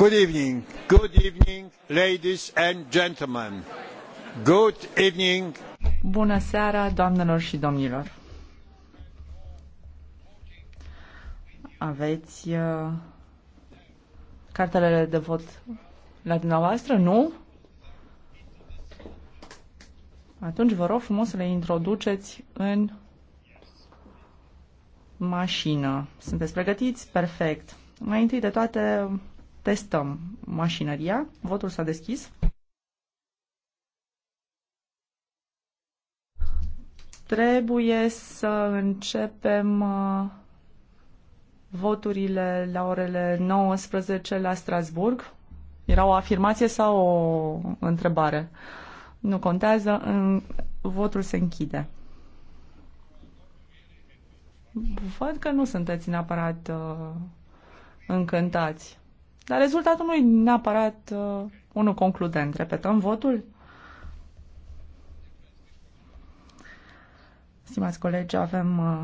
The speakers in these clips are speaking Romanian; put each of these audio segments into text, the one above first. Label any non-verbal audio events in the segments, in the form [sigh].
Good evening. Good evening, ladies and gentlemen. Good evening. Bună seara, doamnelor și domnilor. Aveți uh, cartelele de vot la dumneavoastră, nu? Atunci vă rog frumos să le introduceți în mașină. Sunteți pregătiți? Perfect. Mai întâi de toate Testăm mașinăria. Votul s-a deschis. Trebuie să începem uh, voturile la orele 19 la Strasburg. Era o afirmație sau o întrebare? Nu contează, în... votul se închide. Văd că nu sunteți neapărat uh, încântați. Dar rezultatul nu e neapărat uh, unul concludent. Repetăm votul? Stimați colegi, avem uh,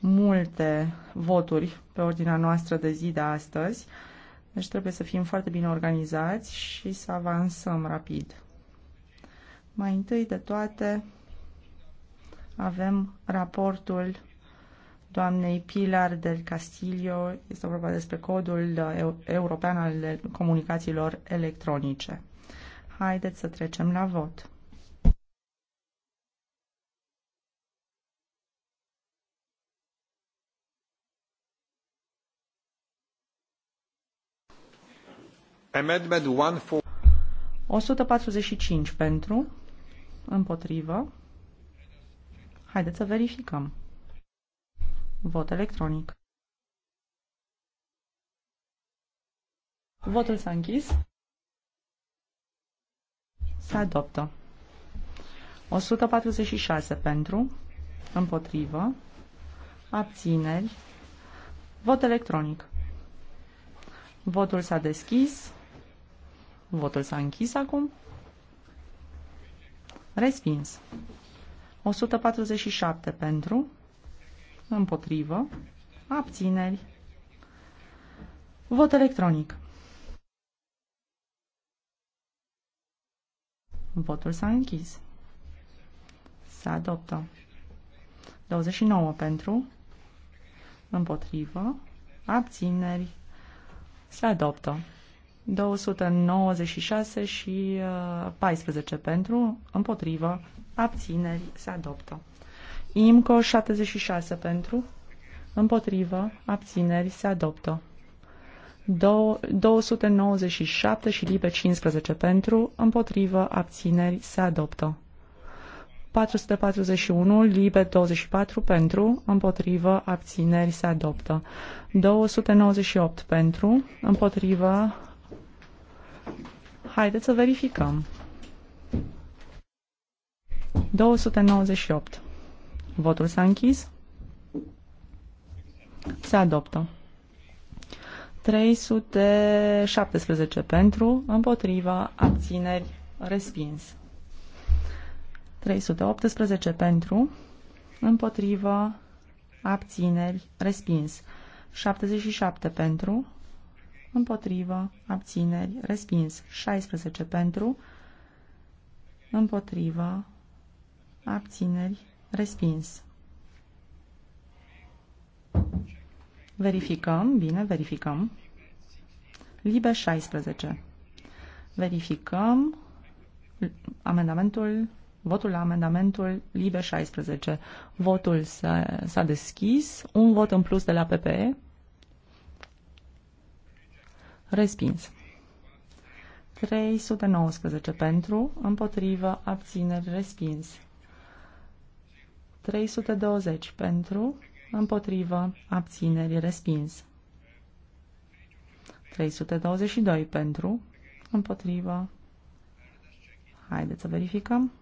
multe voturi pe ordinea noastră de zi de astăzi, deci trebuie să fim foarte bine organizați și să avansăm rapid. Mai întâi de toate avem raportul doamnei Pilar del Castillo. Este vorba despre codul uh, european al comunicațiilor electronice. Haideți să trecem la vot. Amendment 145 pentru, împotrivă. Haideți să verificăm. Vot electronic. Votul s-a închis. Se adoptă. 146 pentru, împotrivă, abțineri, vot electronic. Votul s-a deschis, votul s-a închis acum, respins. 147 pentru, Împotrivă. Abțineri. Vot electronic. Votul s-a închis. Se adoptă. 29 pentru. Împotrivă. Abțineri. Se adoptă. 296 și 14 uh, pentru, împotrivă, abțineri, se adoptă. IMCO 76 pentru, împotrivă, abțineri, se adoptă. 297 și libe 15 pentru, împotrivă, abțineri, se adoptă. 441, libe 24 pentru, împotrivă, abțineri, se adoptă. 298 pentru, împotrivă, haideți să verificăm. 298. Votul s-a închis. Se adoptă. 317 pentru, împotriva, abțineri, respins. 318 pentru, împotriva, abțineri, respins. 77 pentru, împotriva, abțineri, respins. 16 pentru, împotriva, abțineri, Respins. Verificăm, bine, verificăm. Libe 16. Verificăm amendamentul, votul la amendamentul Libe 16. Votul s-a deschis, un vot în plus de la PPE. Respins. 319 pentru, împotrivă, abțineri, respins. 320 pentru, împotrivă, abțineri, respins. 322 pentru, împotrivă. Haideți să verificăm.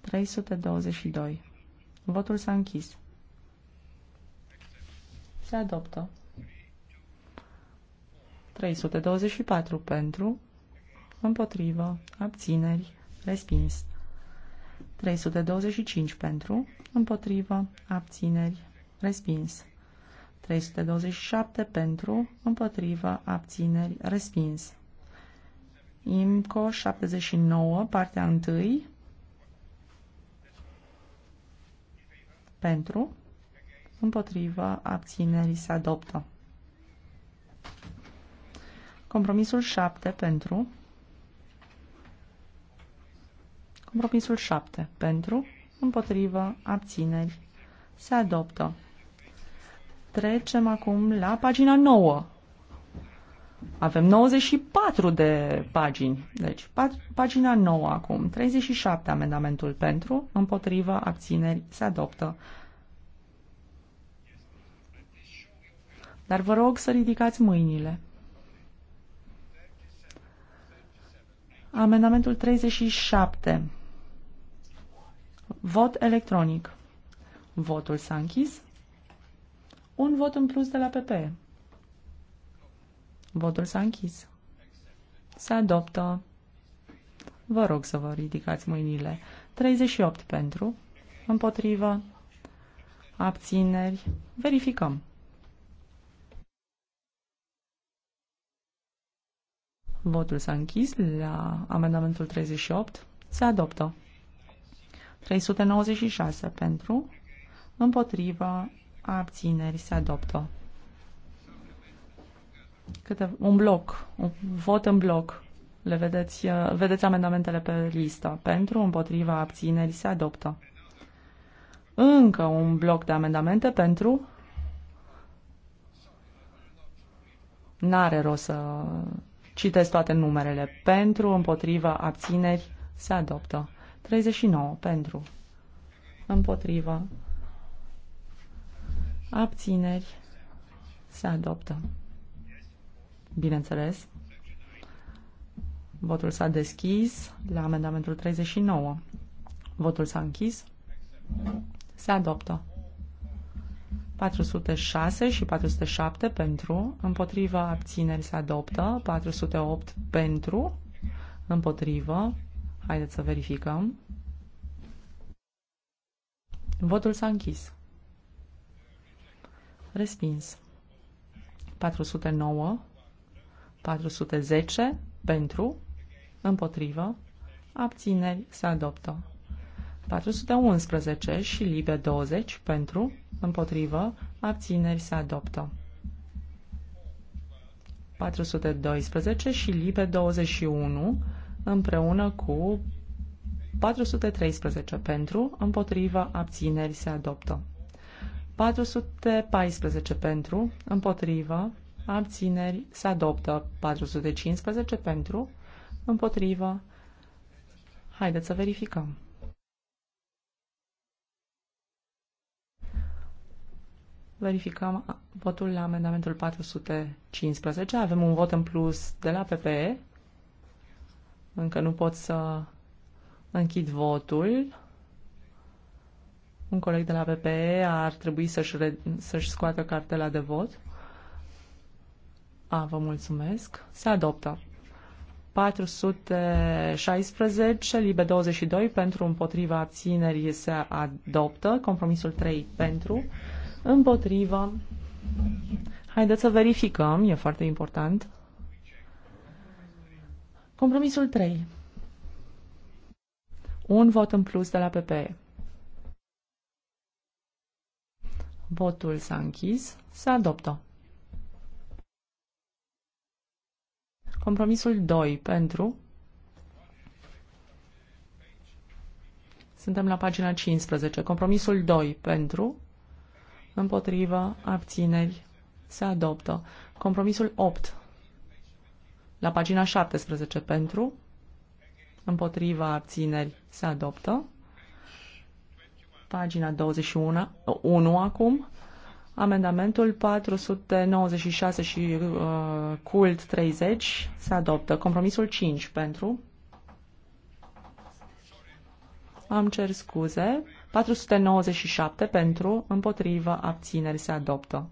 322. Votul s-a închis. Se adoptă. 324 pentru, împotrivă, abțineri, respins. 325 pentru, împotrivă, abțineri, respins. 327 pentru, împotrivă, abțineri, respins. IMCO 79, partea 1, pentru, împotrivă, abținerii se adoptă. Compromisul 7 pentru, Compromisul 7. Pentru, împotrivă, abțineri, se adoptă. Trecem acum la pagina 9. Avem 94 de pagini. Deci, pagina 9 acum. 37 amendamentul pentru, împotrivă, abțineri, se adoptă. Dar vă rog să ridicați mâinile. Amendamentul 37. Vot electronic. Votul s-a închis. Un vot în plus de la PP. Votul s-a închis. Se adoptă. Vă rog să vă ridicați mâinile. 38 pentru, împotrivă, abțineri. Verificăm. Votul s-a închis la amendamentul 38. Se adoptă. 396 pentru, împotrivă, abțineri se adoptă. Câte, un bloc, un vot în bloc. Le vedeți, uh, vedeți amendamentele pe listă. Pentru, împotriva, abțineri se adoptă. Încă un bloc de amendamente pentru. N-are rost să citesc toate numerele. Pentru, împotriva, abțineri se adoptă. 39 pentru. Împotrivă. Abțineri. Se adoptă. Bineînțeles. Votul s-a deschis la amendamentul 39. Votul s-a închis. Se adoptă. 406 și 407 pentru, împotriva abțineri se adoptă, 408 pentru, împotrivă, Haideți să verificăm. Votul s-a închis. Respins. 409, 410 pentru, împotrivă, abțineri se adoptă. 411 și libe 20 pentru, împotrivă, abțineri se adoptă. 412 și libe 21 împreună cu 413 pentru, împotriva, abțineri se adoptă. 414 pentru, împotriva, abțineri se adoptă. 415 pentru, împotriva. Haideți să verificăm. Verificăm votul la amendamentul 415. Avem un vot în plus de la PPE. Încă nu pot să închid votul. Un coleg de la PPE ar trebui să-și, re- să scoată cartela de vot. A, vă mulțumesc. Se adoptă. 416, libe 22, pentru împotriva abținerii se adoptă, compromisul 3 pentru, împotriva. Haideți să verificăm, e foarte important. Compromisul 3. Un vot în plus de la PPE. Votul s-a închis. Se adoptă. Compromisul 2 pentru. Suntem la pagina 15. Compromisul 2 pentru. Împotrivă. Abțineri. Se adoptă. Compromisul 8 la pagina 17 pentru, împotriva abțineri se adoptă. Pagina 21 1 acum, amendamentul 496 și uh, cult 30 se adoptă. Compromisul 5 pentru. Am cer scuze. 497 pentru, împotriva, abțineri se adoptă.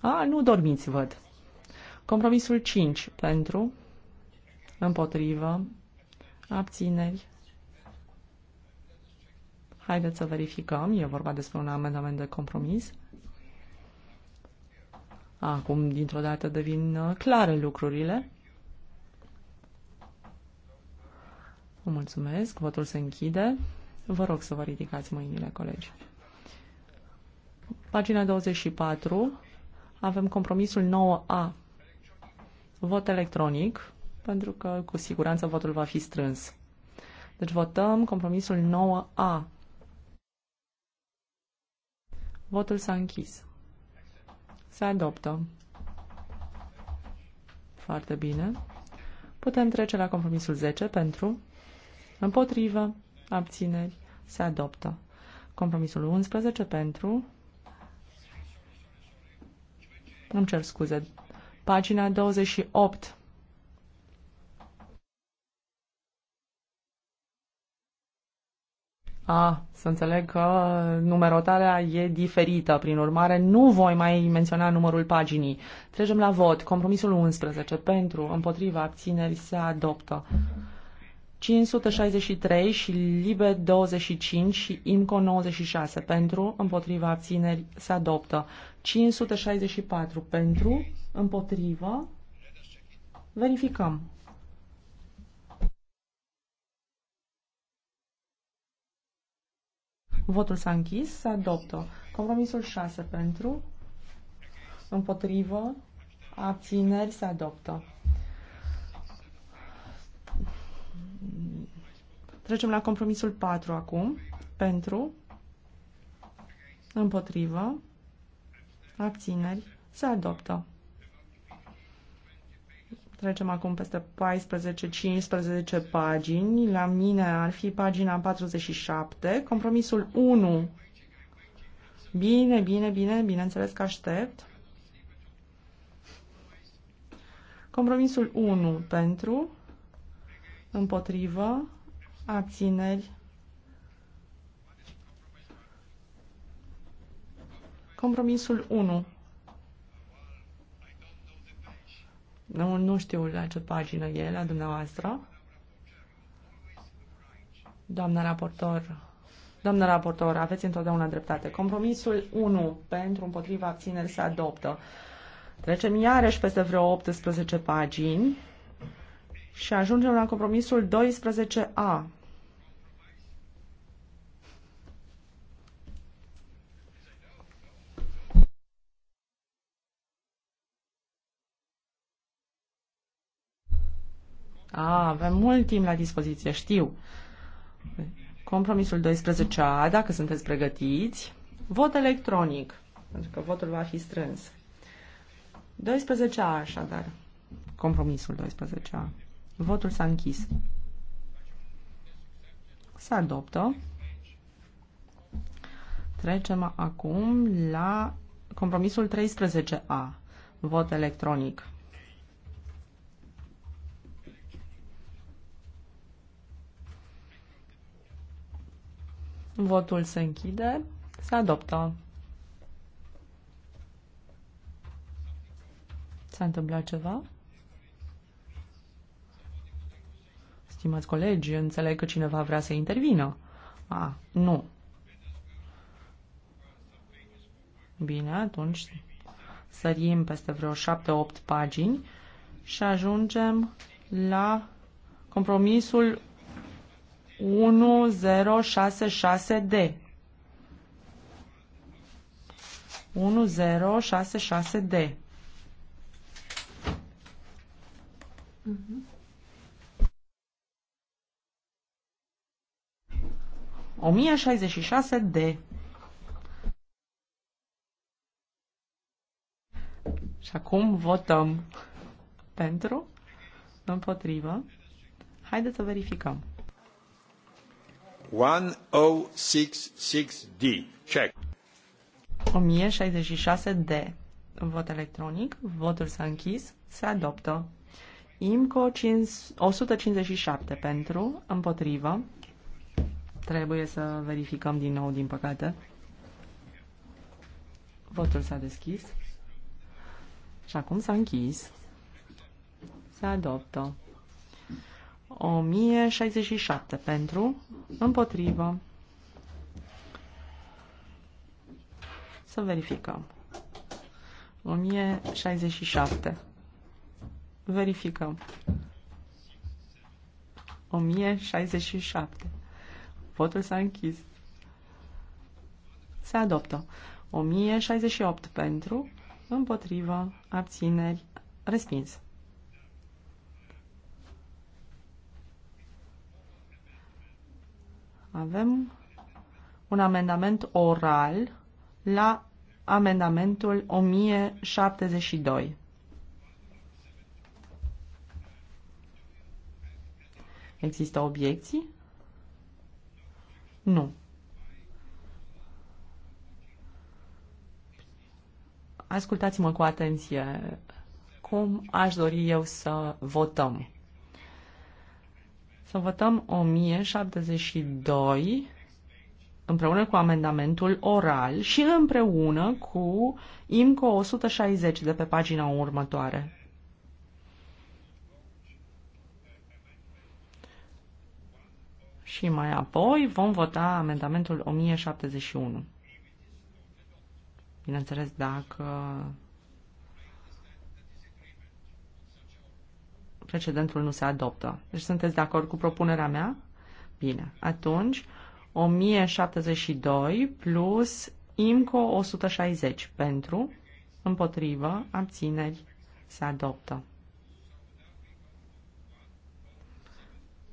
A, nu dormiți, văd. Compromisul 5 pentru, împotrivă, abțineri. Haideți să verificăm. E vorba despre un amendament de compromis. Acum, dintr-o dată, devin uh, clare lucrurile. Vă mulțumesc. Votul se închide. Vă rog să vă ridicați mâinile, colegi. Pagina 24. Avem compromisul 9A Vot electronic, pentru că cu siguranță votul va fi strâns. Deci votăm compromisul 9A. Votul s-a închis. Se adoptă. Foarte bine. Putem trece la compromisul 10 pentru, împotrivă, abțineri, se adoptă. Compromisul 11 pentru, îmi cer scuze, pagina 28. A, să înțeleg că numerotarea e diferită, prin urmare nu voi mai menționa numărul paginii. Trecem la vot. Compromisul 11 pentru, împotriva, abțineri se adoptă. 563 și Libe 25 și IMCO 96 pentru, împotriva abțineri se adoptă. 564 pentru, împotriva, verificăm. Votul s-a închis, se adoptă. Compromisul 6 pentru, împotrivă, abțineri se adoptă. Trecem la compromisul 4 acum. Pentru, împotrivă, abțineri, se adoptă. Trecem acum peste 14-15 pagini. La mine ar fi pagina 47. Compromisul 1. Bine, bine, bine, bineînțeles că aștept. Compromisul 1 pentru, împotrivă, abțineri. Compromisul 1. Nu, nu știu la ce pagină e la dumneavoastră. Doamna raportor, doamna raportor, aveți întotdeauna dreptate. Compromisul 1 pentru împotriva abțineri se adoptă. Trecem iarăși peste vreo 18 pagini. Și ajungem la compromisul 12A. A, avem mult timp la dispoziție, știu. Compromisul 12A, dacă sunteți pregătiți, vot electronic, pentru că votul va fi strâns. 12A, așadar. Compromisul 12A. Votul s-a închis. Se adoptă. Trecem acum la compromisul 13A. Vot electronic. Votul se închide. Se adoptă. S-a întâmplat ceva? Stimați colegi, înțeleg că cineva vrea să intervină. A, nu. Bine, atunci sărim peste vreo 7-8 pagini și ajungem la compromisul 1066D. 1066D. Mm-hmm. 1066D. Și acum votăm pentru, împotrivă. Haideți să verificăm. 1066D. Check. 1066D. Vot electronic. Votul s-a închis. Se adoptă. IMCO 5, 157 pentru, împotrivă, Trebuie să verificăm din nou, din păcate. Votul s-a deschis. Și acum s-a închis. Se adoptă. 1067 pentru, împotrivă. Să verificăm. 1067. Verificăm. 1067. Votul s-a închis. Se adoptă. 1068 pentru, împotrivă, abțineri, respins. Avem un amendament oral la amendamentul 1072. Există obiecții? Nu. Ascultați-mă cu atenție cum aș dori eu să votăm. Să votăm 1072 împreună cu amendamentul oral și împreună cu IMCO 160 de pe pagina următoare. Și mai apoi vom vota amendamentul 1071. Bineînțeles, dacă precedentul nu se adoptă. Deci sunteți de acord cu propunerea mea? Bine. Atunci, 1072 plus IMCO 160 pentru, împotrivă, abțineri, se adoptă.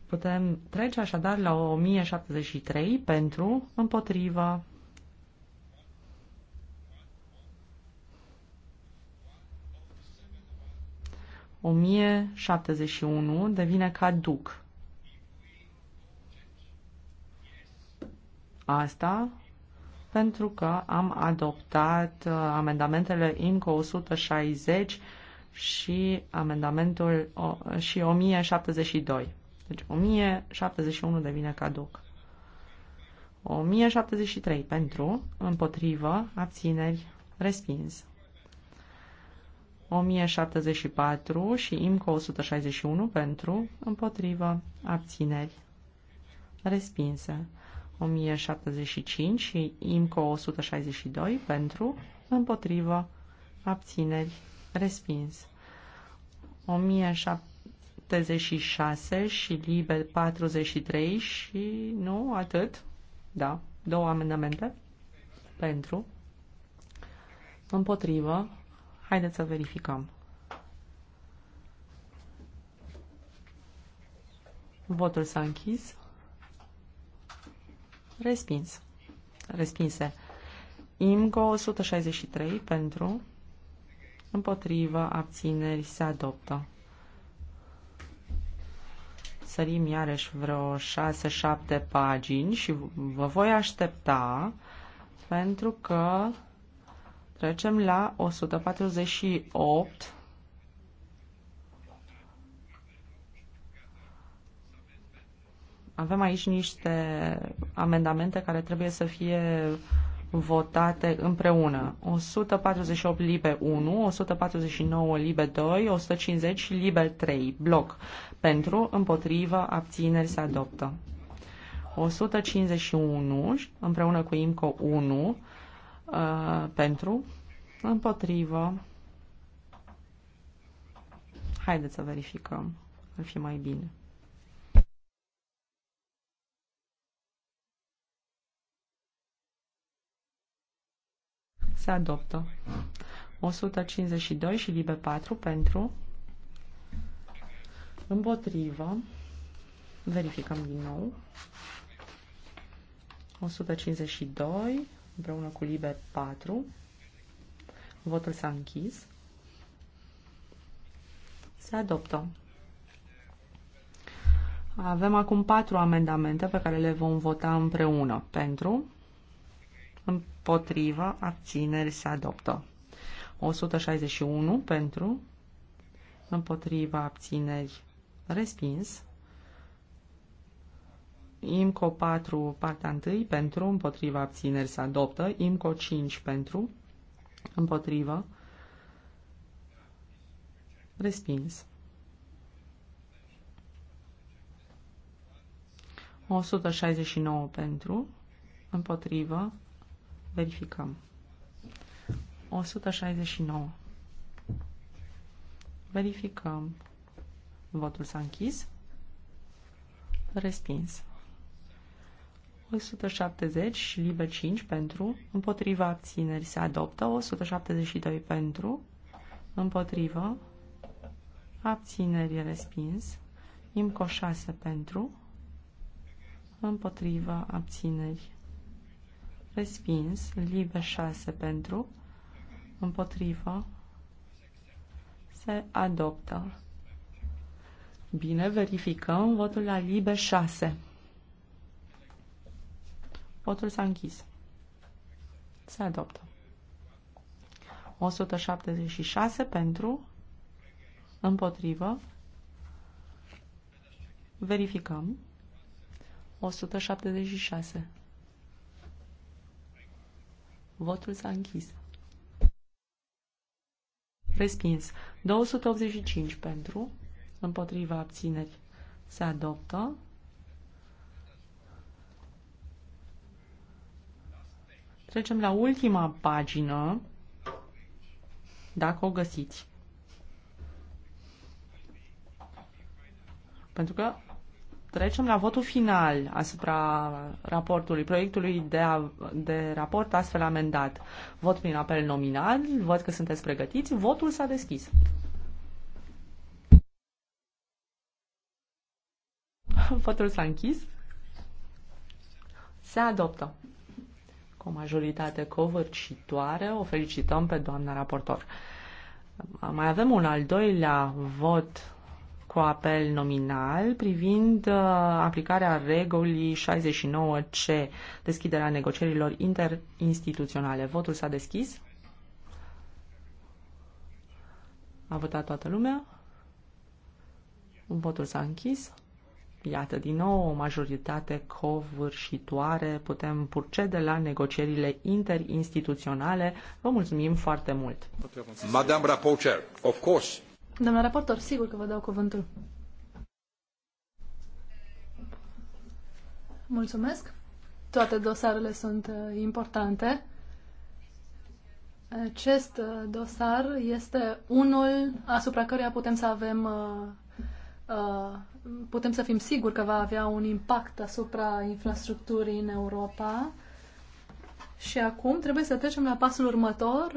Putem trece așadar la 1073 pentru, împotrivă. O 1071 devine caduc. Asta pentru că am adoptat uh, amendamentele INCO 160 și amendamentul și 1072. Deci 1071 devine caduc. 1073 pentru, împotrivă, abțineri, respins. 1074 și IMCO 161 pentru, împotrivă, abțineri, respinse. 1075 și IMCO 162 pentru, împotrivă, abțineri, respins. 1007 76 și Libe 43 și nu atât. Da, două amendamente pentru. Împotrivă. Haideți să verificăm. Votul s-a închis. Respins. Respinse. IMCO 163 pentru. Împotrivă. Abțineri se adoptă sărim iarăși vreo 6-7 pagini și vă voi aștepta pentru că trecem la 148 avem aici niște amendamente care trebuie să fie uh, votate împreună. 148 libe 1, 149 libe 2, 150 libe 3, bloc. Pentru, împotrivă, abțineri se adoptă. 151 împreună cu IMCO 1 uh, pentru, împotrivă. Haideți să verificăm. Ar fi mai bine. se adoptă. 152 și libe 4 pentru, împotrivă, verificăm din nou, 152 împreună cu libe 4, votul s-a închis, se adoptă. Avem acum patru amendamente pe care le vom vota împreună. Pentru, împotriva abțineri se adoptă. 161 pentru, împotriva abțineri respins. IMCO 4, partea 1, pentru, împotriva abțineri se adoptă. IMCO 5 pentru, împotriva, respins. 169 pentru, împotrivă, Verificăm. 169. Verificăm. Votul s-a închis. Respins. 170 și liber 5 pentru, împotriva abțineri se adoptă, 172 pentru, împotrivă, abțineri respins, IMCO 6 pentru, împotriva abțineri respins, libe 6 pentru, împotrivă, se adoptă. Bine, verificăm votul la libe 6. Votul s-a închis. Se adoptă. 176 pentru, împotrivă, verificăm, 176. Votul s-a închis. Respins. 285 pentru, împotriva abțineri se adoptă. Trecem la ultima pagină, dacă o găsiți. Pentru că trecem la votul final asupra raportului, proiectului de, a, de raport astfel amendat. Vot prin apel nominal, văd că sunteți pregătiți, votul s-a deschis. [laughs] Votul s-a închis. Se adoptă. Cu o majoritate covârșitoare, o felicităm pe doamna raportor. Mai avem un al doilea vot cu apel nominal privind uh, aplicarea regulii 69C, deschiderea negocierilor interinstituționale. Votul s-a deschis. A votat toată lumea. Votul s-a închis. Iată, din nou, o majoritate covârșitoare. Putem procede la negocierile interinstituționale. Vă mulțumim foarte mult. Madame Rapporteur, of course, Doamna raportor, sigur că vă dau cuvântul. Mulțumesc. Toate dosarele sunt uh, importante. Acest uh, dosar este unul asupra căruia putem să avem uh, putem să fim siguri că va avea un impact asupra infrastructurii în Europa. Și acum trebuie să trecem la pasul următor,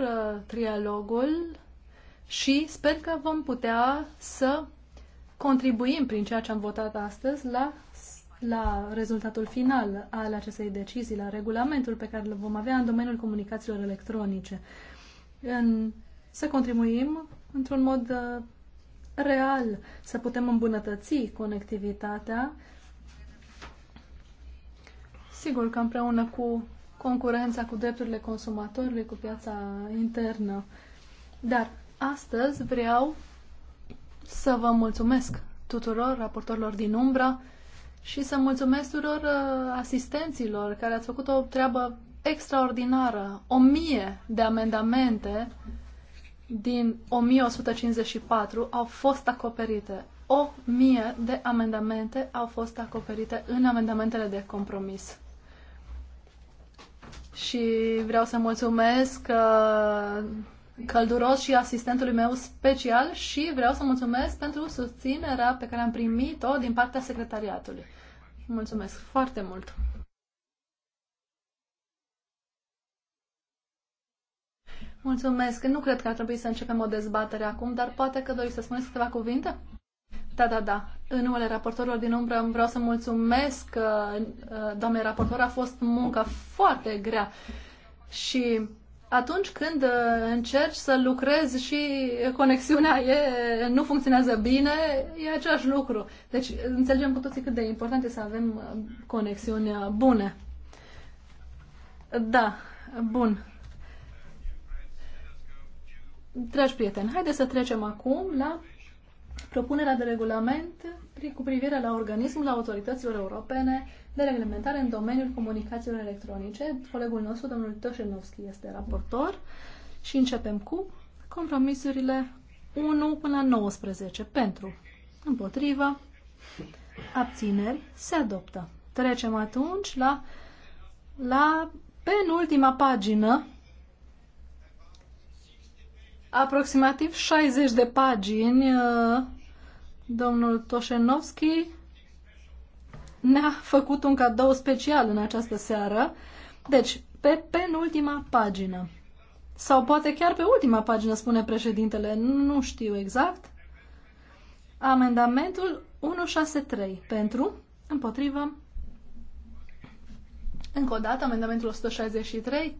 trialogul și sper că vom putea să contribuim prin ceea ce am votat astăzi la, la rezultatul final al acestei decizii, la regulamentul pe care îl vom avea în domeniul comunicațiilor electronice. În, să contribuim într-un mod uh, real, să putem îmbunătăți conectivitatea. Sigur că împreună cu concurența, cu drepturile consumatorului, cu piața internă. Dar Astăzi vreau să vă mulțumesc tuturor raportorilor din umbra și să mulțumesc tuturor uh, asistenților care ați făcut o treabă extraordinară. O mie de amendamente din 1154 au fost acoperite. O mie de amendamente au fost acoperite în amendamentele de compromis. Și vreau să mulțumesc uh, călduros și asistentului meu special și vreau să mulțumesc pentru susținerea pe care am primit-o din partea secretariatului. Mulțumesc foarte mult! Mulțumesc! Nu cred că ar trebui să începem o dezbatere acum, dar poate că doriți să spuneți câteva cuvinte? Da, da, da. În numele raportorilor din umbră vreau să mulțumesc, uh, uh, doamne raportor, a fost muncă foarte grea și atunci când uh, încerci să lucrezi și conexiunea e, nu funcționează bine, e același lucru. Deci înțelegem cu toții cât de important e să avem uh, conexiuni uh, bune. Da, bun. Dragi prieteni, haideți să trecem acum la propunerea de regulament cu privire la organismul autorităților europene de reglementare în domeniul comunicațiilor electronice. Colegul nostru, domnul Toșenovski, este raportor și începem cu compromisurile 1 până la 19 pentru, împotriva, abțineri, se adoptă. Trecem atunci la, la penultima pagină, aproximativ 60 de pagini, uh, domnul Toșenovski ne-a făcut un cadou special în această seară. Deci, pe penultima pagină, sau poate chiar pe ultima pagină, spune președintele, nu știu exact, amendamentul 163 pentru, împotrivă, încă o dată, amendamentul 163,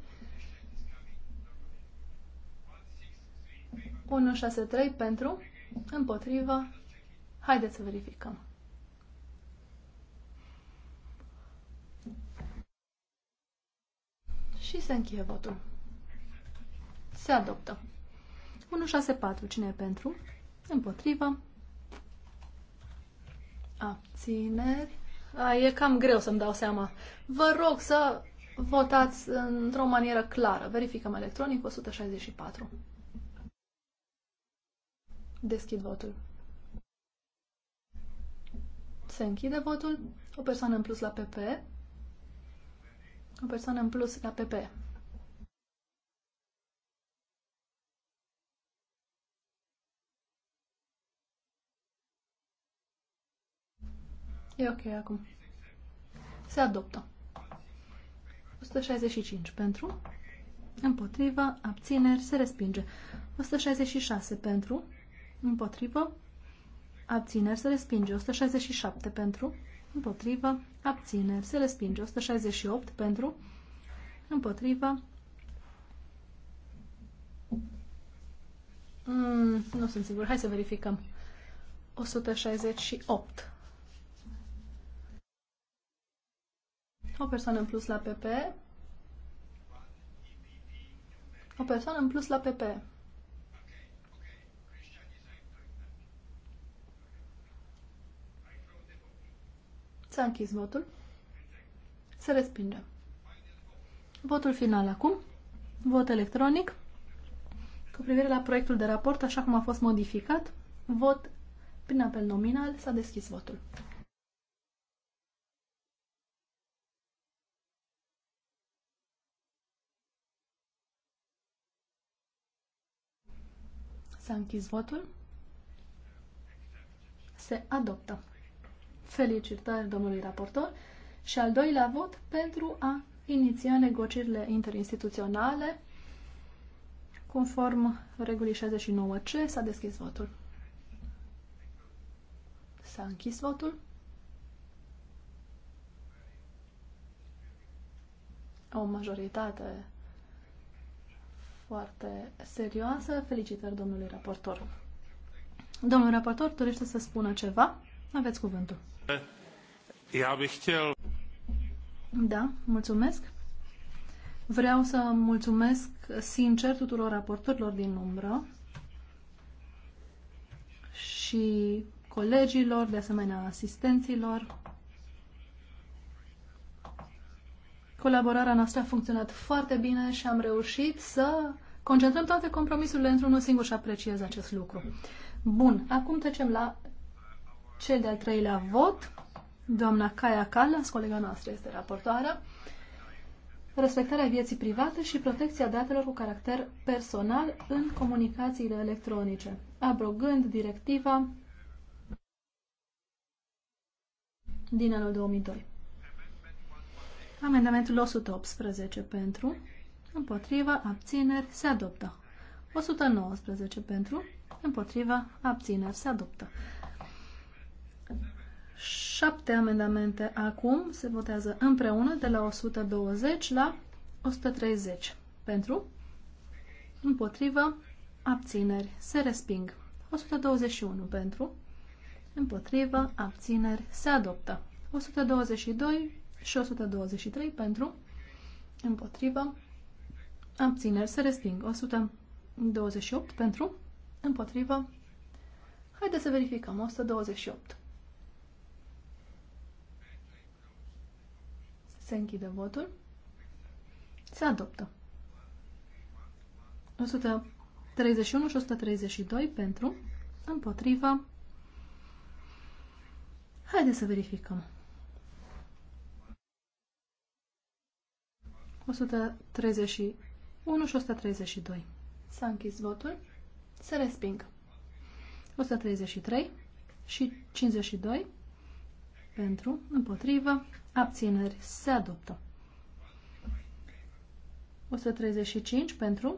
163 pentru, împotrivă, haideți să verificăm. Și se încheie votul. Se adoptă. 164. Cine e pentru? Împotrivă. Abțineri. A, e cam greu să-mi dau seama. Vă rog să votați într-o manieră clară. Verificăm electronic 164. Deschid votul. Se închide votul. O persoană în plus la PP. O persoană în plus la PP. E ok acum. Se adoptă. 165 pentru. Împotriva. Abțineri. Se respinge. 166 pentru. Împotrivă. Abțineri. Se respinge. 167 pentru împotrivă, abțineri, se respinge. 168 pentru, împotrivă, mm, nu sunt sigur, hai să verificăm. 168. O persoană în plus la PP. O persoană în plus la PP. S-a închis votul. Se respinge. Votul final acum. Vot electronic. Cu privire la proiectul de raport, așa cum a fost modificat, vot prin apel nominal, s-a deschis votul. S-a închis votul. Se adoptă. Felicitări domnului raportor. Și al doilea vot pentru a iniția negocierile interinstituționale conform regulii 69C. S-a deschis votul. S-a închis votul. O majoritate foarte serioasă. Felicitări domnului raportor. Domnul raportor dorește să spună ceva? Aveți cuvântul chtěl... Da, mulțumesc. Vreau să mulțumesc sincer tuturor raportorilor din umbră și colegilor, de asemenea asistenților. Colaborarea noastră a funcționat foarte bine și am reușit să concentrăm toate compromisurile într-unul singur și apreciez acest lucru. Bun, acum trecem la cel de-al treilea vot. Doamna Caia Callas, colega noastră, este raportoarea. Respectarea vieții private și protecția datelor cu caracter personal în comunicațiile electronice, abrogând directiva din anul 2002. Amendamentul 118 pentru, împotriva, abțineri, se adoptă. 119 pentru, împotriva, abțineri, se adoptă șapte amendamente acum, se votează împreună de la 120 la 130. Pentru, împotrivă, abțineri, se resping. 121 pentru, împotrivă, abțineri, se adoptă. 122 și 123 pentru, împotrivă, abțineri, se resping. 128 pentru, împotrivă, haideți să verificăm, 128. Se închide votul. Se adoptă. 131 și 132 pentru, împotriva. Haideți să verificăm. 131 și 132. S-a închis votul. Se resping. 133 și 52 pentru, împotrivă, abțineri, se adoptă. 135 pentru,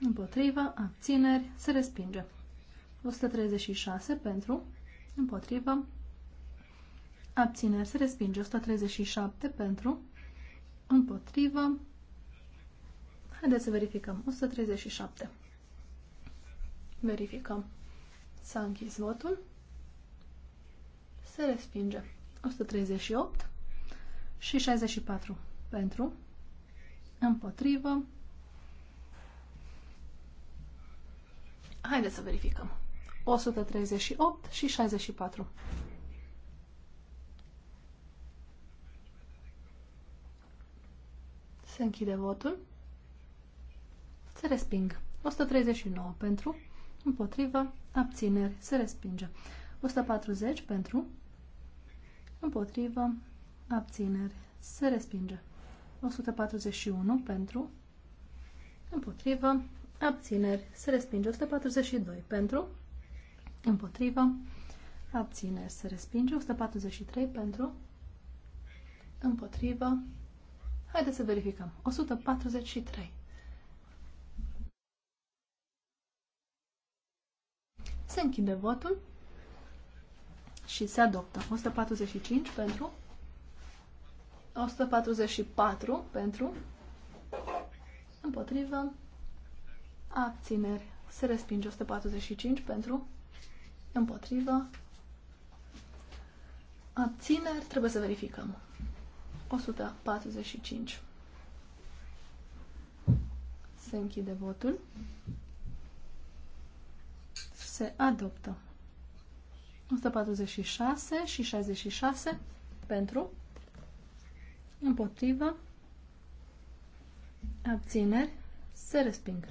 împotriva abțineri, se respinge. 136 pentru, împotriva abțineri, se respinge. 137 pentru, împotriva. haideți să verificăm. 137. Verificăm. S-a închis votul. Se respinge. 138 și 64 pentru, împotrivă. Haideți să verificăm. 138 și 64. Se închide votul. Se resping. 139 pentru, împotrivă, abțineri, se respinge. 140 pentru, împotrivă, abțineri, se respinge. 141 pentru, împotrivă, abțineri, se respinge. 142 pentru, împotrivă, abțineri, se respinge. 143 pentru, împotrivă. Haideți să verificăm. 143. Se închide votul și se adoptă. 145 pentru, 144 pentru, împotrivă, abțineri. Se respinge 145 pentru, împotrivă, abțineri. Trebuie să verificăm. 145. Se închide votul. Se adoptă. 146 și 66 pentru împotrivă, abțineri, se resping.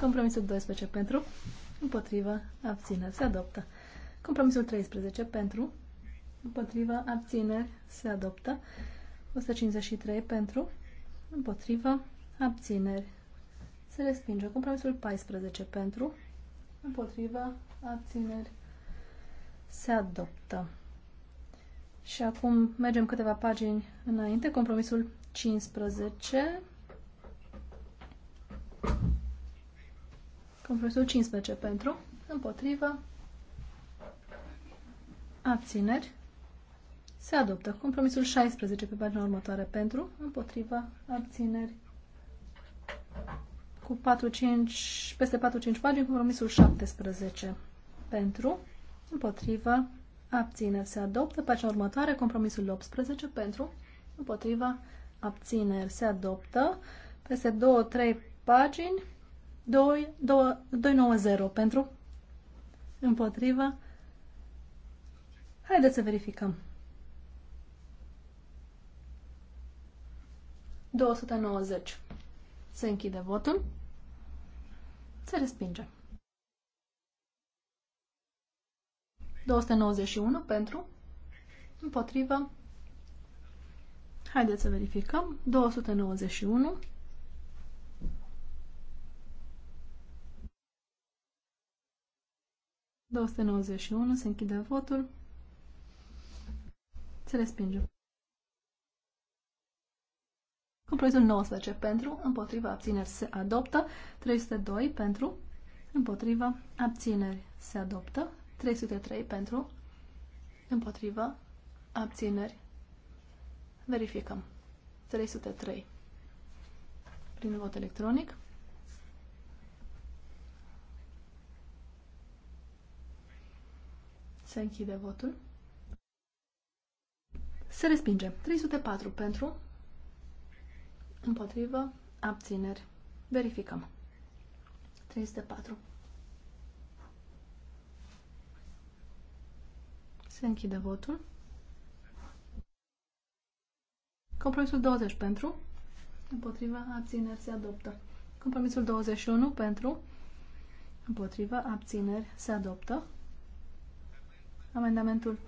Compromisul 12 pentru, împotrivă, abțineri, se adoptă. Compromisul 13 pentru, împotrivă, abțineri, se adoptă. 153 pentru, împotrivă, abțineri, se respinge. Compromisul 14 pentru, împotrivă, abțineri, se adoptă. Și acum mergem câteva pagini înainte, compromisul 15. Compromisul 15 pentru, împotrivă, abțineri, se adoptă. Compromisul 16 pe pagina următoare pentru, împotrivă, abțineri, cu 4, 5, peste 4-5 pagini, compromisul 17 pentru, împotrivă, abțineri se adoptă. acea următoare, compromisul 18 pentru, împotriva, abțineri se adoptă. Peste 2-3 pagini, 2, 2, 290 pentru, împotriva. Haideți să verificăm. 290. Se închide votul. Se respinge. 291 pentru, împotrivă. Haideți să verificăm. 291. ...291, se închide votul, se respinge. Compromisul 19 pentru, împotriva abțineri se adoptă, 302 pentru, împotriva abțineri se adoptă, 303 pentru, împotrivă, abțineri. Verificăm. 303 prin vot electronic. Se închide votul. Se respinge. 304 pentru, împotrivă, abțineri. Verificăm. 304. Se închide votul. Compromisul 20 pentru. Împotriva abțineri se adoptă. Compromisul 21 pentru. Împotriva abțineri se adoptă. Amendamentul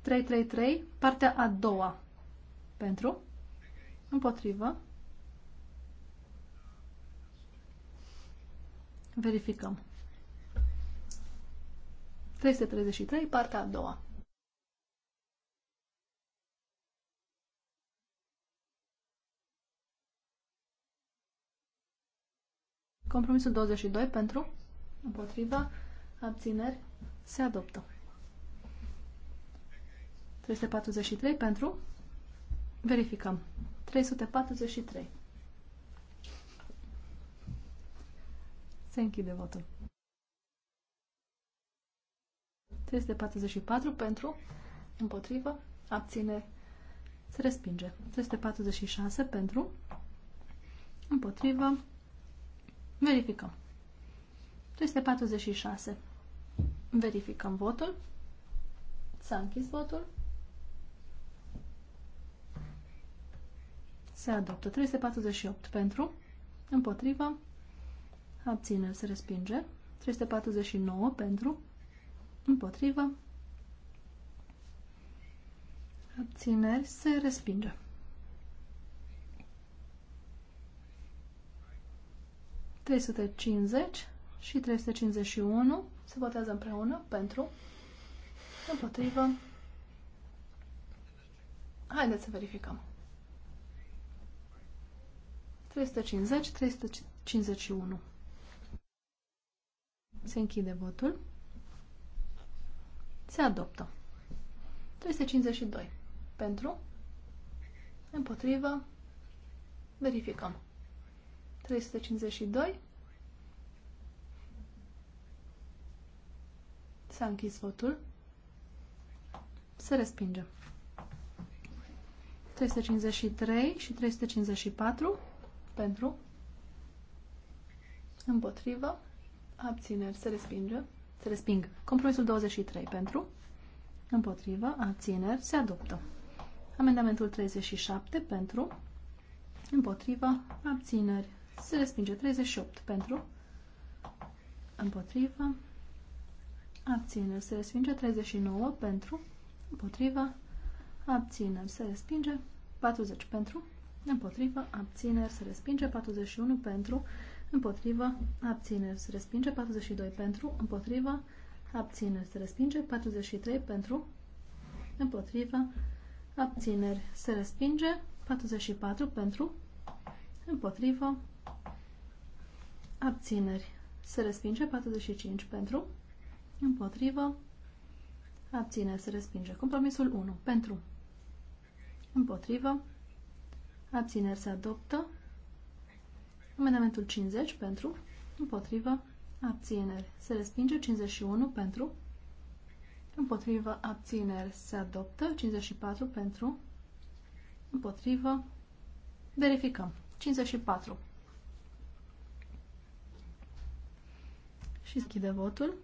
333, partea a doua. Pentru. Împotrivă. Verificăm. 333, partea a doua. Compromisul 22 pentru, împotriva, abțineri, se adoptă. 343 pentru, verificăm. 343. Se închide votul. 344 pentru, împotrivă, abține se respinge. 346 pentru, împotrivă, verificăm. 346. Verificăm votul. S-a închis votul. Se adoptă 348 pentru, împotriva, abține se respinge, 349 pentru, împotrivă, abțineri, se respinge. Trei cincizeci și 351 se votează împreună pentru, împotrivă. Haideți să verificăm. 350, 351. Se închide votul. Se adoptă. 352. Pentru. Împotrivă. Verificăm. 352. S-a închis votul. Se respinge. 353 și 354 pentru, împotrivă, abțineri, se respinge. Se resping. Compromisul 23 pentru. Împotrivă. Abțineri. Se adoptă. Amendamentul 37 pentru. Împotrivă. Abțineri. Se respinge. 38 pentru. Împotrivă. Abțineri. Se respinge. 39 pentru. Împotrivă. Abțineri. Se respinge. 40 pentru. Împotrivă. Abțineri. Se respinge. 41 pentru împotrivă, abțineri, se respinge, 42 pentru, împotrivă, abțineri, se respinge, 43 pentru, împotrivă, abțineri, se respinge, 44 pentru, împotrivă, abțineri, se respinge, 45 pentru, împotrivă, abțineri, se respinge, compromisul 1 pentru, împotrivă, abțineri, se adoptă, Amendamentul 50 pentru, împotrivă, abțineri se respinge. 51 pentru, împotrivă, abțineri se adoptă. 54 pentru, împotrivă, verificăm. 54. Și schide votul.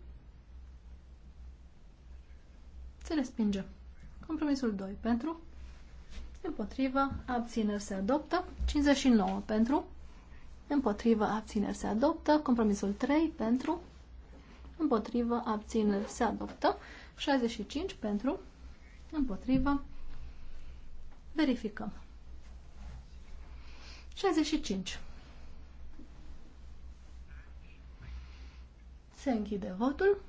Se respinge. Compromisul 2 pentru, împotrivă, abțineri se adoptă. 59 pentru, împotrivă, abțineri se adoptă. Compromisul 3 pentru, împotrivă, abțineri se adoptă. 65 pentru, împotrivă, verificăm. 65. Se închide votul.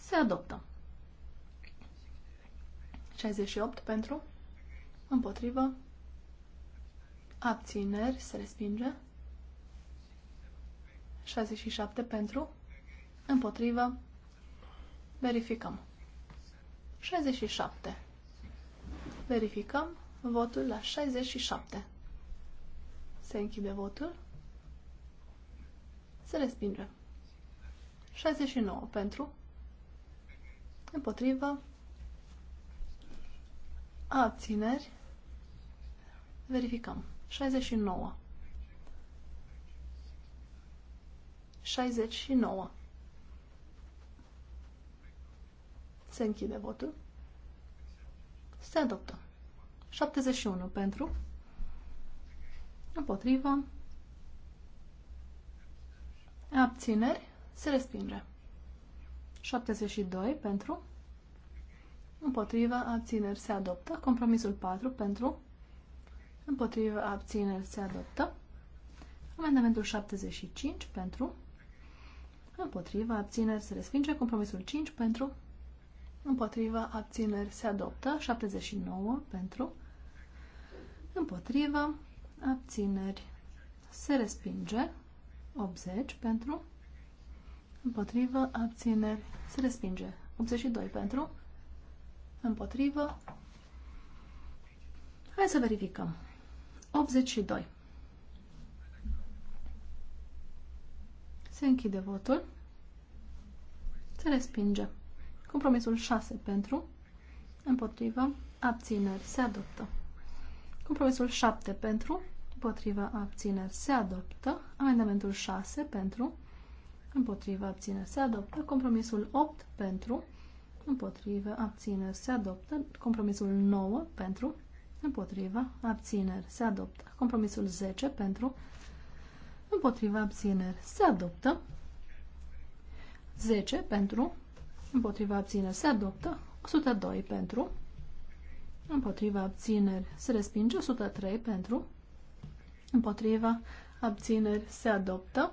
Se adoptă. 68 pentru, împotrivă, Abțineri. Se respinge. 67 pentru. Împotrivă. Verificăm. 67. Verificăm votul la 67. Se închide votul. Se respinge. 69 pentru. Împotrivă. Abțineri. Verificăm. 69. 69. Se închide votul. Se adoptă. 71 pentru. Împotrivă. Abțineri. Se respinge. 72 pentru. Împotrivă. Abțineri. Se adoptă. Compromisul 4 pentru. Împotriva abțineri se adoptă. Amendamentul 75 pentru. Împotriva abțineri se respinge. Compromisul 5 pentru. Împotriva abțineri se adoptă. 79 pentru. Împotriva abțineri se respinge. 80 pentru. Împotriva abțineri se respinge. 82 pentru. Împotrivă. Hai să verificăm. 82. Se închide votul. Se respinge. Compromisul 6 pentru, împotrivă, abțineri, se adoptă. Compromisul 7 pentru, împotrivă, abțineri, se adoptă. Amendamentul 6 pentru, împotrivă, abțineri, se adoptă. Compromisul 8 pentru, împotrivă, abțineri, se adoptă. Compromisul 9 pentru, împotriva, abțineri, se adoptă. Compromisul 10 pentru, împotriva, abțineri, se adoptă. 10 pentru, împotriva, abțineri, se adoptă. 102 pentru, împotriva, abțineri, se respinge. 103 pentru, împotriva, abțineri, se adoptă.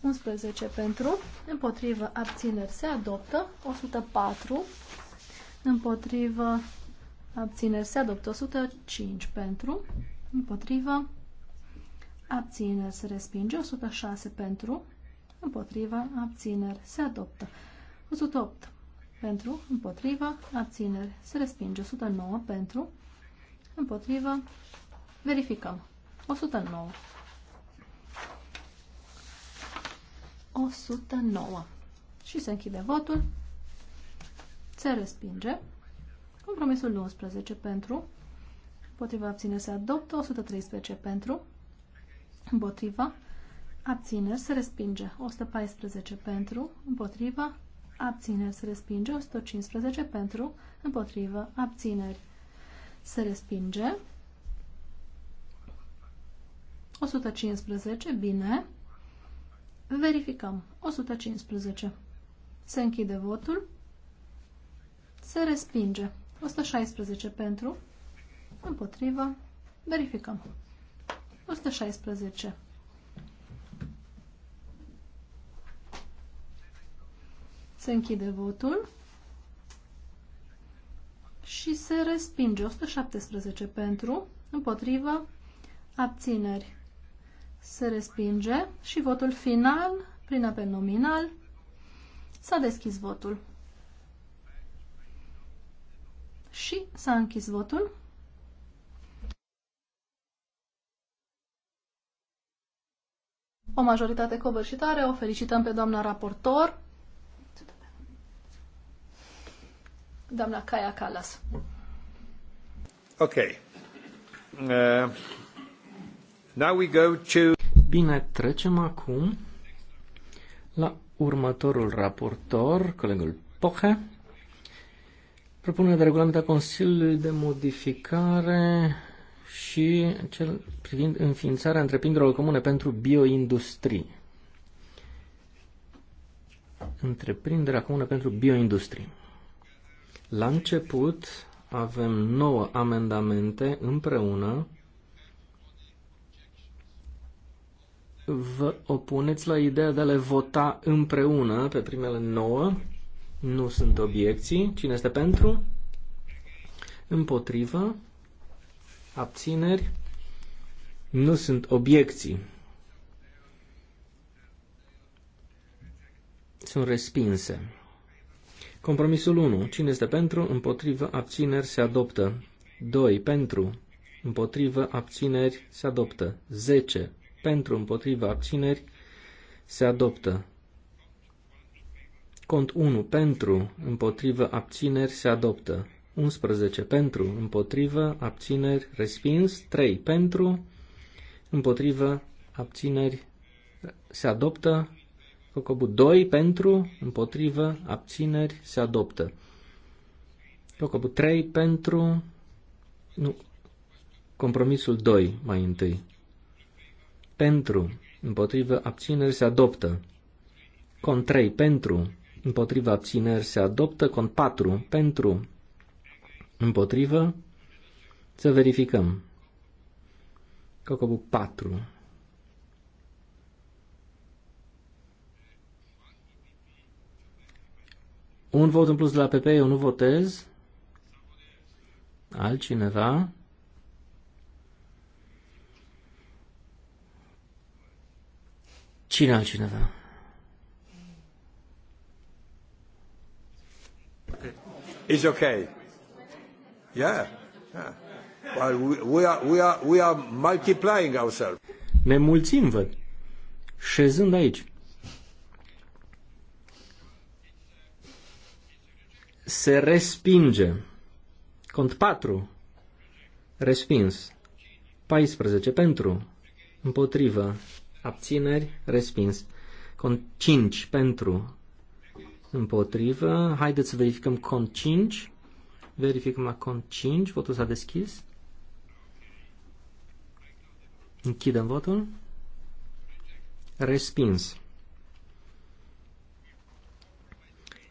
11 pentru, împotriva abțineri se adoptă, 104 împotrivă Abțineri se adoptă 105 pentru, împotrivă. Abțineri se respinge 106 pentru, împotrivă. Abțineri se adoptă 108 pentru, împotrivă. Abțineri se respinge 109 pentru, împotrivă. Verificăm. 109. 109. Și se închide votul. Se respinge. Compromisul 19 pentru, împotriva abține se adoptă, 113 pentru, împotriva, abține se respinge, 114 pentru, împotriva, abțineri se respinge, 115 pentru, împotriva, abțineri se respinge, 115, bine, verificăm, 115, se închide votul, se respinge. 116 pentru, împotrivă, verificăm. 116. Se închide votul și se respinge 117 pentru, împotrivă, abțineri. Se respinge și votul final, prin apel nominal, s-a deschis votul și s-a închis votul. O majoritate covârșitoare, o felicităm pe doamna raportor, doamna Caia Calas. Ok. Uh, now we go to... Bine, trecem acum la următorul raportor, colegul Poche propunerea de regulament a Consiliului de modificare și cel privind înființarea întreprinderilor comune pentru bioindustrie. Întreprinderea comună pentru bioindustrie. La început avem nouă amendamente împreună. Vă opuneți la ideea de a le vota împreună pe primele nouă? Nu sunt obiecții. Cine este pentru? Împotrivă. Abțineri. Nu sunt obiecții. Sunt respinse. Compromisul 1. Cine este pentru? Împotrivă. Abțineri. Se adoptă. 2. Pentru. Împotrivă. Abțineri. Se adoptă. 10. Pentru. Împotrivă. Abțineri. Se adoptă. Cont 1 pentru, împotrivă, abțineri se adoptă. 11 pentru, împotrivă, abțineri, respins. 3 pentru, împotrivă, abțineri se adoptă. Cocobu 2 pentru, împotrivă, abțineri se adoptă. Cocobu 3 pentru, nu, compromisul 2 mai întâi. Pentru, împotrivă, abțineri se adoptă. Con 3 pentru, împotriva abțineri se adoptă, cont 4 pentru, împotrivă, să verificăm. Cocobu 4. Un vot în plus de la PP, eu nu votez. Altcineva? Cine altcineva? is okay. Yeah. yeah. Well, we, are, we, are, we are multiplying ourselves. Ne mulțim, văd, șezând aici. Se respinge. Cont 4. Respins. 14 pentru. Împotrivă. Abțineri. Respins. Cont 5 pentru Împotrivă. Haideți să verificăm cont 5. Verificăm la cont 5. Votul s-a deschis. Închidem votul. Respins.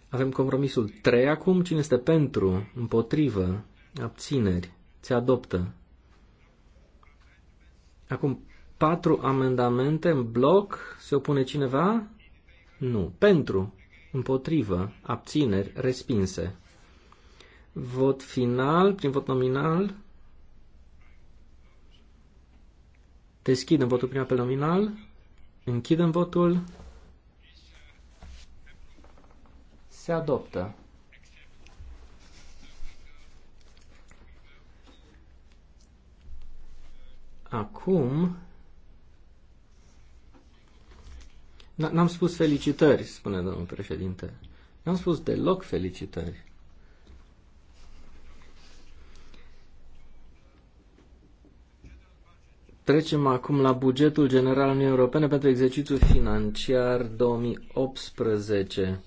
Avem compromisul 3 acum. Cine este pentru? Împotrivă? Abțineri? Se adoptă. Acum patru amendamente în bloc. Se opune cineva? Nu. Pentru împotrivă, abțineri, respinse. Vot final, prin vot nominal. Deschidem votul prin apel nominal. Închidem votul. Se adoptă. Acum N-am spus felicitări, spune domnul președinte. N-am spus deloc felicitări. Trecem acum la bugetul general al Uniunii Europene pentru exercițiul financiar 2018.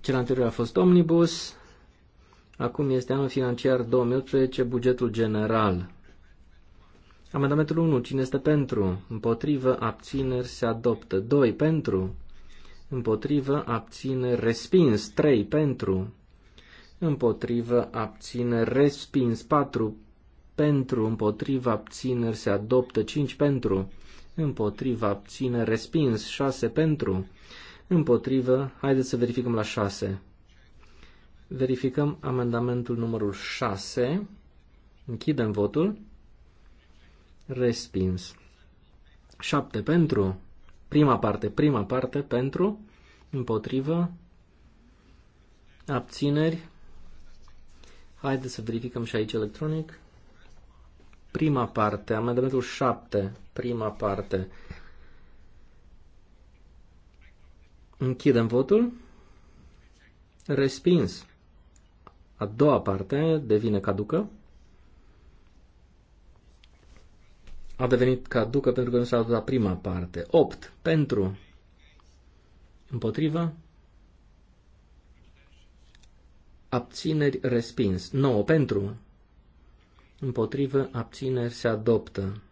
Cel anterior a fost Omnibus, acum este anul financiar 2018, bugetul general. Amendamentul 1. Cine este pentru? Împotrivă, abțineri, se adoptă. 2. Pentru. Împotrivă, abțineri, respins. 3. Pentru. Împotrivă, abțineri, respins. 4. Pentru. Împotrivă, abțineri, se adoptă. 5. Pentru. Împotrivă, abțineri, respins. 6. Pentru. Împotrivă, haideți să verificăm la 6. Verificăm amendamentul numărul 6. Închidem votul. Respins. 7 pentru. Prima parte, prima parte pentru. Împotrivă. Abțineri. Haideți să verificăm și aici electronic. Prima parte, amendamentul 7, prima parte. Închidem votul. Respins. A doua parte devine caducă. a devenit caducă pentru că nu s-a adoptat prima parte. 8. Pentru. Împotrivă. Abțineri respins. 9. Pentru. Împotrivă. Abțineri se adoptă.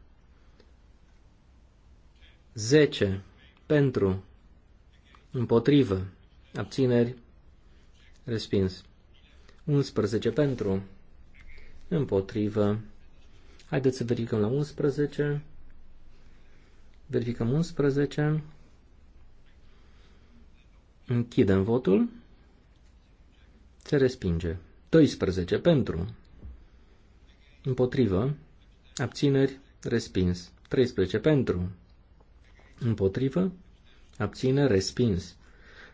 10. Pentru. Împotrivă. Abțineri respins. 11. Pentru. Împotrivă. Haideți să verificăm la 11. Verificăm 11. Închidem votul. Se respinge. 12 pentru. Împotrivă. Abțineri. Respins. 13 pentru. Împotrivă. Abține. Respins.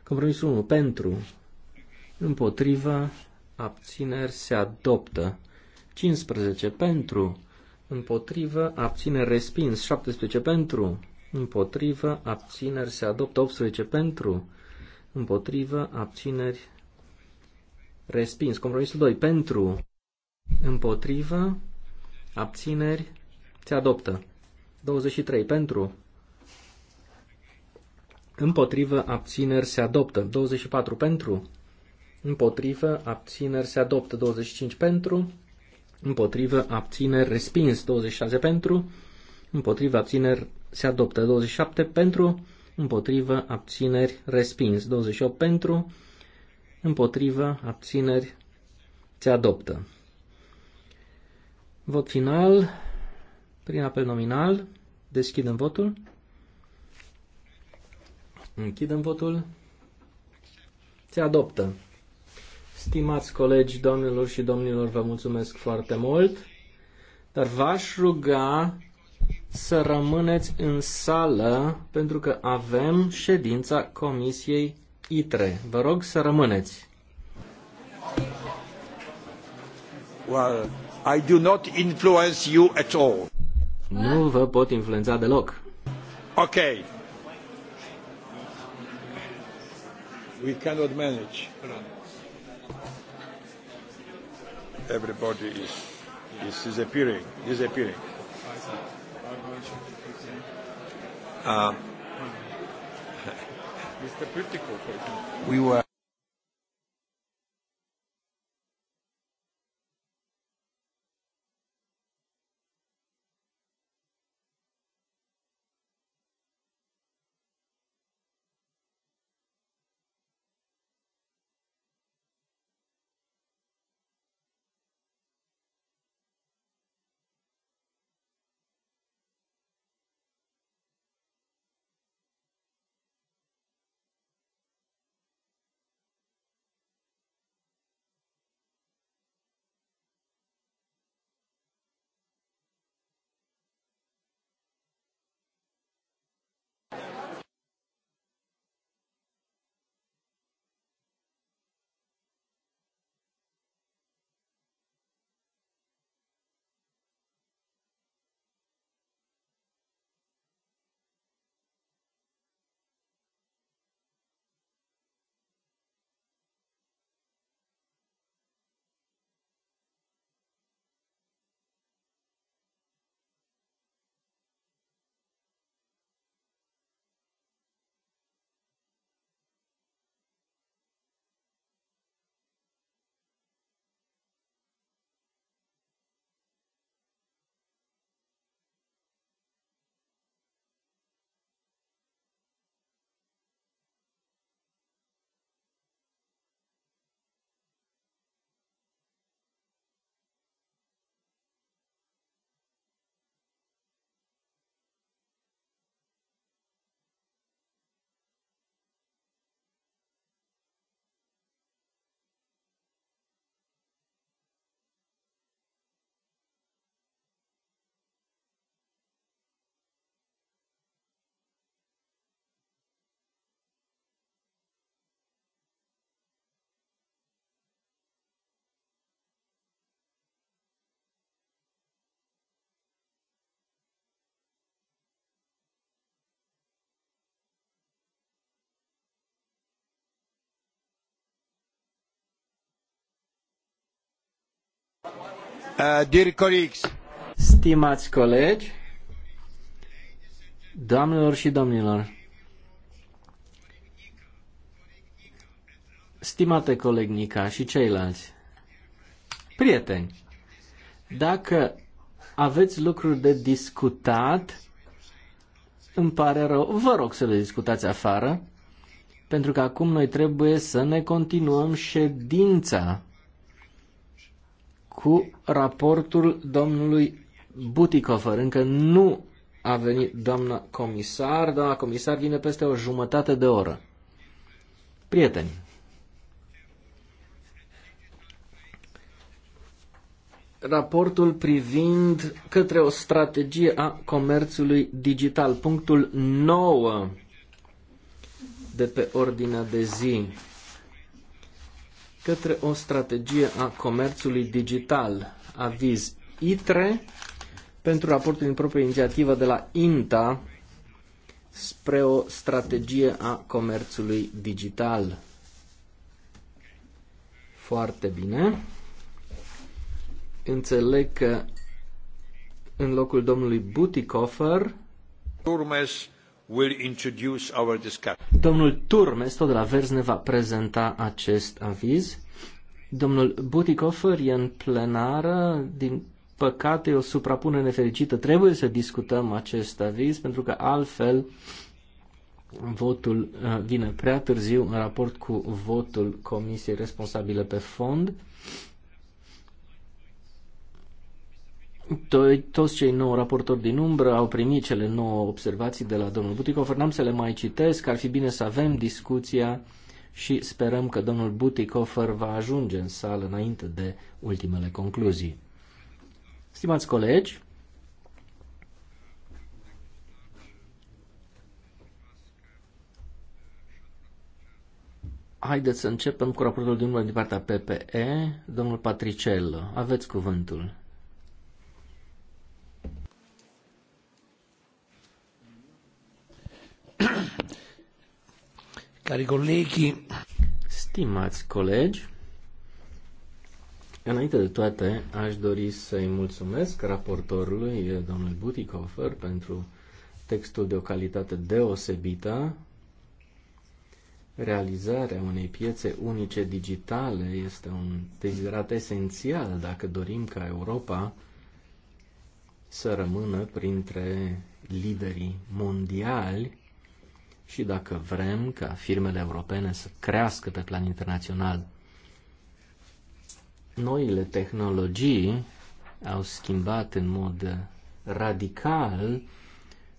Compromisul 1 pentru. Împotrivă. Abțineri. Se adoptă. 15 pentru împotrivă, abțineri respins, 17 pentru, împotrivă, abțineri se adoptă, 18 pentru, împotrivă, abțineri respins, compromisul 2 pentru, împotrivă, abțineri se adoptă, 23 pentru, împotrivă, abțineri se adoptă, 24 pentru, împotrivă, abțineri se adoptă, 25 pentru, împotrivă, abțineri, respins, 26 pentru, împotrivă, abțineri, se adoptă, 27 pentru, împotrivă, abțineri, respins, 28 pentru, împotrivă, abțineri, se adoptă. Vot final, prin apel nominal, deschidem votul, închidem votul, se adoptă. Stimați colegi, domnilor și domnilor, vă mulțumesc foarte mult, dar v-aș ruga să rămâneți în sală pentru că avem ședința Comisiei ITRE. Vă rog să rămâneți. Well, I do not influence you at all. Nu vă pot influența deloc. Ok. We cannot manage everybody is, is disappearing, disappearing. Uh, We were Uh, dear colleagues. Stimați colegi, doamnelor și domnilor, stimate coleg Nica și ceilalți, prieteni, dacă aveți lucruri de discutat, îmi pare rău, vă rog să le discutați afară, pentru că acum noi trebuie să ne continuăm ședința cu raportul domnului Butikofer. Încă nu a venit doamna comisar. Doamna comisar vine peste o jumătate de oră. Prieteni, raportul privind către o strategie a comerțului digital, punctul 9 de pe ordinea de zi către o strategie a comerțului digital. Aviz ITRE pentru raportul din proprie inițiativă de la INTA spre o strategie a comerțului digital. Foarte bine. Înțeleg că în locul domnului Butikofer urmes Domnul Turmes, tot de la Vers, ne va prezenta acest aviz. Domnul Butikofer e în plenară, din păcate o suprapunere nefericită. Trebuie să discutăm acest aviz, pentru că altfel votul uh, vine prea târziu în raport cu votul Comisiei responsabile pe fond. To- toți cei nouă raportori din umbră au primit cele nouă observații de la domnul Buticov. N-am să le mai citesc, ar fi bine să avem discuția și sperăm că domnul Buticofer va ajunge în sală înainte de ultimele concluzii. Stimați colegi, Haideți să începem cu raportul din urmă din partea PPE. Domnul Patricello, aveți cuvântul. Cari colleghi. Stimați colegi, înainte de toate, aș dori să-i mulțumesc raportorului, domnul Butikofer, pentru textul de o calitate deosebită. Realizarea unei piețe unice digitale este un deziderat esențial dacă dorim ca Europa să rămână printre liderii mondiali și dacă vrem ca firmele europene să crească pe plan internațional, noile tehnologii au schimbat în mod radical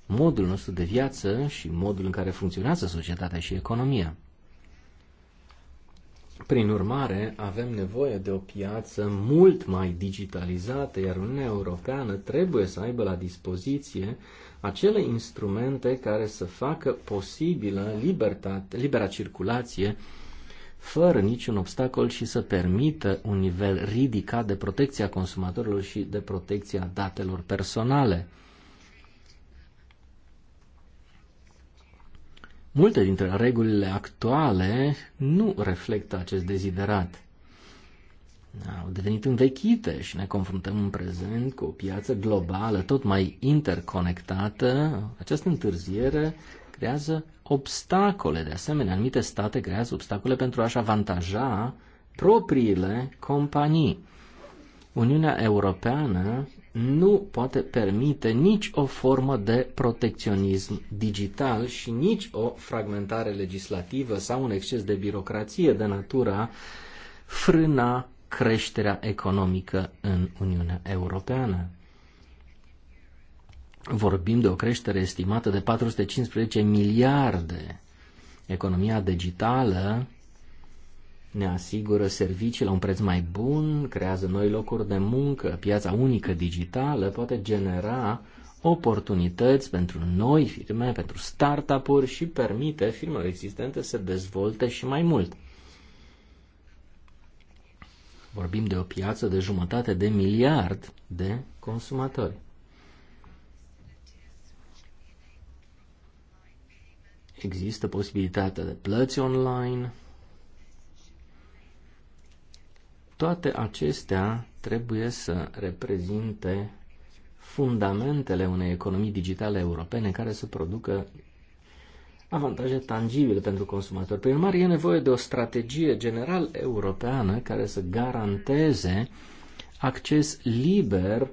modul nostru de viață și modul în care funcționează societatea și economia. Prin urmare, avem nevoie de o piață mult mai digitalizată, iar Uniunea Europeană trebuie să aibă la dispoziție acele instrumente care să facă posibilă libertate, libera circulație fără niciun obstacol și să permită un nivel ridicat de protecția consumatorilor și de protecția datelor personale. Multe dintre regulile actuale nu reflectă acest deziderat au devenit învechite și ne confruntăm în prezent cu o piață globală tot mai interconectată, această întârziere creează obstacole. De asemenea, anumite state creează obstacole pentru a-și avantaja propriile companii. Uniunea Europeană nu poate permite nici o formă de protecționism digital și nici o fragmentare legislativă sau un exces de birocrație de natura frâna creșterea economică în Uniunea Europeană. Vorbim de o creștere estimată de 415 miliarde. Economia digitală ne asigură servicii la un preț mai bun, creează noi locuri de muncă, piața unică digitală poate genera oportunități pentru noi firme, pentru startup-uri și permite firmelor existente să dezvolte și mai mult. Vorbim de o piață de jumătate de miliard de consumatori. Există posibilitatea de plăți online. Toate acestea trebuie să reprezinte fundamentele unei economii digitale europene care să producă avantaje tangibile pentru consumatori. Prin urmare, e nevoie de o strategie general europeană care să garanteze acces liber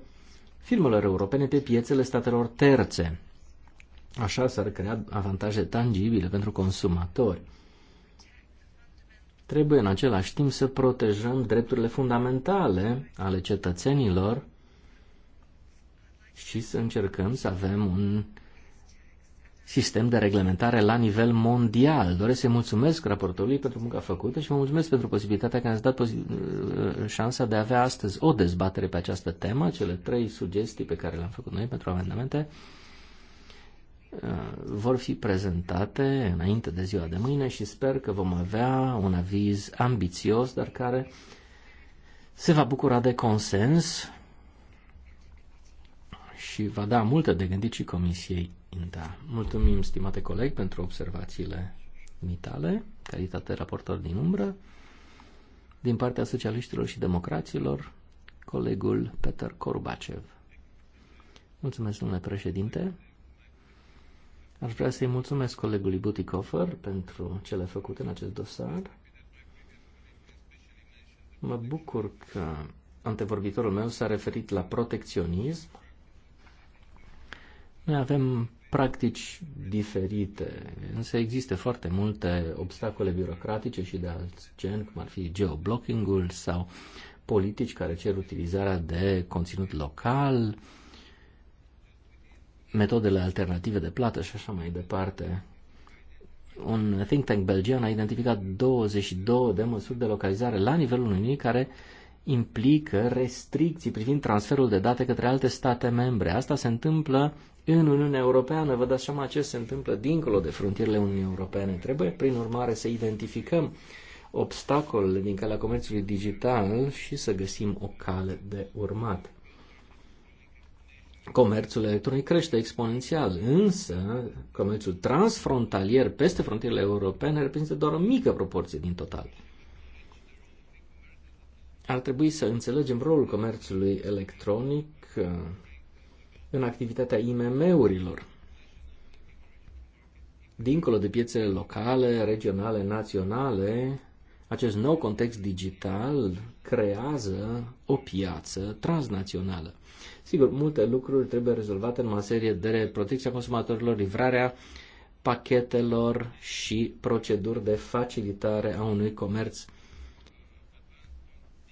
firmelor europene pe piețele statelor terțe. Așa s-ar crea avantaje tangibile pentru consumatori. Trebuie în același timp să protejăm drepturile fundamentale ale cetățenilor și să încercăm să avem un sistem de reglementare la nivel mondial. Doresc să-i mulțumesc raportorului pentru munca făcută și vă mulțumesc pentru posibilitatea că ați dat uh, uh, șansa de a avea astăzi o dezbatere pe această temă, cele trei sugestii pe care le-am făcut noi pentru amendamente uh, vor fi prezentate înainte de ziua de mâine și sper că vom avea un aviz ambițios, dar care se va bucura de consens și va da multe de gândit și Comisiei da. Mulțumim, stimate coleg, pentru observațiile mitale, calitate raportor din umbră. Din partea socialiștilor și democraților, colegul Peter Korbacev. Mulțumesc, domnule președinte. Aș vrea să-i mulțumesc colegului Butikofer pentru cele făcute în acest dosar. Mă bucur că antevorbitorul meu s-a referit la protecționism. Noi avem practici diferite, însă există foarte multe obstacole birocratice și de alt gen, cum ar fi geoblocking-ul sau politici care cer utilizarea de conținut local, metodele alternative de plată și așa mai departe. Un think tank belgian a identificat 22 de măsuri de localizare la nivelul Uniunii care implică restricții privind transferul de date către alte state membre. Asta se întâmplă în Uniunea Europeană. Vă dați seama ce se întâmplă dincolo de frontierele Uniunii Europene. Trebuie, prin urmare, să identificăm obstacolele din calea comerțului digital și să găsim o cale de urmat. Comerțul electronic crește exponențial, însă comerțul transfrontalier peste frontierele europene reprezintă doar o mică proporție din total. Ar trebui să înțelegem rolul comerțului electronic în activitatea IMM-urilor. Dincolo de piețele locale, regionale, naționale, acest nou context digital creează o piață transnațională. Sigur, multe lucruri trebuie rezolvate în materie de protecția consumatorilor, livrarea pachetelor și proceduri de facilitare a unui comerț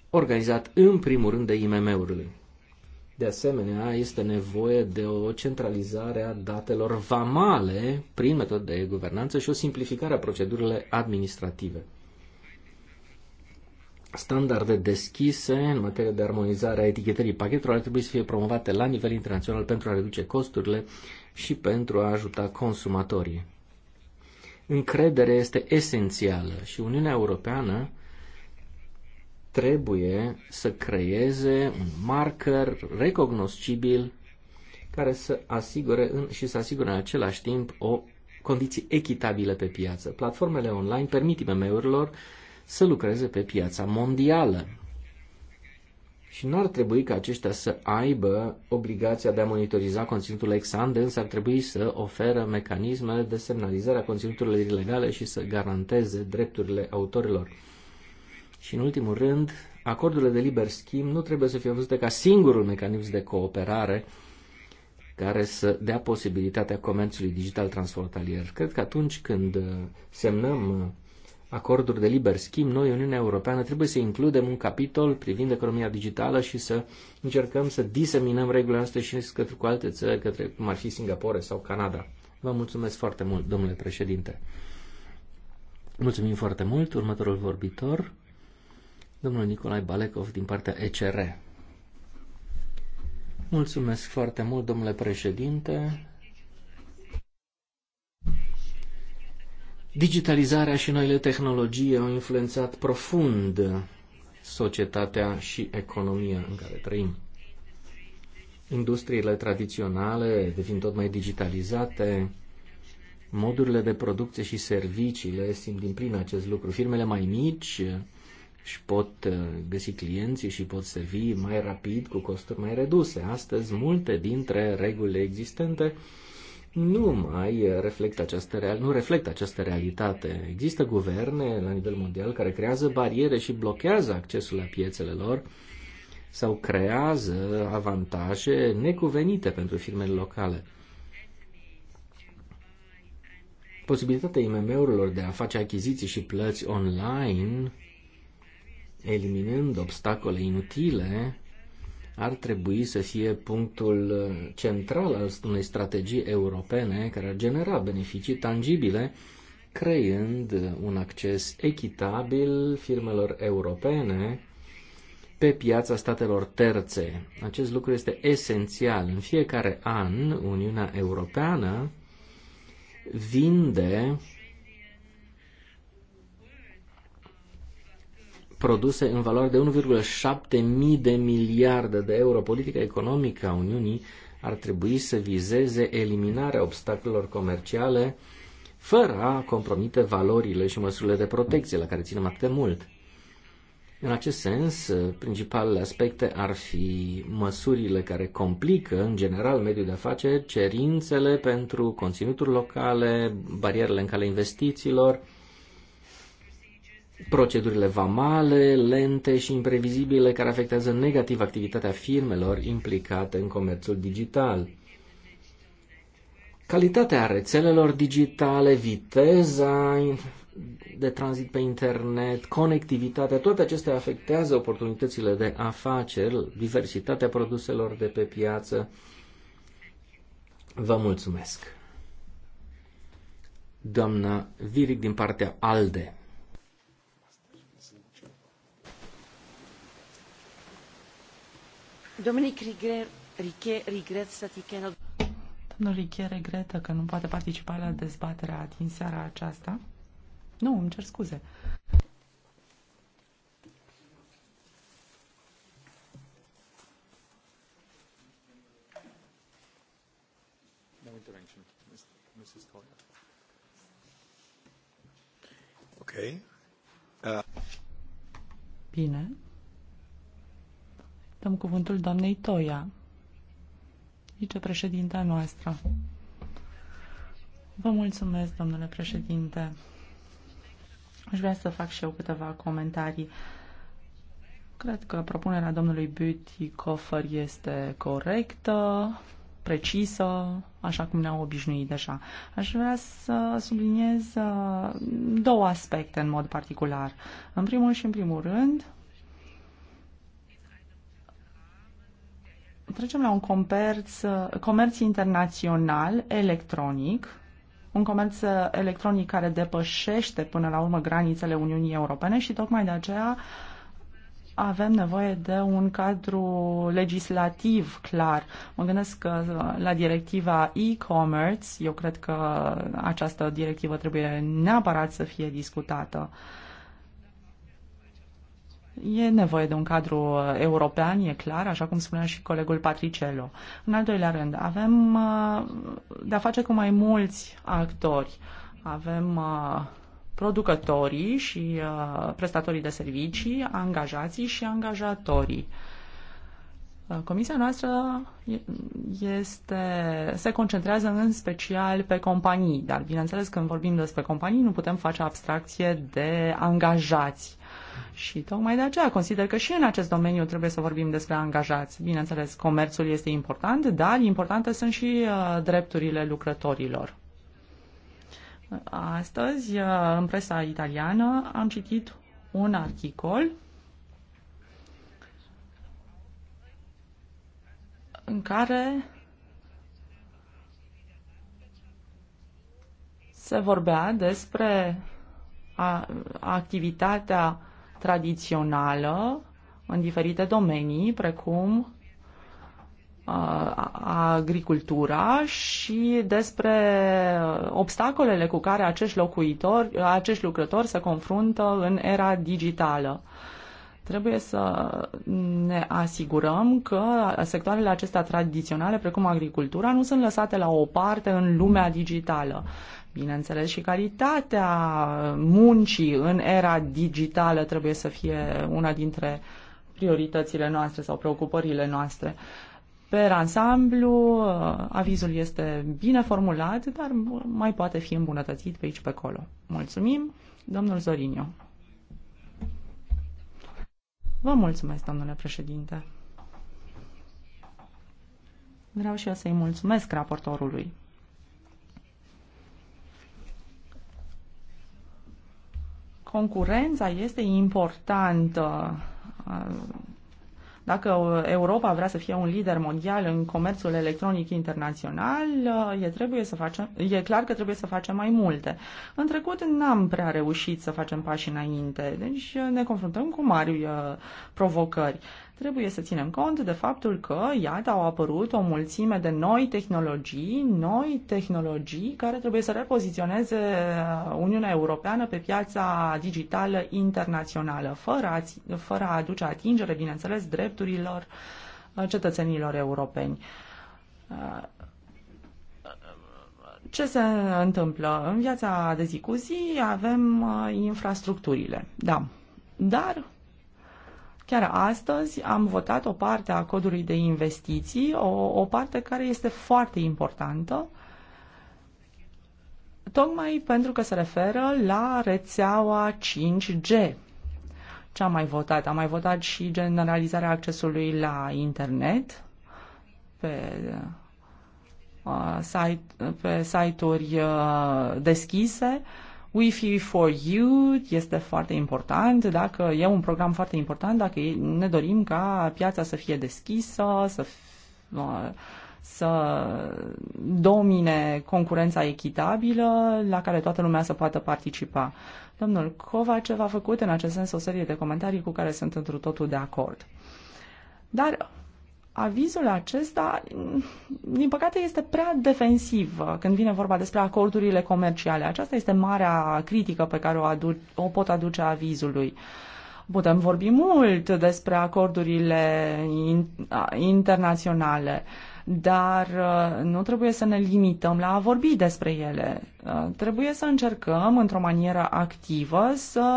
organizat în primul rând de IMM-urile. De asemenea, este nevoie de o centralizare a datelor vamale prin metode de guvernanță și o simplificare a procedurilor administrative. Standarde deschise în materie de armonizare a etichetării pachetelor ar trebui să fie promovate la nivel internațional pentru a reduce costurile și pentru a ajuta consumatorii. Încrederea este esențială și Uniunea Europeană trebuie să creeze un marker recognoscibil care să asigure în, și să asigure în același timp o condiții echitabile pe piață. Platformele online permit IMM-urilor să lucreze pe piața mondială. Și nu ar trebui ca aceștia să aibă obligația de a monitoriza conținutul ex ante, însă ar trebui să oferă mecanisme de semnalizare a conținuturilor ilegale și să garanteze drepturile autorilor. Și în ultimul rând, acordurile de liber schimb nu trebuie să fie văzute ca singurul mecanism de cooperare care să dea posibilitatea comerțului digital transfrontalier. Cred că atunci când uh, semnăm uh, acorduri de liber schimb, noi, Uniunea Europeană, trebuie să includem un capitol privind economia digitală și să încercăm să diseminăm regulile noastre și către cu alte țări, către cum ar fi Singapore sau Canada. Vă mulțumesc foarte mult, domnule președinte. Mulțumim foarte mult. Următorul vorbitor domnul Nicolae Balecov din partea ECR. Mulțumesc foarte mult, domnule președinte. Digitalizarea și noile tehnologii au influențat profund societatea și economia în care trăim. Industriile tradiționale devin tot mai digitalizate, modurile de producție și serviciile simt din plin acest lucru. Firmele mai mici și pot uh, găsi clienții și pot servi mai rapid cu costuri mai reduse. Astăzi, multe dintre regulile existente nu mai reflectă această, real, nu reflectă această realitate. Există guverne la nivel mondial care creează bariere și blochează accesul la piețele lor sau creează avantaje necuvenite pentru firmele locale. Posibilitatea IMM-urilor de a face achiziții și plăți online eliminând obstacole inutile, ar trebui să fie punctul central al unei strategii europene care ar genera beneficii tangibile, creând un acces echitabil firmelor europene pe piața statelor terțe. Acest lucru este esențial. În fiecare an, Uniunea Europeană vinde produse în valoare de 1,7 mii de miliarde de euro. Politica economică a Uniunii ar trebui să vizeze eliminarea obstacolelor comerciale fără a compromite valorile și măsurile de protecție la care ținem atât de mult. În acest sens, principalele aspecte ar fi măsurile care complică, în general, mediul de afaceri, cerințele pentru conținuturi locale, barierele în calea investițiilor, procedurile vamale, lente și imprevizibile care afectează negativ activitatea firmelor implicate în comerțul digital. Calitatea rețelelor digitale, viteza de tranzit pe internet, conectivitatea, toate acestea afectează oportunitățile de afaceri, diversitatea produselor de pe piață. Vă mulțumesc. Doamna Viric din partea ALDE. regret Domnul riquet regretă că nu poate participa la dezbaterea din seara aceasta. Nu, îmi cer scuze. Okay. Uh. Bine. Dăm cuvântul doamnei Toia, vicepreședintea noastră. Vă mulțumesc, domnule președinte. Aș vrea să fac și eu câteva comentarii. Cred că propunerea domnului Beauty Coffer este corectă, precisă, așa cum ne-au obișnuit deja. Aș vrea să subliniez uh, două aspecte în mod particular. În primul și în primul rând, Trecem la un comerț, comerț internațional electronic, un comerț electronic care depășește până la urmă granițele Uniunii Europene și tocmai de aceea avem nevoie de un cadru legislativ clar. Mă gândesc la directiva e-commerce, eu cred că această directivă trebuie neapărat să fie discutată. Uh, E nevoie de un cadru european, e clar, așa cum spunea și colegul Patricello. În al doilea rând, avem uh, de-a face cu mai mulți actori. Avem uh, producătorii și uh, prestatorii de servicii, angajații și angajatorii. Comisia noastră este, se concentrează în special pe companii, dar bineînțeles când vorbim despre companii nu putem face abstracție de angajați. Și tocmai de aceea consider că și în acest domeniu trebuie să vorbim despre angajați. Bineînțeles, comerțul este important, dar importante sunt și uh, drepturile lucrătorilor. Astăzi, uh, în presa italiană, am citit un articol în care se vorbea despre a, activitatea tradițională în diferite domenii, precum agricultura și despre obstacolele cu care acești locuitori, acești lucrători se confruntă în era digitală. Trebuie să ne asigurăm că sectoarele acestea tradiționale, precum agricultura, nu sunt lăsate la o parte în lumea digitală. Bineînțeles, și calitatea muncii în era digitală trebuie să fie una dintre prioritățile noastre sau preocupările noastre. Pe ansamblu, avizul este bine formulat, dar mai poate fi îmbunătățit pe aici pe acolo. Mulțumim, domnul Zorinio. Vă mulțumesc, domnule președinte. Vreau și eu să-i mulțumesc raportorului. Concurența este importantă uh, dacă uh, Europa vrea să fie un lider mondial în comerțul electronic internațional, uh, e, trebuie să facem, e clar că trebuie să facem mai multe. În trecut n-am prea reușit să facem pași înainte, deci uh, ne confruntăm cu mari provocări. Trebuie să ținem cont de faptul că, iată, au apărut o mulțime de noi tehnologii, noi tehnologii care trebuie să repoziționeze Uniunea Europeană pe piața digitală internațională, fără a, fără a aduce atingere, bineînțeles, drepturilor uh, cetățenilor europeni. Uh, ce se întâmplă? În viața de zi cu zi avem uh, infrastructurile, da. Dar Chiar astăzi am votat o parte a codului de investiții, o, o parte care este foarte importantă, tocmai pentru că se referă la rețeaua 5G. Ce am mai votat? Am mai votat și generalizarea accesului la internet pe uh, site, pe site-uri uh, deschise, Wi-Fi for you, este foarte important, dacă e un program foarte important, dacă ne dorim ca piața să fie deschisă, să, uh, să domine concurența echitabilă la care toată lumea să poată participa. Domnul cova a făcut în acest sens o serie de comentarii cu care sunt într totul de acord. Dar Avizul acesta, din păcate, este prea defensiv când vine vorba despre acordurile comerciale. Aceasta este marea critică pe care o, adu- o pot aduce avizului. Putem vorbi mult despre acordurile in- internaționale, dar uh, nu trebuie să ne limităm la a vorbi despre ele. Uh, trebuie să încercăm, într-o manieră activă, să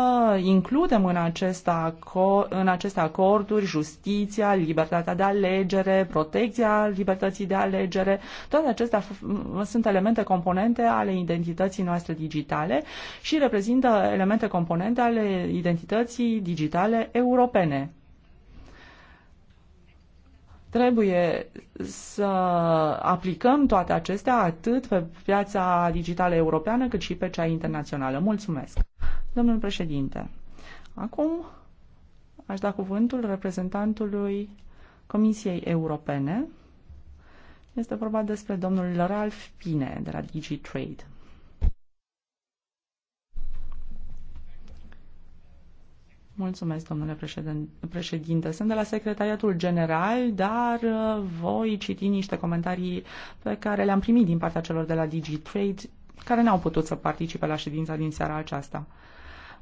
includem în aceste, acord, în aceste acorduri justiția, libertatea de alegere, protecția libertății de alegere. Toate acestea sunt elemente componente ale identității noastre digitale și reprezintă elemente componente ale identității digitale europene. Trebuie să aplicăm toate acestea atât pe piața digitală europeană cât și pe cea internațională. Mulțumesc. Domnul președinte, acum aș da cuvântul reprezentantului Comisiei Europene. Este vorba despre domnul Ralph Pine de la DigiTrade. Mulțumesc, domnule președinte. Sunt de la Secretariatul General, dar uh, voi citi niște comentarii pe care le-am primit din partea celor de la DigiTrade care n-au putut să participe la ședința din seara aceasta.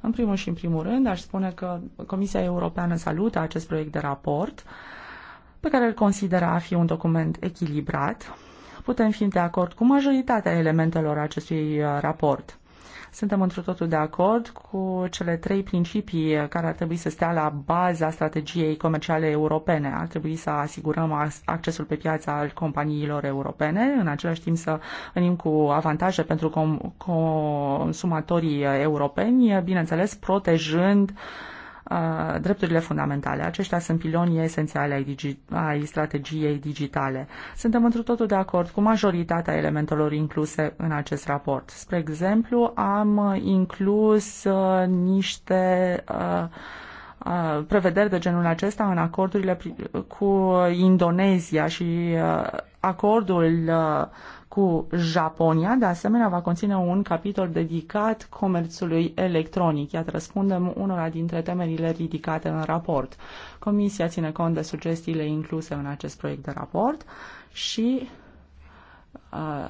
În primul și în primul rând, aș spune că Comisia Europeană salută acest proiect de raport, pe care îl consideră a fi un document echilibrat. Putem fi de acord cu majoritatea elementelor acestui uh, raport. Suntem într totul de acord cu cele trei principii care ar trebui să stea la baza strategiei comerciale europene. Ar trebui să asigurăm accesul pe piața al companiilor europene, în același timp să venim cu avantaje pentru consumatorii europeni, bineînțeles protejând uh, drepturile fundamentale. Aceștia sunt pilonii esențiale ai, digi- ai strategiei digitale. Suntem într totul de acord cu majoritatea elementelor incluse în acest raport. Spre exemplu, am inclus uh, niște uh, uh prevederi de genul acesta în acordurile cu Indonezia și uh, acordul uh, cu Japonia. De asemenea, va conține un capitol dedicat comerțului electronic. Iată, răspundem unora dintre temerile ridicate în raport. Comisia ține cont de sugestiile incluse în acest proiect de raport și, uh,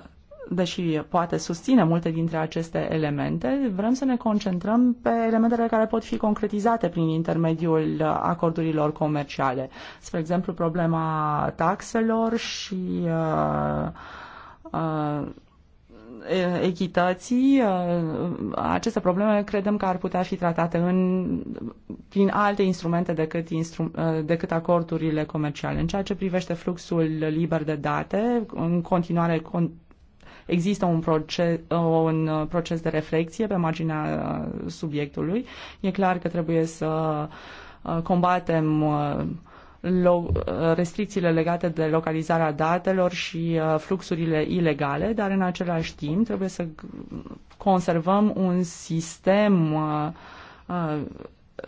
deși poate susține multe dintre aceste elemente, vrem să ne concentrăm pe elementele care pot fi concretizate prin intermediul acordurilor comerciale. Spre exemplu, problema taxelor și uh, Uh, echității, uh, aceste probleme credem că ar putea fi tratate în, prin alte instrumente decât, instru, uh, decât acordurile comerciale. În ceea ce privește fluxul liber de date, în continuare con, există un proces, un proces de reflexie pe marginea subiectului. E clar că trebuie să combatem uh, restricțiile legate de localizarea datelor și uh, fluxurile ilegale, dar în același timp trebuie să conservăm un sistem uh, uh,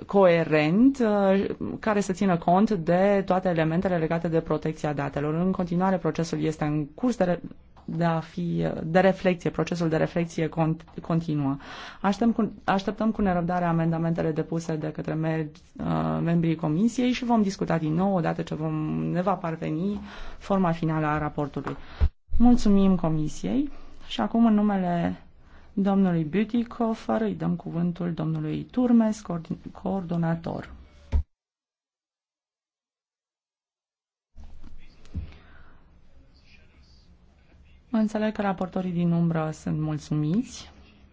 coerent uh, care să țină cont de toate elementele legate de protecția datelor. În continuare, procesul este în curs de, de a fi uh, de reflexie, procesul de reflexie cont, continuă. Așteptăm cu, așteptăm cu nerăbdare amendamentele depuse de către me- uh, membrii comisiei și vom discuta din nou odată ce vom, ne va parveni forma finală a raportului. Mulțumim comisiei și acum în numele domnului Bütikofer, îi dăm cuvântul domnului Turmes, coordonator. Înțeleg că raportorii din umbră sunt mulțumiți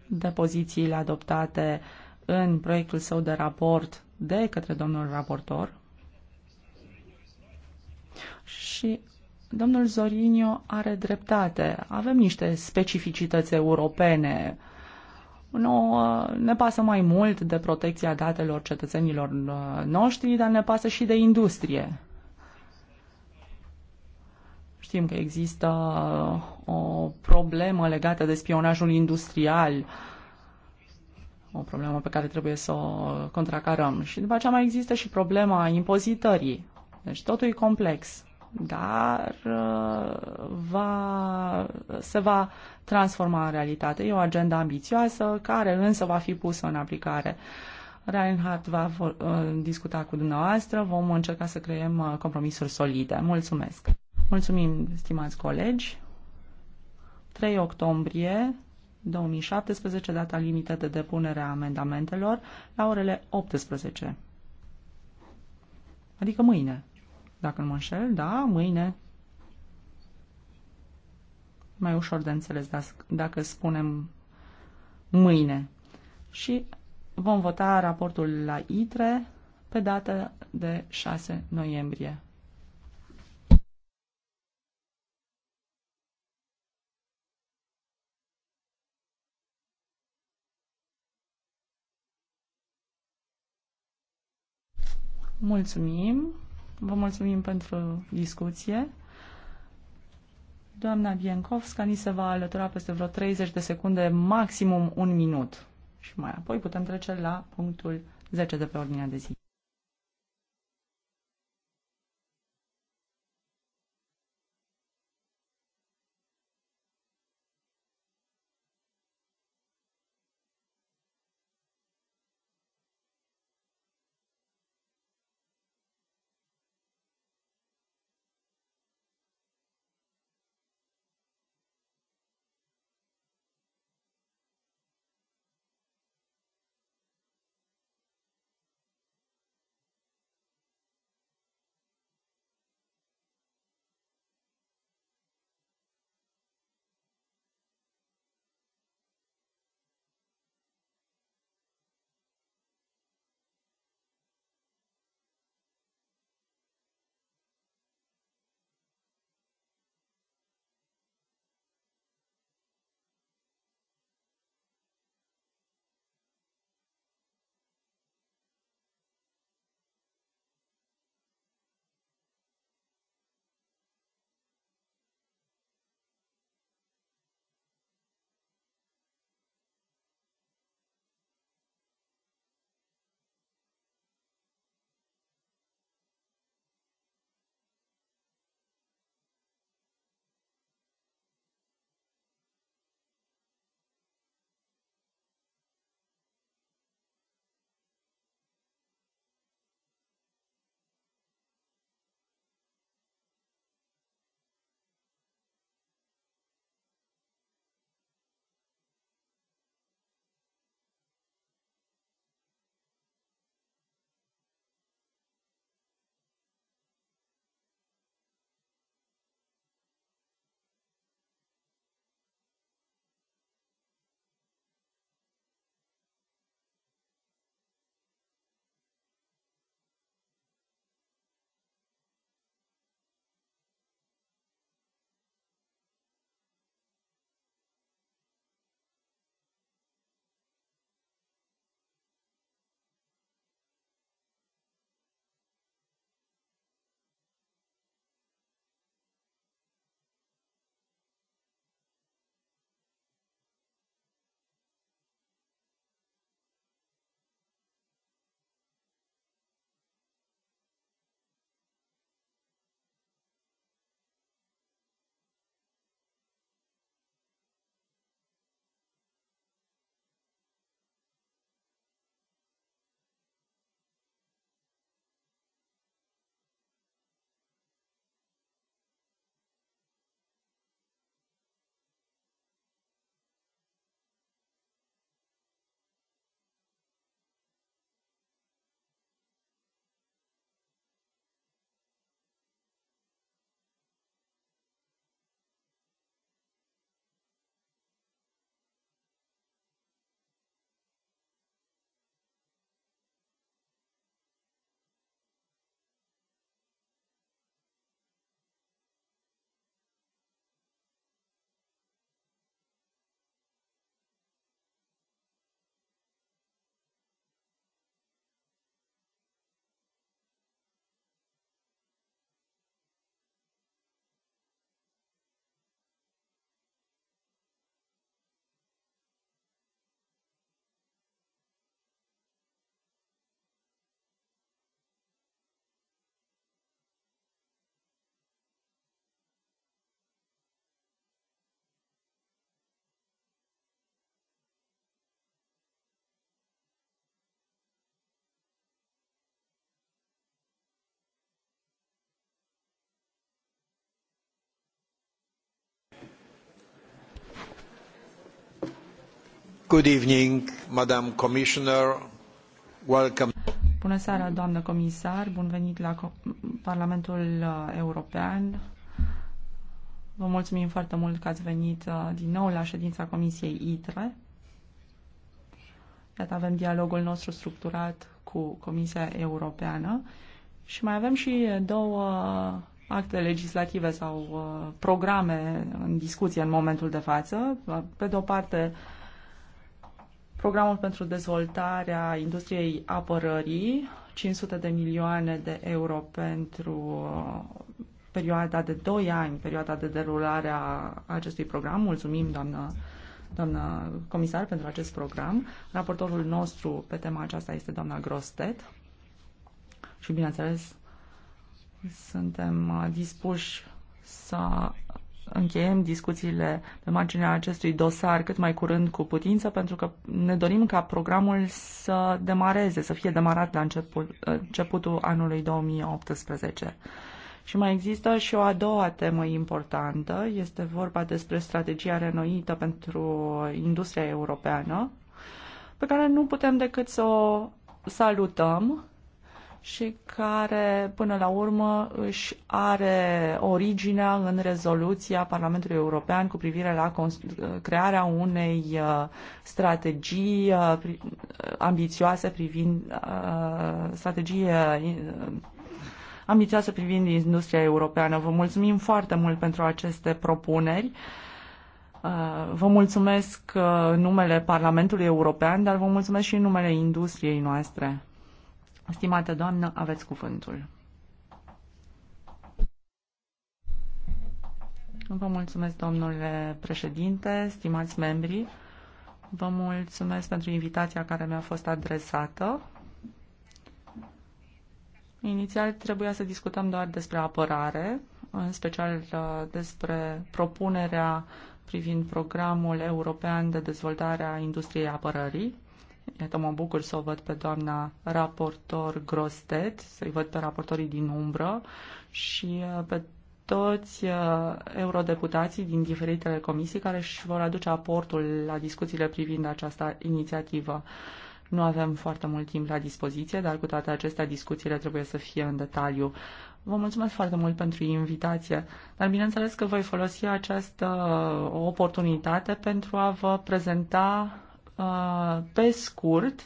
de pozițiile adoptate în proiectul său de raport de către domnul raportor. Și Domnul Zorinio are dreptate. Avem niște specificități europene. Nouă ne pasă mai mult de protecția datelor cetățenilor uh, noștri, dar ne pasă și de industrie. Știm că există o problemă legată de spionajul industrial, o problemă pe care trebuie să o contracarăm. Și după aceea mai există și problema impozitării. Deci totul e complex dar uh, va, se va transforma în realitate. E o agenda ambițioasă care însă va fi pusă în aplicare. Reinhardt va vor, uh, discuta cu dumneavoastră, vom încerca să creăm uh, compromisuri solide. Mulțumesc! Mulțumim, stimați colegi! 3 octombrie 2017, data limită de depunere a amendamentelor, la orele 18. Adică mâine dacă nu mă înșel, da, mâine. Mai ușor de înțeles dacă spunem mâine. Și vom vota raportul la ITRE pe data de 6 noiembrie. Mulțumim! Vă mulțumim pentru discuție. Doamna Biencovska, ni se va alătura peste vreo 30 de secunde, maximum un minut. Și mai apoi putem trece la punctul 10 de pe ordinea de zi. Bună seara, doamnă comisar. Bun venit la Parlamentul uh, European. Vă mulțumim foarte mult că ați venit uh, din nou la ședința Comisiei ITRE. Iată, avem dialogul nostru structurat cu Comisia Europeană și mai avem și două acte legislative sau uh, programe în discuție în momentul de față. Pe de o parte, programul pentru dezvoltarea industriei apărării, 500 de milioane de euro pentru uh, perioada de 2 ani, perioada de derulare a acestui program. Mulțumim, doamnă, doamnă comisar, pentru acest program. Raportorul nostru pe tema aceasta este doamna Grostet și, bineînțeles, suntem uh, dispuși să încheiem discuțiile pe marginea acestui dosar cât mai curând cu putință, pentru că ne dorim ca programul să demareze, să fie demarat la început, începutul anului 2018. Și mai există și o a doua temă importantă, este vorba despre strategia renoită pentru industria europeană, pe care nu putem decât să o salutăm și care până la urmă își are originea în rezoluția Parlamentului European cu privire la crearea unei uh, strategii uh, uh, ambițioase privind strategie ambițioasă privind industria europeană. Vă mulțumim foarte mult pentru aceste propuneri. Vă mulțumesc în numele Parlamentului European, dar vă mulțumesc și în numele industriei noastre. Stimată doamnă, aveți cuvântul. Vă mulțumesc, domnule președinte, stimați membri. Vă mulțumesc pentru invitația care mi-a fost adresată. Inițial trebuia să discutăm doar despre apărare, în special uh, despre propunerea privind programul european de dezvoltare a industriei apărării. Iată, mă bucur să o văd pe doamna raportor Grostet, să-i văd pe raportorii din umbră și uh, pe toți uh, eurodeputații din diferitele comisii care își vor aduce aportul la discuțiile privind această inițiativă. Nu avem foarte mult timp la dispoziție, dar cu toate acestea discuțiile trebuie să fie în detaliu. Vă mulțumesc foarte mult pentru invitație, dar bineînțeles că voi folosi această uh, oportunitate pentru a vă prezenta Uh, pe scurt,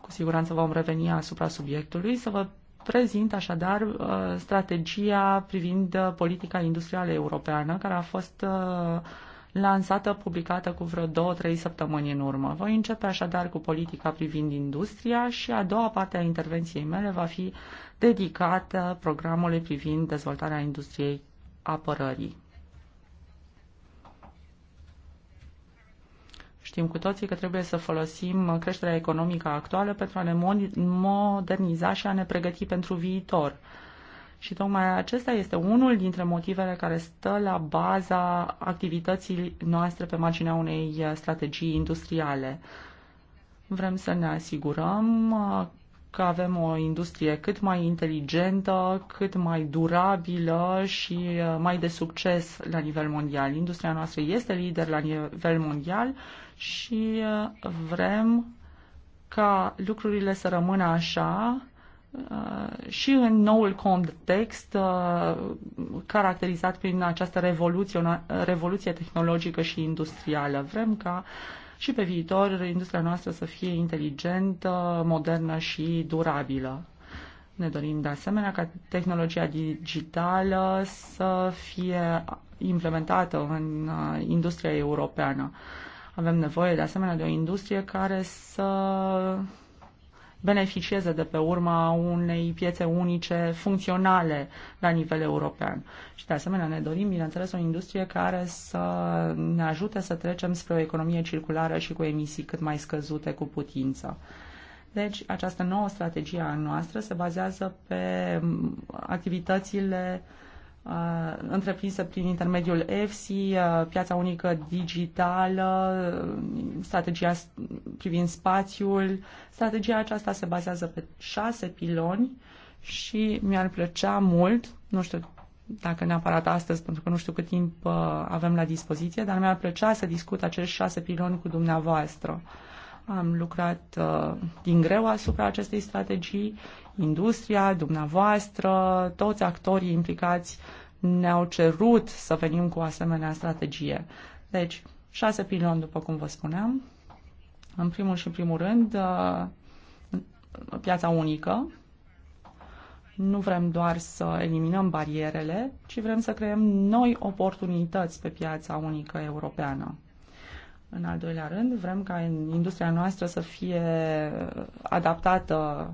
cu siguranță vom reveni asupra subiectului, să vă prezint așadar uh, strategia privind uh, politica industrială europeană, care a fost lansată, publicată cu vreo două, trei săptămâni în urmă. Voi începe așadar cu politica privind industria și a doua parte a intervenției mele va fi dedicată programului privind dezvoltarea industriei apărării. Știm cu toții că trebuie să folosim creșterea economică actuală pentru a ne moderniza și a ne pregăti pentru viitor. Și tocmai acesta este unul dintre motivele care stă la baza activității noastre pe marginea unei strategii industriale. Vrem să ne asigurăm că avem o industrie cât mai inteligentă, cât mai durabilă și uh, mai de succes la nivel mondial. Industria noastră este lider la nivel mondial și uh, vrem ca lucrurile să rămână așa uh, și în noul context caracterizat prin această revoluție, revoluție tehnologică și industrială. Vrem ca și pe viitor industria noastră să fie inteligentă, modernă și durabilă. Ne dorim de asemenea ca tehnologia digitală să fie implementată în uh, industria europeană. Avem nevoie de asemenea de o industrie care să beneficieze de pe urma unei piețe unice funcționale la nivel european. Și de asemenea ne dorim, bineînțeles, o industrie care să ne ajute să trecem spre o economie circulară și cu emisii cât mai scăzute cu putință. Deci, această nouă strategie a noastră se bazează pe activitățile uh, Uh, întreprinsă prin intermediul EFSI, uh, piața unică digitală, uh, strategia privind spațiul. Strategia aceasta se bazează pe șase piloni și mi-ar plăcea mult, nu știu dacă neapărat astăzi, pentru că nu știu cât timp avem la dispoziție, dar mi-ar plăcea să discut acești șase piloni cu dumneavoastră. Uh, am lucrat uh, din greu asupra acestei strategii. Industria, dumneavoastră, toți actorii implicați ne-au cerut să venim cu o asemenea strategie. Deci, șase piloni, după cum vă spuneam. În primul și primul rând, uh, piața unică. Nu vrem doar să eliminăm barierele, ci vrem să creăm noi oportunități pe piața unică europeană. În al doilea rând, vrem ca industria noastră să fie uh, adaptată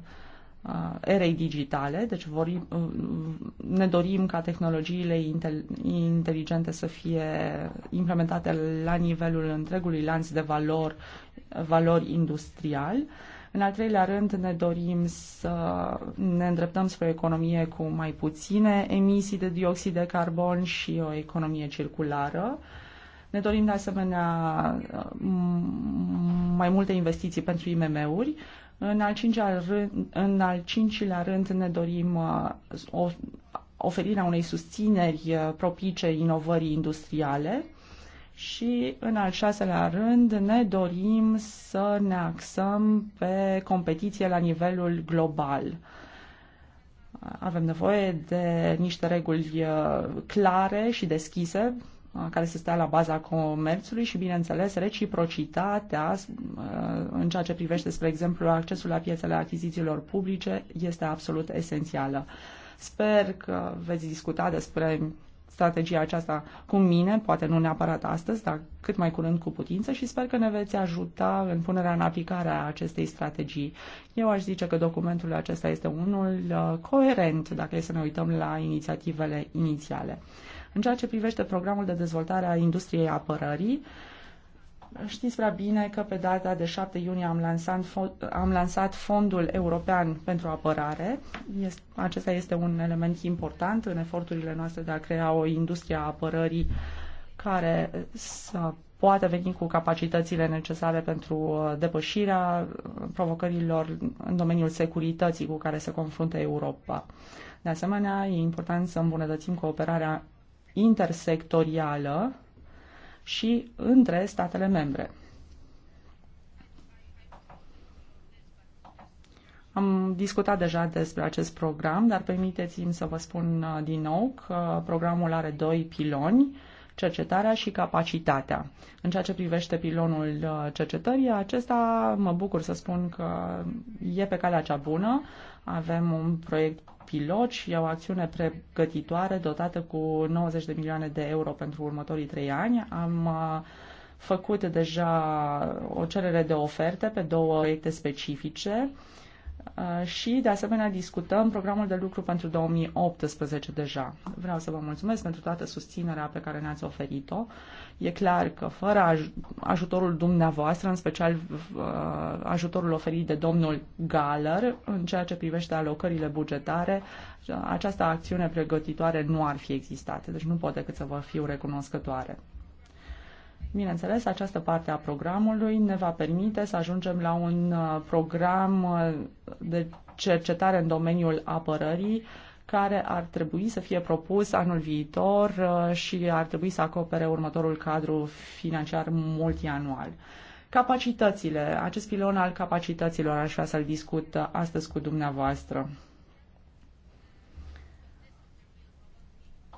uh, erei digitale, deci uh, ne dorim ca tehnologiile inteligente să fie implementate la nivelul întregului lanț de valor, valori industrial. În al treilea rând, ne dorim să ne îndreptăm spre o economie cu mai puține emisii de dioxid de carbon și o economie circulară. Uh, ne dorim de asemenea mai multe investiții pentru IMM-uri. În al, cincilea rând, în al cincilea rând ne dorim uh, o, oferirea unei susțineri uh, propice inovării industriale și în al șaselea rând ne dorim să ne axăm pe competiție la nivelul global. Avem nevoie de niște reguli uh, clare și deschise Uh, care să stea la baza comerțului și, bineînțeles, reciprocitatea uh, în ceea ce privește, spre exemplu, accesul la piețele achizițiilor publice este absolut esențială. Sper că veți discuta despre strategia aceasta cu mine, poate nu neapărat astăzi, dar cât mai curând cu putință și sper că ne veți ajuta în punerea în aplicare a acestei strategii. Eu aș zice că documentul acesta este unul uh, coerent dacă e să ne uităm la inițiativele inițiale. În ceea ce privește programul de dezvoltare a industriei apărării, Știți prea bine că pe data de 7 iunie am lansat, am lansat Fondul European pentru Apărare. Este, acesta este un element important în eforturile noastre de a crea o industrie a apărării care să poată veni cu capacitățile necesare pentru uh, depășirea provocărilor în domeniul securității cu care se confruntă Europa. De asemenea, e important să îmbunătățim cooperarea intersectorială și între statele membre. Am discutat deja despre acest program, dar permiteți-mi să vă spun uh, din nou că programul are doi piloni, cercetarea și capacitatea. În ceea ce privește pilonul uh, cercetării, acesta mă bucur să spun că e pe calea cea bună. Avem un proiect pilot și o acțiune pregătitoare dotată cu 90 de milioane de euro pentru următorii trei ani. Am uh, făcut deja o cerere de oferte pe două proiecte specifice Uh, și, de asemenea, discutăm programul de lucru pentru 2018 deja. Vreau să vă mulțumesc pentru toată susținerea pe care ne-ați oferit-o. E clar că fără aj- ajutorul dumneavoastră, în special uh, ajutorul oferit de domnul Galer, în ceea ce privește alocările bugetare, această acțiune pregătitoare nu ar fi existat. Deci nu pot decât să vă fiu recunoscătoare. Bineînțeles, această parte a programului ne va permite să ajungem la un uh, program uh, de cercetare în domeniul apărării care ar trebui să fie propus anul viitor uh, și ar trebui să acopere următorul cadru financiar multianual. Capacitățile, acest pilon al capacităților aș vrea să-l discut astăzi cu dumneavoastră.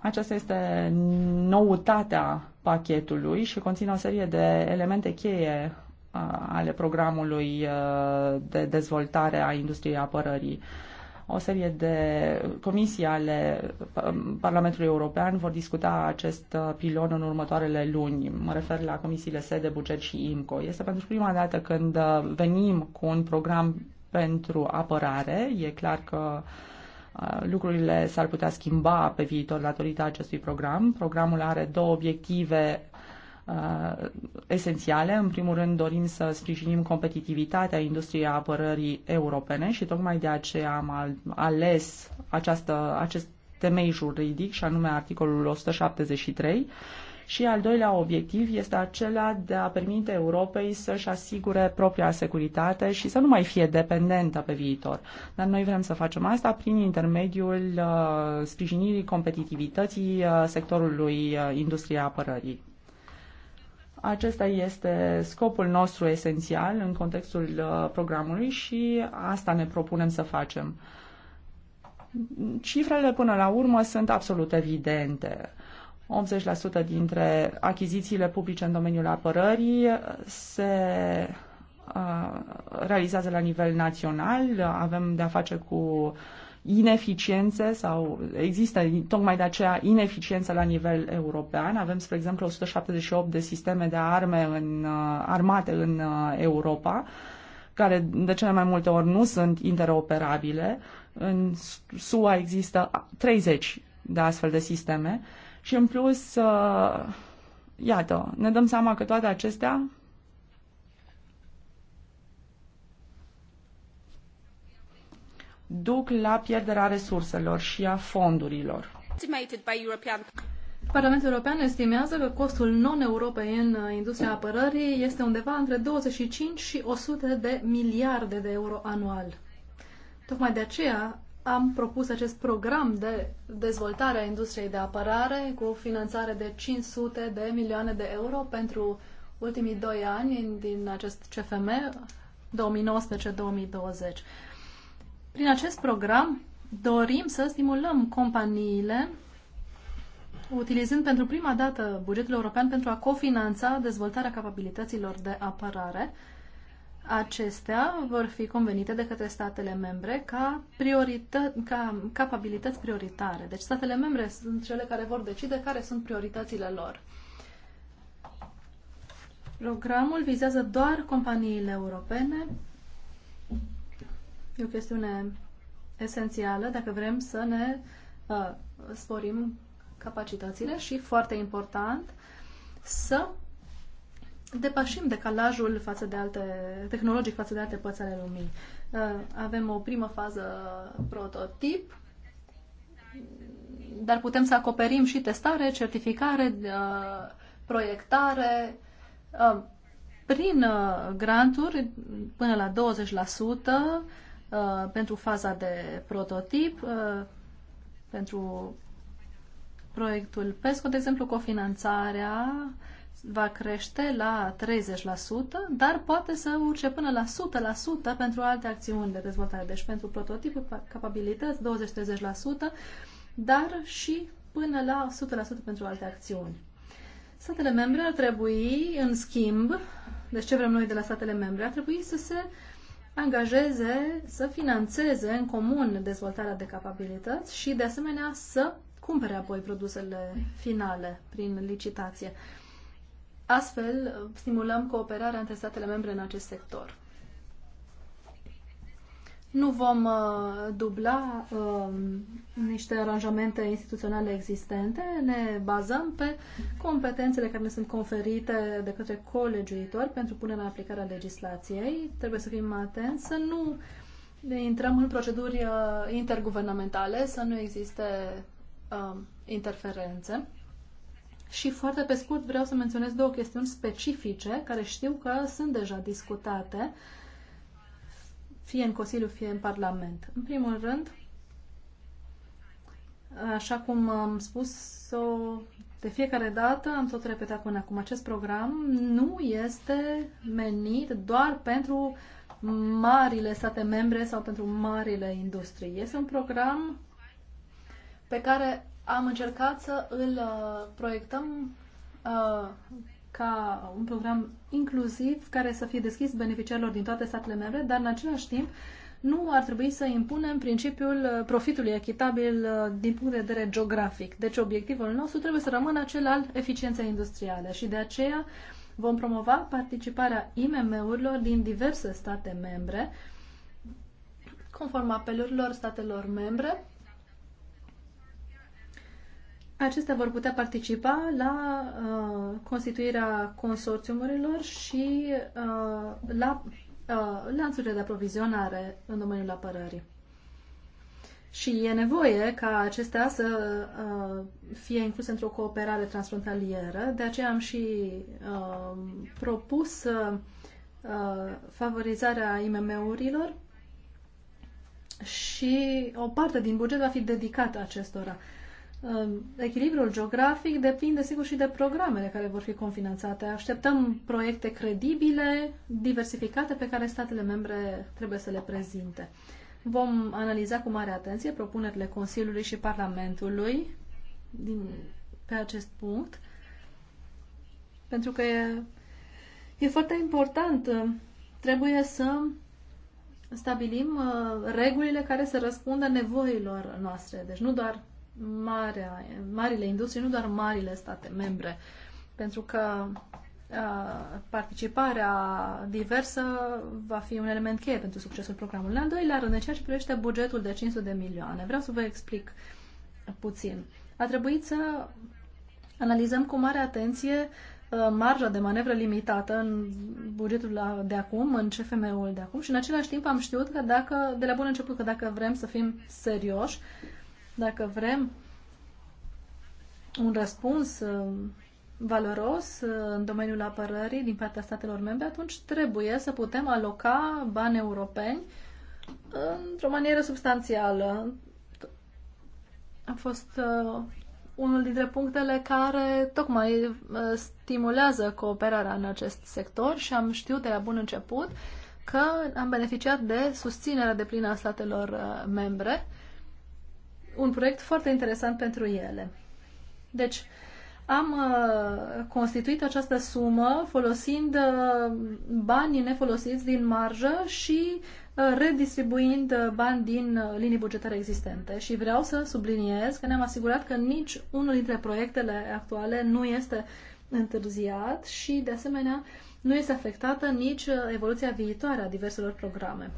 Aceasta este noutatea pachetului și conține o serie de elemente cheie uh, ale programului uh, de dezvoltare a industriei apărării. O serie de comisii ale um, Parlamentului European vor discuta acest uh, pilon în următoarele luni. Mă refer la comisiile SEDE, Buget și IMCO. Este pentru prima dată când venim cu un program pentru apărare. E clar că uh, lucrurile s-ar putea schimba pe viitor datorită acestui program. Programul are două obiective uh, esențiale. În primul rând, dorim să sprijinim competitivitatea industriei apărării europene și tocmai de aceea am ales această, acest temei juridic, și anume articolul 173 și al doilea obiectiv este acela de a permite Europei să-și asigure propria securitate și să nu mai fie dependentă pe viitor. Dar noi vrem să facem asta prin intermediul uh, sprijinirii competitivității uh, sectorului uh, industriei apărării. Acesta este scopul nostru esențial în contextul uh, programului și asta ne propunem să facem. Cifrele până la urmă sunt absolut evidente. Uh, 80% dintre achizițiile publice în domeniul apărării se realizează la nivel național. Avem de-a face cu ineficiențe sau există tocmai de aceea ineficiență la nivel european. Avem, spre exemplu, 178 de sisteme de arme în, armate în Europa care de cele mai multe ori nu sunt interoperabile. În SUA există 30 de astfel de sisteme și în plus, uh, iată, ne dăm seama că toate acestea duc la pierderea resurselor și a fondurilor. Parlamentul European estimează că costul non-europei în industria apărării este undeva între 25 și 100 de miliarde de euro anual. Tocmai de aceea am propus acest program de dezvoltare a industriei de apărare cu o finanțare de 500 de milioane de euro pentru ultimii doi ani din acest CFM 2019-2020. Prin acest program dorim să stimulăm companiile utilizând pentru prima dată bugetul european pentru a cofinanța dezvoltarea capabilităților de apărare acestea vor fi convenite de către statele membre ca, priorită, ca capabilități prioritare. Deci statele membre sunt cele care vor decide care sunt prioritățile lor. Programul vizează doar companiile europene. E o chestiune esențială dacă vrem să ne uh, sporim capacitățile și, foarte important, să depășim decalajul față de alte, tehnologic față de alte părți ale lumii. Uh, avem o primă fază prototip, dar putem să acoperim și testare, certificare, uh, proiectare, uh, prin granturi până la 20% pentru faza de prototip, pentru proiectul PESCO, de exemplu, cofinanțarea, va crește la 30%, dar poate să urce până la 100% pentru alte acțiuni de dezvoltare. Deci pentru prototipul, capabilități, 20-30%, dar și până la 100% pentru alte acțiuni. Statele membre ar trebui, în schimb, deci ce vrem noi de la statele membre, ar trebui să se angajeze, să financeze în comun dezvoltarea de capabilități și, de asemenea, să cumpere apoi produsele finale prin licitație. Astfel, stimulăm cooperarea între statele membre în acest sector. Nu vom uh, dubla uh, niște aranjamente instituționale existente, ne bazăm pe competențele care ne sunt conferite de către colegiuitori pentru punerea în aplicare a legislației. Trebuie să fim atenți să nu intrăm în proceduri uh, interguvernamentale, să nu existe uh, interferențe. Și foarte pe scurt vreau să menționez două chestiuni specifice care știu că sunt deja discutate, fie în Consiliu, fie în Parlament. În primul rând, așa cum am spus-o de fiecare dată, am tot repetat până acum, acest program nu este menit doar pentru marile state membre sau pentru marile industrii. Este un program pe care am încercat să îl uh, proiectăm uh, ca un program inclusiv care să fie deschis beneficiarilor din toate statele membre, dar în același timp nu ar trebui să impunem principiul uh, profitului echitabil din punct de vedere geografic. Deci obiectivul nostru trebuie să rămână acel al eficienței industriale și de aceea vom promova participarea IMM-urilor din diverse state membre conform apelurilor statelor membre acestea vor putea participa la uh, constituirea consorțiumurilor și uh, la uh, lanțurile de aprovizionare în domeniul apărării. Și e nevoie ca acestea să uh, fie incluse într-o cooperare transfrontalieră, de aceea am și uh, propus uh, favorizarea IMM-urilor și o parte din buget va fi dedicată acestora. Uh, Ehm, echilibrul geografic depinde, sigur, și de programele care vor fi confinanțate. Așteptăm proiecte credibile, diversificate, pe care statele membre trebuie să le prezinte. Vom analiza cu mare atenție propunerile Consiliului și Parlamentului din, pe acest punct, pentru că e, e foarte important. Trebuie să stabilim uh, regulile care să răspundă nevoilor noastre. Deci nu doar marea, marile industrie, nu doar marile state membre, pentru că participarea diversă va fi un element cheie pentru succesul programului. În doilea rând, în ceea ce privește bugetul de 500 de milioane, vreau să vă explic puțin. A trebuit să analizăm cu mare atenție marja de manevră limitată în bugetul de acum, în CFM-ul de acum și în același timp am știut că dacă, de la bun început, că dacă vrem să fim serioși, dacă vrem un răspuns uh, valoros uh, în domeniul apărării din partea statelor membre, atunci trebuie să putem aloca bani europeni într-o manieră substanțială. A fost uh, unul dintre punctele care tocmai stimulează cooperarea în acest sector și am știut de la bun început că am beneficiat de susținerea de plină a statelor uh, membre un proiect foarte interesant pentru ele. Deci, am uh, constituit această sumă folosind uh, banii nefolosiți din marjă și uh, redistribuind bani din linii bugetare existente. Și vreau să subliniez că ne-am asigurat că nici unul dintre proiectele actuale nu este întârziat și, de asemenea, nu este afectată nici evoluția viitoare a diverselor programe.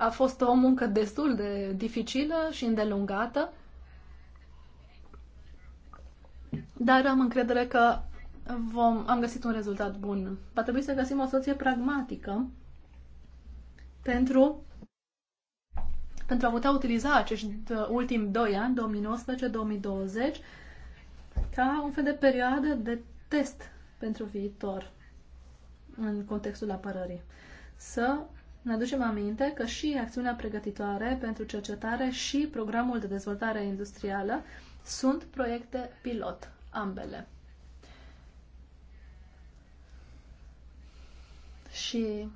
A fost o muncă destul de dificilă și îndelungată, dar am încredere că vom, am găsit un rezultat bun. Va trebui să găsim o soluție pragmatică pentru, pentru a putea utiliza acești ultimi doi ani, 2019-2020, ca un fel de perioadă de test pentru viitor în contextul apărării. Să ne aducem aminte că și acțiunea pregătitoare pentru cercetare și programul de dezvoltare industrială sunt proiecte pilot, ambele. Și,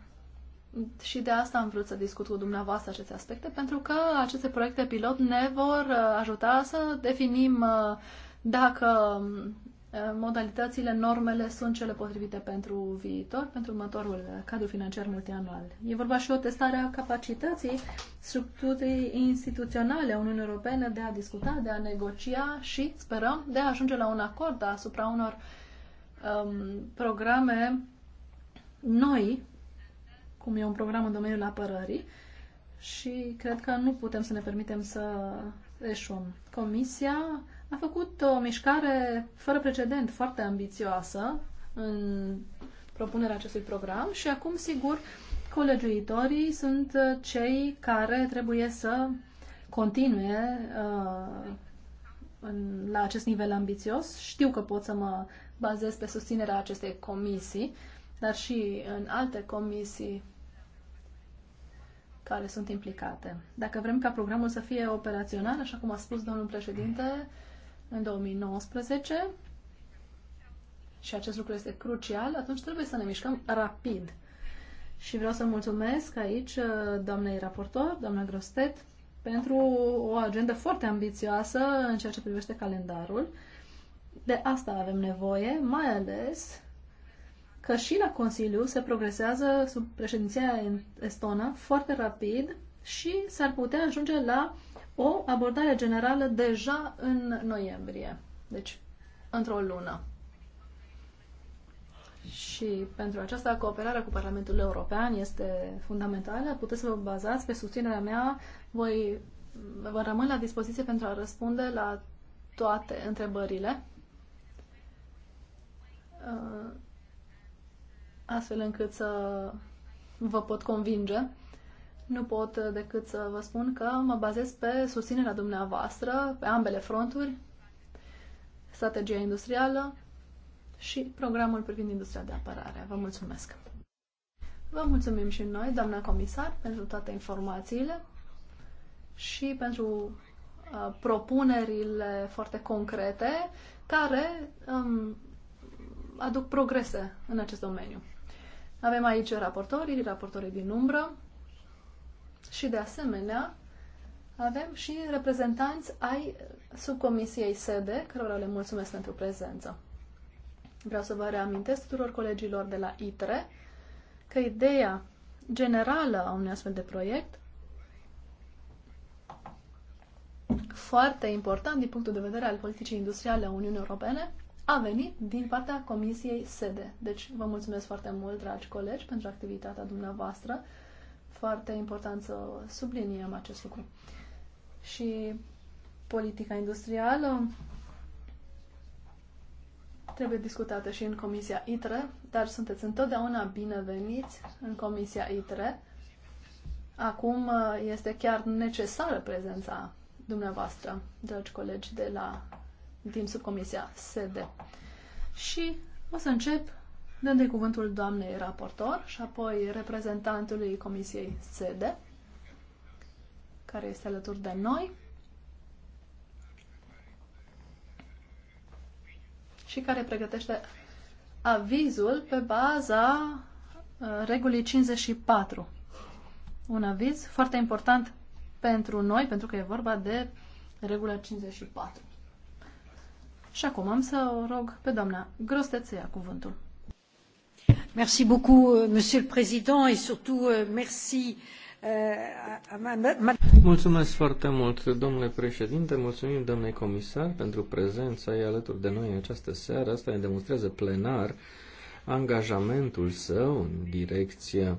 și de asta am vrut să discut cu dumneavoastră aceste aspecte, pentru că aceste proiecte pilot ne vor uh, ajuta să definim uh, dacă Uh, modalitățile, normele sunt cele potrivite pentru viitor, pentru următorul uh, cadru financiar multianual. E vorba și o testare a capacității structurii instituționale a Uniunii Europene de a discuta, de a negocia și, sperăm, de a ajunge la un acord asupra unor um, programe noi, cum e un program în domeniul apărării, și cred că nu putem să ne permitem să eșuăm. Comisia a făcut o mișcare fără precedent, foarte ambițioasă în propunerea acestui program și acum, sigur, colegiuitorii sunt uh, cei care trebuie să continue uh, în, la acest nivel ambițios. Știu că pot să mă bazez pe susținerea acestei comisii, dar și în alte comisii care sunt implicate. Dacă vrem ca programul să fie operațional, așa cum a spus domnul președinte, în 2019 și acest lucru este crucial, atunci trebuie să ne mișcăm rapid. Și vreau să mulțumesc aici uh, doamnei raportor, doamna Grostet, pentru o agendă foarte ambițioasă în ceea ce privește calendarul. De asta avem nevoie, mai ales că și la Consiliu se progresează sub președinția estonă foarte rapid și s-ar putea ajunge la uh, o abordare generală deja în noiembrie, deci într-o lună. Și pentru aceasta cooperarea cu Parlamentul European este fundamentală. Puteți să vă bazați pe susținerea mea. Voi vă rămân la dispoziție pentru a răspunde la toate întrebările. Ă, astfel încât să vă pot convinge nu pot uh, decât să vă spun că mă bazez pe susținerea dumneavoastră, pe ambele fronturi, strategia industrială și programul privind industria de apărare. Vă mulțumesc! Vă mulțumim și noi, doamna comisar, pentru toate informațiile și pentru uh, propunerile foarte concrete care um, aduc progrese în acest domeniu. Avem aici raportorii, raportorii din umbră, și de asemenea, avem și reprezentanți ai subcomisiei sede, cărora le mulțumesc pentru prezență. Vreau să vă reamintesc tuturor colegilor de la ITRE că ideea generală a unui astfel de proiect foarte important din punctul de vedere al politicii industriale a Uniunii Europene a venit din partea Comisiei SEDE. Deci vă mulțumesc foarte mult, dragi colegi, pentru activitatea dumneavoastră foarte important să subliniem acest lucru. Și politica industrială trebuie discutată și în Comisia ITRE, dar sunteți întotdeauna bineveniți în Comisia ITRE. Acum uh, este chiar necesară prezența dumneavoastră, dragi colegi de la, din subcomisia SED. Și o să încep dând de cuvântul doamnei raportor și apoi reprezentantului Comisiei SEDE, care este alături de noi. și care pregătește avizul pe baza uh, regulii 54. Un aviz foarte important pentru noi, pentru că e vorba de regula 54. Și acum am să o rog pe doamna Grostețe ia cuvântul. Merci beaucoup, euh, Monsieur le Président, et surtout euh, merci. Euh, Mulțumesc foarte mult, domnule președinte, mulțumim, domnule comisar, pentru prezența ei alături de noi în această seară. Asta ne demonstrează plenar angajamentul său în direcția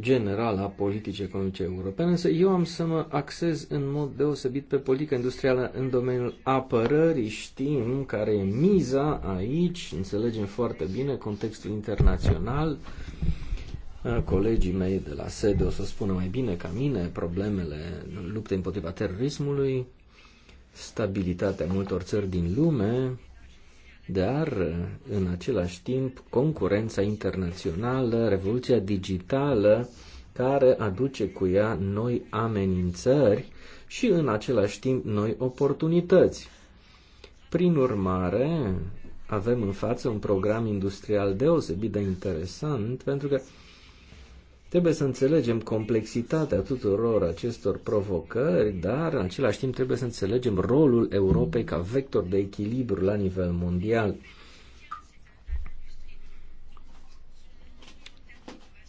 general a politicii economice europene, însă eu am să mă axez în mod deosebit pe politica industrială în domeniul apărării. Știm care e miza aici, înțelegem foarte bine contextul internațional. Colegii mei de la sede o să spună mai bine ca mine problemele luptei împotriva terorismului, stabilitatea multor țări din lume, dar în același timp concurența internațională, revoluția digitală, care aduce cu ea noi amenințări și în același timp noi oportunități. Prin urmare, avem în față un program industrial deosebit de interesant pentru că Trebuie să înțelegem complexitatea tuturor acestor provocări, dar în același timp trebuie să înțelegem rolul Europei ca vector de echilibru la nivel mondial.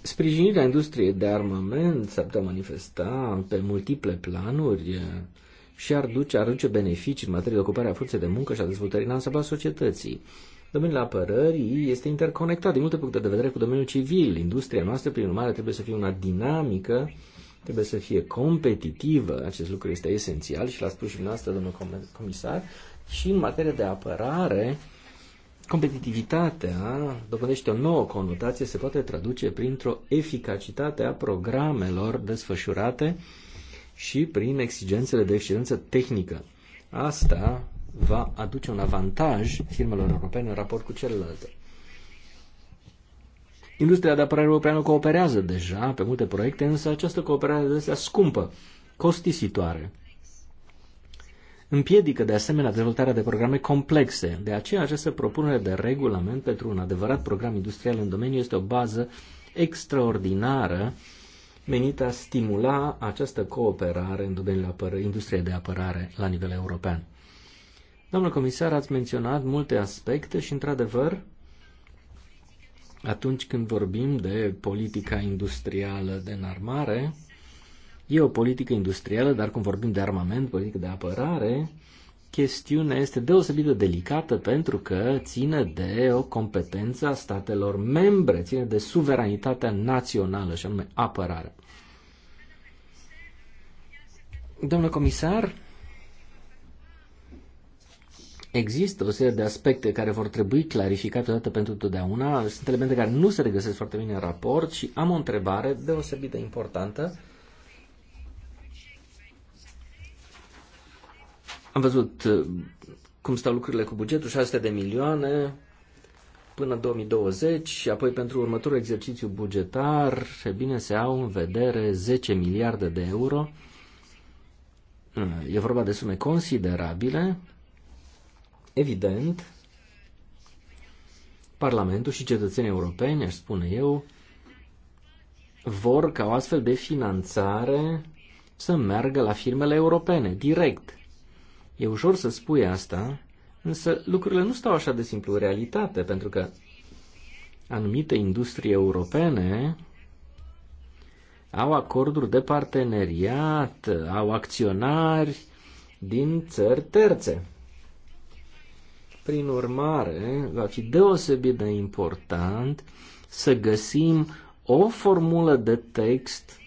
Sprijinirea industriei de armament s-ar putea manifesta pe multiple planuri și ar duce, ar duce beneficii în materie de ocupare a forței de muncă și a dezvoltării în societății. Domeniul apărării este interconectat din multe puncte de vedere cu domeniul civil. Industria noastră, prin urmare, trebuie să fie una dinamică, trebuie să fie competitivă. Acest lucru este esențial și l-a spus și dumneavoastră, domnul comisar. Și în materie de apărare, competitivitatea dobândește o nouă conotație, se poate traduce printr-o eficacitate a programelor desfășurate și prin exigențele de excelență tehnică. Asta va aduce un avantaj firmelor europene în raport cu celelalte. Industria de apărare europeană cooperează deja pe multe proiecte, însă această cooperare de scumpă, costisitoare. Împiedică de asemenea dezvoltarea de programe complexe. De aceea această propunere de regulament pentru un adevărat program industrial în domeniu este o bază extraordinară menită a stimula această cooperare în domeniul industriei de apărare la nivel european. Domnul comisar, ați menționat multe aspecte și, într-adevăr, atunci când vorbim de politica industrială de înarmare, e o politică industrială, dar când vorbim de armament, politică de apărare, chestiunea este deosebit de delicată pentru că ține de o competență a statelor membre, ține de suveranitatea națională, și anume apărare. Domnule comisar, Există o serie de aspecte care vor trebui clarificate odată pentru totdeauna. Sunt elemente care nu se regăsesc foarte bine în raport și am o întrebare deosebit de importantă. Am văzut uh, cum stau lucrurile cu bugetul, 600 de milioane până 2020 și apoi pentru următorul exercițiu bugetar, e bine, se au în vedere 10 miliarde de euro. Uh, e vorba de sume considerabile Evident, Parlamentul și cetățenii europeni, aș spune eu, vor ca o astfel de finanțare să meargă la firmele europene, direct. E ușor să spui asta, însă lucrurile nu stau așa de simplu în realitate, pentru că anumite industrie europene au acorduri de parteneriat, au acționari din țări terțe. Prin urmare, va fi deosebit de important să găsim o formulă de text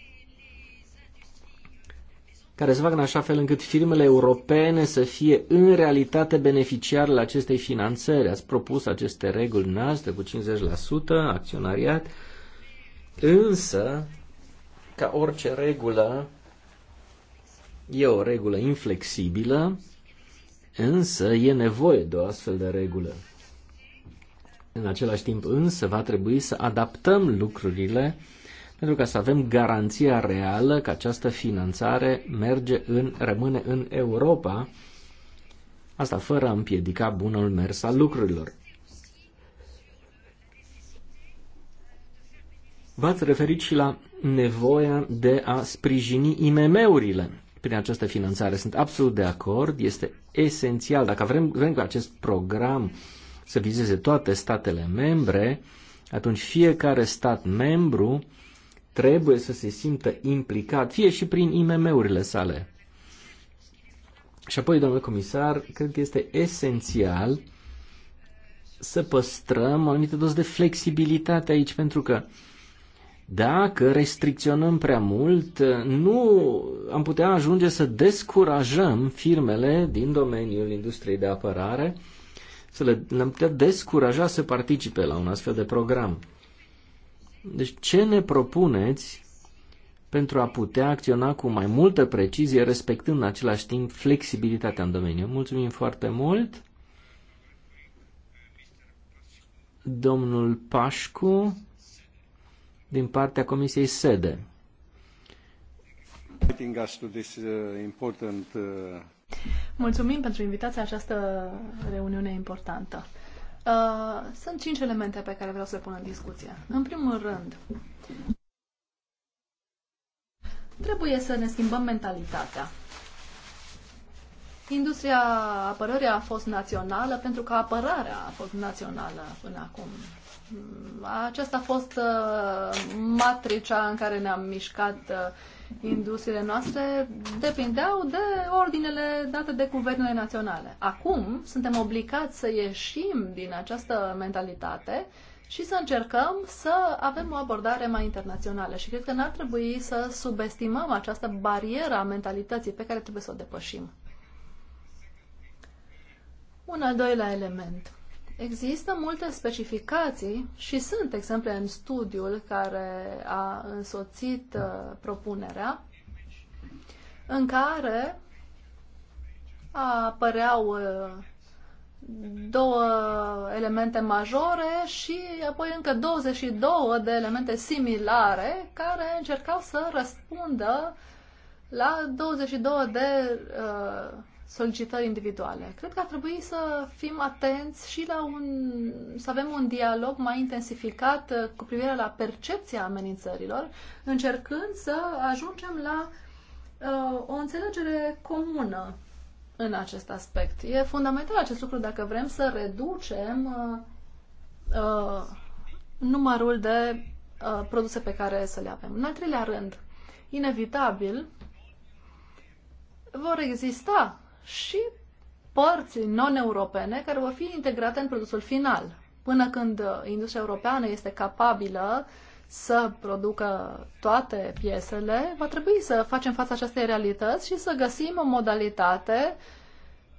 care să facă în așa fel încât firmele europene să fie în realitate beneficiarele acestei finanțări. Ați propus aceste reguli naște cu 50% acționariat, însă, ca orice regulă, e o regulă inflexibilă Însă e nevoie de o astfel de regulă. În același timp însă va trebui să adaptăm lucrurile pentru ca să avem garanția reală că această finanțare merge în, rămâne în Europa, asta fără a împiedica bunul mers al lucrurilor. V-ați referit și la nevoia de a sprijini IMM-urile prin această finanțare. Sunt absolut de acord, este esențial. Dacă vrem, vrem ca acest program să vizeze toate statele membre, atunci fiecare stat membru trebuie să se simtă implicat, fie și prin IMM-urile sale. Și apoi, domnule comisar, cred că este esențial să păstrăm o anumită dos de flexibilitate aici, pentru că uh, dacă restricționăm prea mult, nu am putea ajunge să descurajăm firmele din domeniul industriei de apărare, să le, am putea descuraja să participe la un astfel de program. Deci ce ne propuneți pentru a putea acționa cu mai multă precizie, respectând în același timp flexibilitatea în domeniu? Mulțumim foarte mult! Domnul Pașcu, din partea Comisiei SEDE. Uh, uh, Mulțumim pentru invitația această reuniune importantă. Uh, sunt cinci elemente pe care vreau să le pun în discuție. În primul rând, trebuie să ne schimbăm mentalitatea. Industria apărării a fost națională pentru că apărarea a fost națională până acum aceasta a fost uh, matricea în care ne-am mișcat uh, industriile noastre, depindeau de ordinele date de guvernele naționale. Acum suntem obligați să ieșim din această mentalitate și să încercăm să avem o abordare mai internațională. Și cred că n-ar trebui să subestimăm această barieră a mentalității pe care trebuie să o depășim. Un al doilea element – Există multe specificații și sunt exemple în studiul care a însoțit uh, propunerea, în care apăreau uh, două elemente majore și apoi încă 22 de elemente similare care încercau să răspundă la 22 de uh, solicitări individuale. Cred că ar trebui să fim atenți și la un, să avem un dialog mai intensificat uh, cu privire la percepția amenințărilor, încercând să ajungem la uh, o înțelegere comună în acest aspect. E fundamental acest lucru dacă vrem să reducem uh, uh, numărul de uh, produse pe care să le avem. În al treilea rând, inevitabil vor exista și părți non-europene care vor fi integrate în produsul final. Până când uh, industria europeană este capabilă să producă toate piesele, va trebui să facem față acestei realități și să găsim o modalitate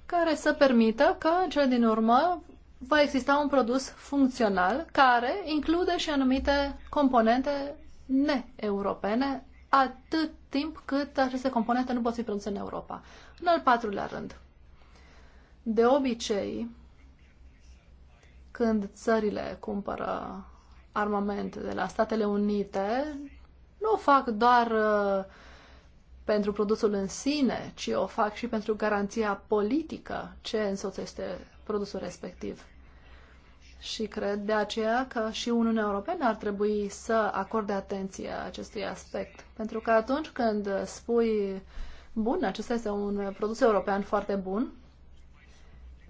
care să permită că, în cele din urmă, va exista un produs funcțional care include și anumite componente ne-europene, atât timp cât aceste componente nu pot fi produse în Europa. În al patrulea rând, de obicei, când țările cumpără armamente de la Statele Unite, nu o fac doar uh, pentru produsul în sine, ci o fac și pentru garanția politică ce însoțește produsul respectiv. Și cred de aceea că și Uniunea Europeană ar trebui să acorde atenție acestui aspect. Pentru că atunci când spui Bun, acesta este un produs european foarte bun.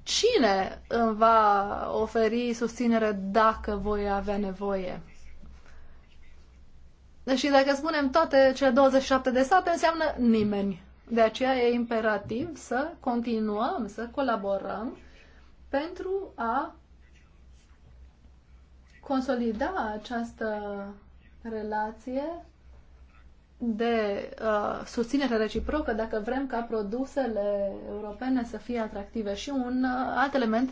Cine îmi va oferi susținere dacă voi avea nevoie? Și deci, dacă spunem toate cele 27 de sate înseamnă nimeni. De aceea e imperativ să continuăm, să colaborăm pentru a consolida această relație de uh, susținere reciprocă dacă vrem ca produsele europene să fie atractive. Și un uh, alt element,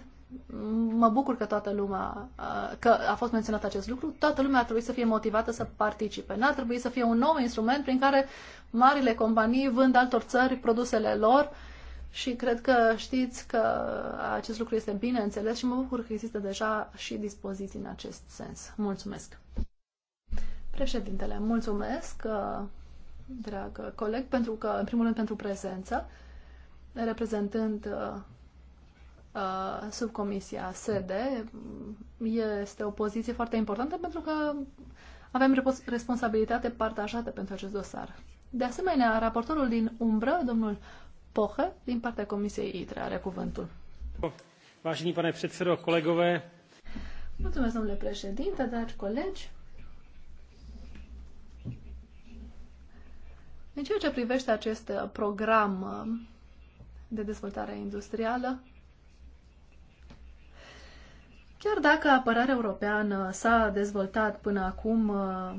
mă bucur că toată lumea, uh, că a fost menționat acest lucru, toată lumea ar trebui să fie motivată să participe. N-ar trebui să fie un nou instrument prin care marile companii vând altor țări produsele lor și cred că știți că acest lucru este bine înțeles și mă bucur că există deja și dispoziții în acest sens. Mulțumesc! Președintele, mulțumesc! Uh, drag coleg, pentru că, în primul rând, pentru prezență, reprezentând uh, uh, subcomisia sede, este o poziție foarte importantă pentru că avem responsabilitate partajată pentru acest dosar. De asemenea, raportorul din umbră, domnul Poche, din partea Comisiei ITRE, are cuvântul. Vážený pane předsedo, kolegové. Mulțumesc, domnule președinte, dragi colegi. În ceea ce privește acest uh, program uh, de dezvoltare industrială, chiar dacă apărarea europeană s-a dezvoltat până acum uh,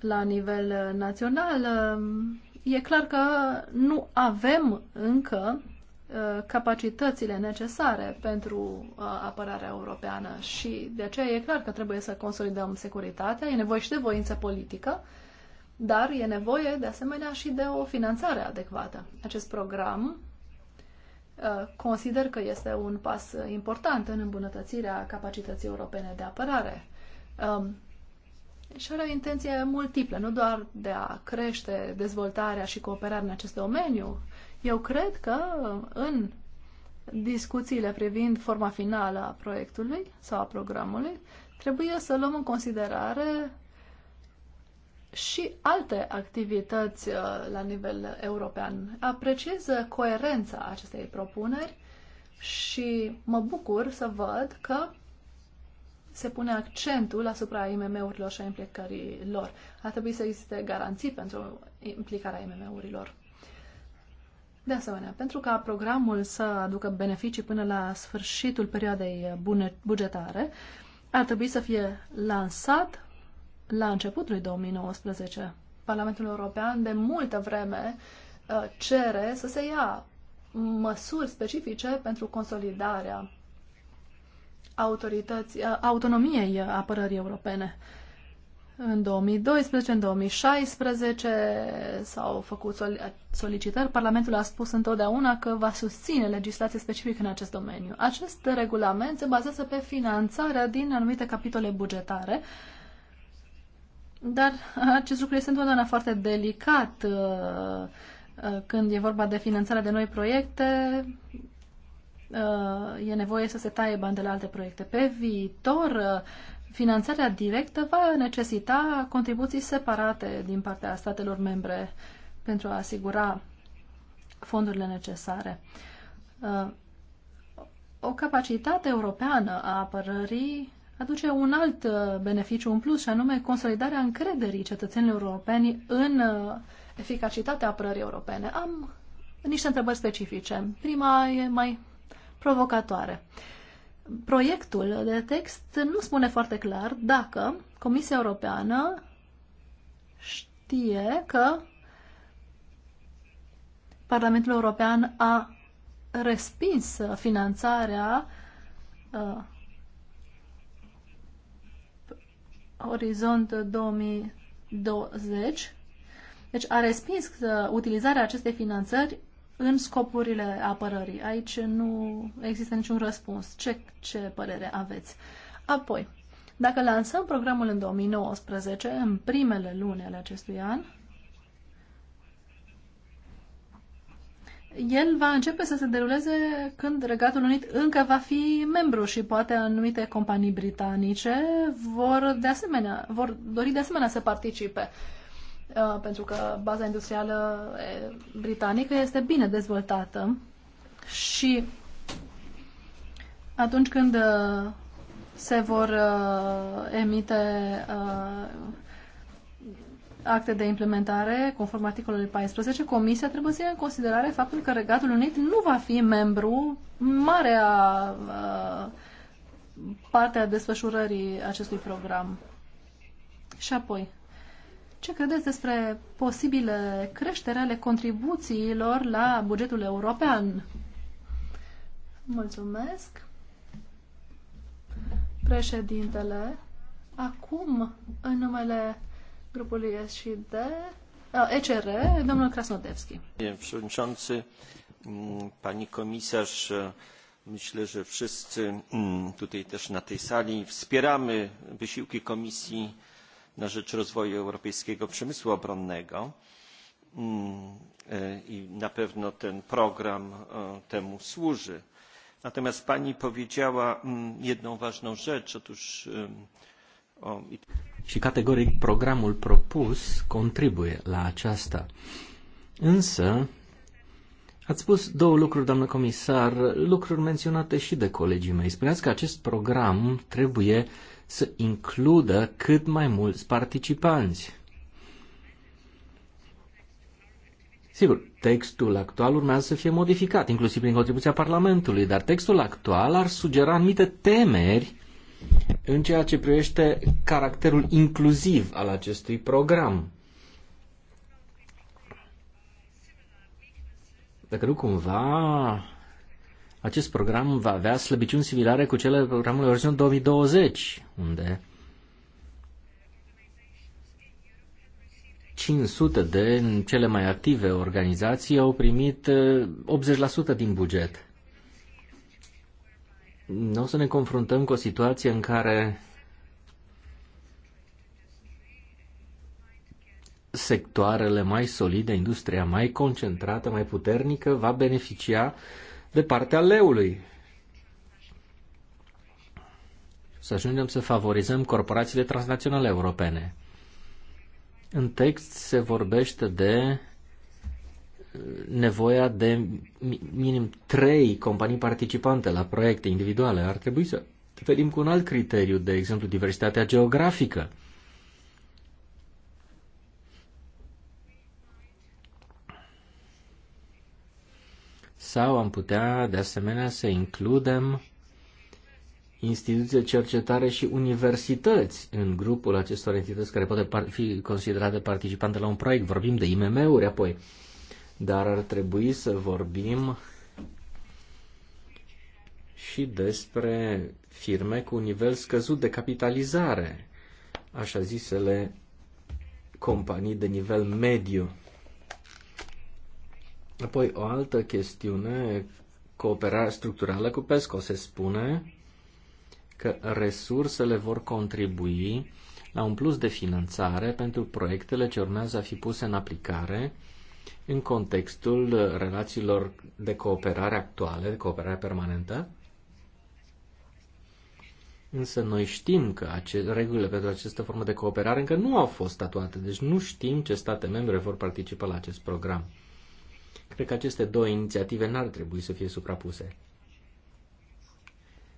la nivel național, e clar că nu avem încă capacitățile necesare pentru apărarea europeană și de aceea e clar că trebuie să consolidăm securitatea, e nevoie și de voință politică, dar e nevoie, de asemenea, și de o finanțare adecvată. Acest program uh, consider că este un pas important în îmbunătățirea capacității europene de apărare. Um, și are o intenție multiplă, nu doar de a crește dezvoltarea și cooperarea în acest domeniu. Eu cred că uh, în discuțiile privind forma finală a proiectului sau a programului, trebuie să luăm în considerare și alte activități uh, la nivel european. Apreciez coerența acestei propuneri și mă bucur să văd că se pune accentul asupra IMM-urilor și a implicării lor. Ar trebui să existe garanții pentru implicarea IMM-urilor. De asemenea, pentru ca programul să aducă beneficii până la sfârșitul perioadei bugetare, ar trebui să fie lansat la începutul 2019. Parlamentul European de multă vreme uh, cere să se ia măsuri specifice pentru consolidarea autorității, uh, autonomiei apărării europene. În 2012, în 2016 s-au făcut solicitări. Parlamentul a spus întotdeauna că va susține legislație specifică în acest domeniu. Acest regulament se bazează pe finanțarea din anumite capitole bugetare dar acest lucru este întotdeauna foarte delicat uh, uh, când e vorba de finanțarea de noi proiecte. Uh, e nevoie să se taie bani de la alte proiecte. Pe viitor, finanțarea directă va necesita contribuții separate din partea statelor membre pentru a asigura fondurile necesare. O capacitate europeană a apărării aduce un alt uh, beneficiu în plus, și anume consolidarea încrederii cetățenilor europeni în uh, eficacitatea apărării europene. Am niște întrebări specifice. Prima e mai provocatoare. Proiectul de text nu spune foarte clar dacă Comisia Europeană știe că Parlamentul European a respins finanțarea uh, Orizont 2020. Deci a respins uh, utilizarea acestei finanțări în scopurile apărării. Aici nu există niciun răspuns. Ce, ce părere aveți? Apoi, dacă lansăm programul în 2019, în primele luni ale acestui an, el va începe să se deruleze când Regatul Unit încă va fi membru și poate anumite companii britanice vor de asemenea, vor dori de asemenea să participe. Uh, pentru că baza industrială britanică este bine dezvoltată și atunci când uh, se vor uh, emite acte de implementare, conform articolului 14, Comisia trebuie să ia în considerare faptul că Regatul Unit nu va fi membru marea uh, parte a desfășurării acestui program. Și apoi, ce credeți despre posibile creștere ale contribuțiilor la bugetul european? Mulțumesc. Președintele, acum, în numele grupului SD, ECR, domnul Krasnodewski. Przewodniczący, mm, pani komisarz, myślę, że wszyscy mm, tutaj też na tej sali wspieramy wysiłki Komisji na rzecz rozwoju europejskiego przemysłu obronnego mm, i na pewno ten program temu służy. Natomiast pani powiedziała jedną ważną rzecz. Otóż o, i și categoric programul propus contribuie la aceasta. Însă, ați spus două lucruri, doamnă comisar, lucruri menționate și de colegii mei. Spuneați că acest program trebuie să includă cât mai mulți participanți. Sigur, textul actual urmează să fie modificat, inclusiv prin contribuția Parlamentului, dar textul actual ar sugera anumite temeri în ceea ce privește caracterul inclusiv al acestui program. Dacă nu cumva acest program va avea slăbiciuni similare cu cele programului Orizont 2020, unde 500 de cele mai active organizații au primit 80% eh, din buget nu o să ne confruntăm cu o situație în care sectoarele mai solide, industria mai concentrată, mai puternică, va beneficia de partea leului. Să ajungem să favorizăm corporațiile transnaționale europene. În text se vorbește de nevoia de minim trei companii participante la proiecte individuale. Ar trebui să venim cu un alt criteriu, de exemplu, diversitatea geografică. Sau am putea, de asemenea, să includem instituții de cercetare și universități în grupul acestor entități care pot fi considerate participante la un proiect. Vorbim de IMM-uri apoi. Uh, dar ar trebui să vorbim și despre firme cu un nivel scăzut de capitalizare, așa zisele companii de nivel mediu. Apoi o altă chestiune, cooperarea structurală cu PESCO, se spune că resursele vor contribui la un plus de finanțare pentru proiectele ce urmează a fi puse în aplicare în contextul uh, relațiilor de cooperare actuale, de cooperare permanentă. Însă noi știm că ace- regulile pentru această formă de cooperare încă nu au fost statuate, deci nu știm ce state membre vor participa la acest program. Cred că aceste două inițiative n-ar trebui să fie suprapuse.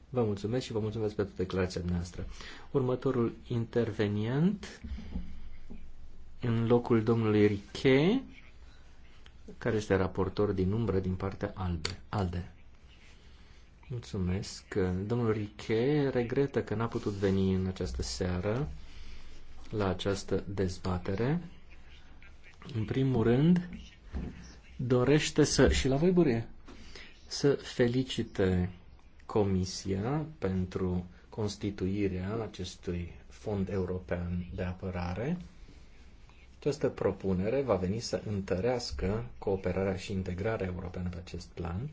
Vă mulțumesc și vă mulțumesc pentru declarația noastră. Următorul intervenient în locul domnului Riche care este raportor din umbră din partea albe, ALDE. Mulțumesc. Domnul Riche regretă că n-a putut veni în această seară la această dezbatere. În primul rând, dorește să, și la voi burie, să felicite Comisia pentru constituirea acestui fond european de apărare această propunere va veni să întărească cooperarea și integrarea europeană pe acest plan.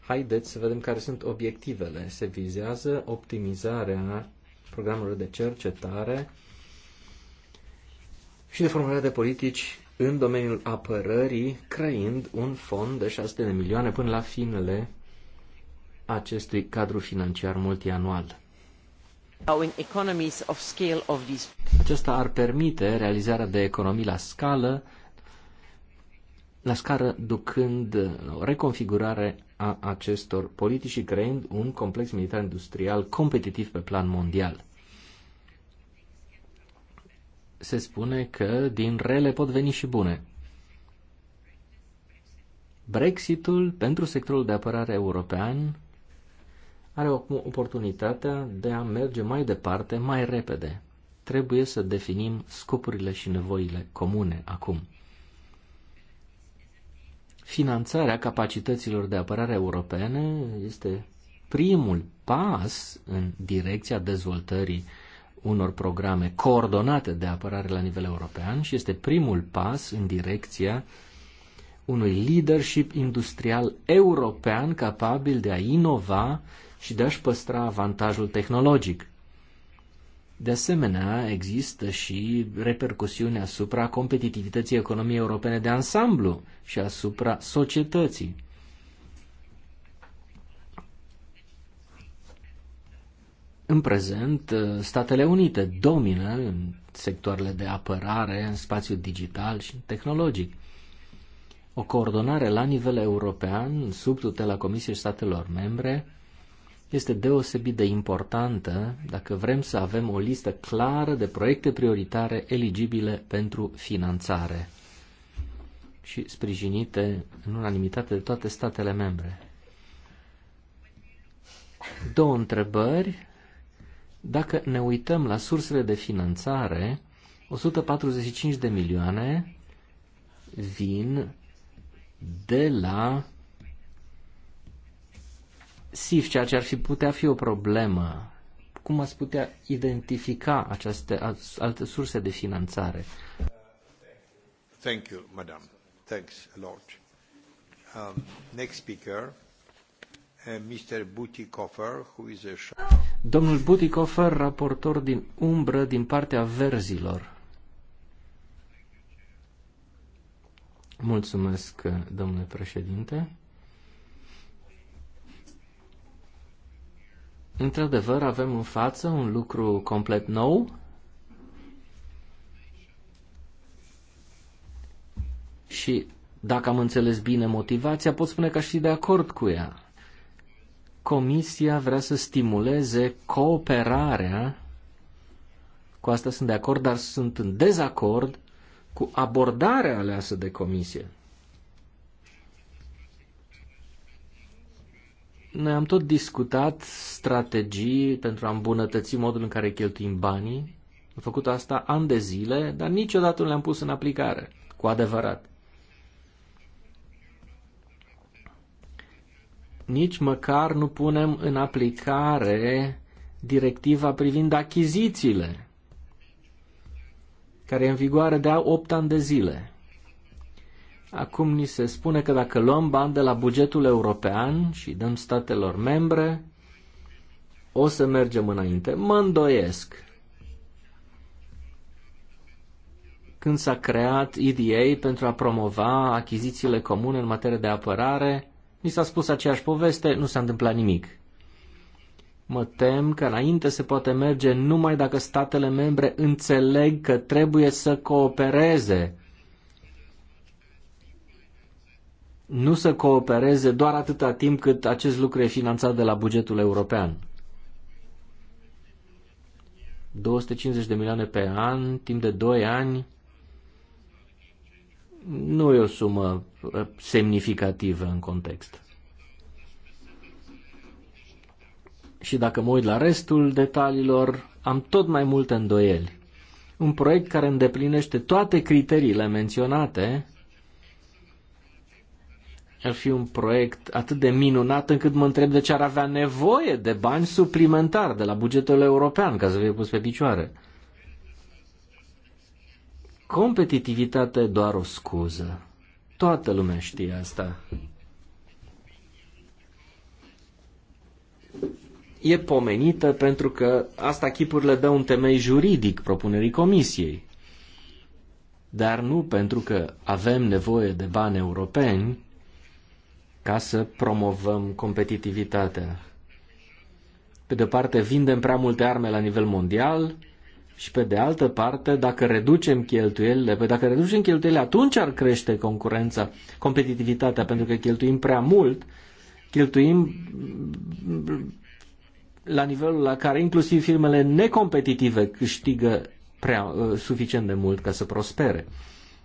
Haideți să vedem care sunt obiectivele. Se vizează optimizarea programelor de cercetare și de formulare de politici în domeniul apărării, creând un fond de 600 de milioane până la finele acestui cadru financiar multianual. Acesta ar permite realizarea de economii la scală, la scară ducând o reconfigurare a acestor politici și creând un complex militar-industrial competitiv pe plan mondial. Se spune că din rele pot veni și bune. Brexitul pentru sectorul de apărare european are oportunitatea de a merge mai departe, mai repede. Trebuie să definim scopurile și nevoile comune acum. Finanțarea capacităților de apărare europene este primul pas în direcția dezvoltării unor programe coordonate de apărare la nivel european și este primul pas în direcția unui leadership industrial european capabil de a inova și de a-și păstra avantajul tehnologic. De asemenea, există și repercusiuni asupra competitivității economiei europene de ansamblu și asupra societății. În prezent, Statele Unite domină în sectoarele de apărare, în spațiul digital și tehnologic. O coordonare la nivel european, sub tutela Comisiei Statelor Membre, este deosebit de importantă dacă vrem să avem o listă clară de proiecte prioritare eligibile pentru finanțare și sprijinite în unanimitate de toate statele membre. Două întrebări. Dacă ne uităm la sursele de finanțare, 145 de milioane vin de la SIF, ceea ce ar fi putea fi o problemă. Cum ați putea identifica aceste alte surse de finanțare? Thank you, madam. Thanks a lot. Um, next speaker, uh, Mr. Butikofer, who is a... Domnul Butikofer, raportor din umbră din partea verzilor. Mulțumesc, domnule președinte. Într-adevăr, avem în față un lucru complet nou. Și dacă am înțeles bine motivația, pot spune că aș fi de acord cu ea. Comisia vrea să stimuleze cooperarea, cu asta sunt de acord, dar sunt în dezacord cu abordarea aleasă de comisie. Noi am tot discutat strategii pentru a îmbunătăți modul în care cheltuim banii. Am făcut asta ani de zile, dar niciodată nu le-am pus în aplicare, cu adevărat. Nici măcar nu punem în aplicare directiva privind achizițiile, care e în vigoare de 8 ani de zile. Acum ni se spune că dacă luăm bani de la bugetul european și dăm statelor membre, o să mergem înainte. Mă îndoiesc. Când s-a creat EDA pentru a promova achizițiile comune în materie de apărare, ni s-a spus aceeași poveste, nu s-a întâmplat nimic. Mă tem că înainte se poate merge numai dacă statele membre înțeleg că trebuie să coopereze nu să coopereze doar atâta timp cât acest lucru e finanțat de la bugetul european. 250 de milioane pe an, timp de 2 ani, nu e o sumă uh, semnificativă în context. Și dacă mă uit la restul detaliilor, am tot mai multe îndoieli. Un proiect care îndeplinește toate criteriile menționate ar fi un proiect atât de minunat încât mă întreb de ce ar avea nevoie de bani suplimentari de la bugetul european ca să fie pus pe picioare. Competitivitatea e doar o scuză. Toată lumea știe asta. E pomenită pentru că asta chipurile dă un temei juridic propunerii comisiei. Dar nu pentru că avem nevoie de bani europeni, ca să promovăm competitivitatea. Pe de parte, vindem prea multe arme la nivel mondial și pe de altă parte, dacă reducem cheltuielile, pe dacă reducem cheltuielile, atunci ar crește concurența, competitivitatea, pentru că cheltuim prea mult, cheltuim la nivelul la care inclusiv firmele necompetitive câștigă prea, uh, suficient de mult ca să prospere.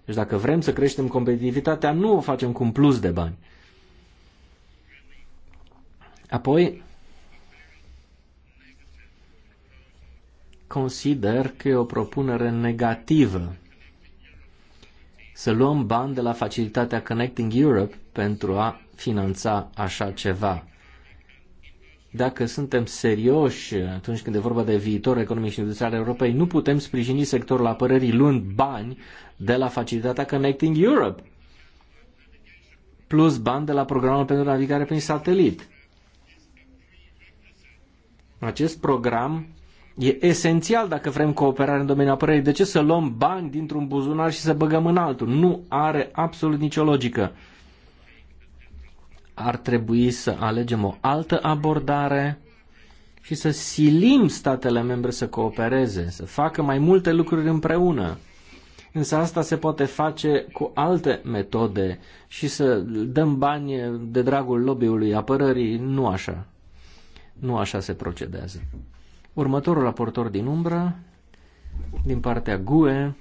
Deci dacă vrem să creștem competitivitatea, nu o facem cu un plus de bani. Apoi, consider că e o propunere negativă să luăm bani de la facilitatea Connecting Europe pentru a finanța așa ceva. Dacă suntem serioși atunci când e vorba de viitorul economic și industrial europei, nu putem sprijini sectorul apărării luând bani de la facilitatea Connecting Europe, plus bani de la programul pentru navigare prin satelit. Acest program e esențial dacă vrem cooperare în domeniul apărării. De ce să luăm bani dintr-un buzunar și să băgăm în altul? Nu are absolut nicio logică. Ar trebui să alegem o altă abordare și să silim statele membre să coopereze, să facă mai multe lucruri împreună. Însă asta se poate face cu alte metode și să dăm bani de dragul lobby-ului apărării, nu așa. Nu așa se procedează. Următorul raportor din umbră, din partea GUE,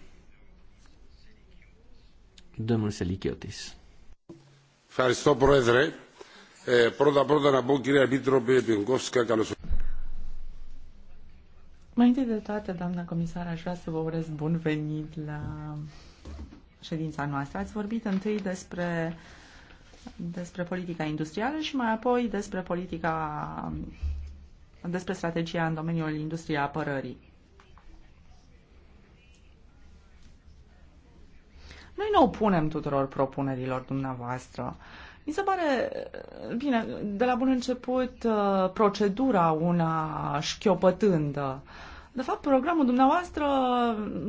domnul Selichiotis. Ευχαριστώ, Πρόεδρε. Ε, πρώτα πρώτα να πω, κυρία Επίτροπε Πιγκόφσκα, καλώς Mai întâi de toate, doamna comisar, aș vrea să vă urez bun venit la ședința noastră. Ați vorbit întâi despre uh, despre politica industrială și mai apoi despre politica despre strategia în domeniul industriei apărării. Noi nu opunem tuturor propunerilor dumneavoastră. Mi se pare, bine, de la bun început, uh, procedura una șchiopătândă. De fapt, programul dumneavoastră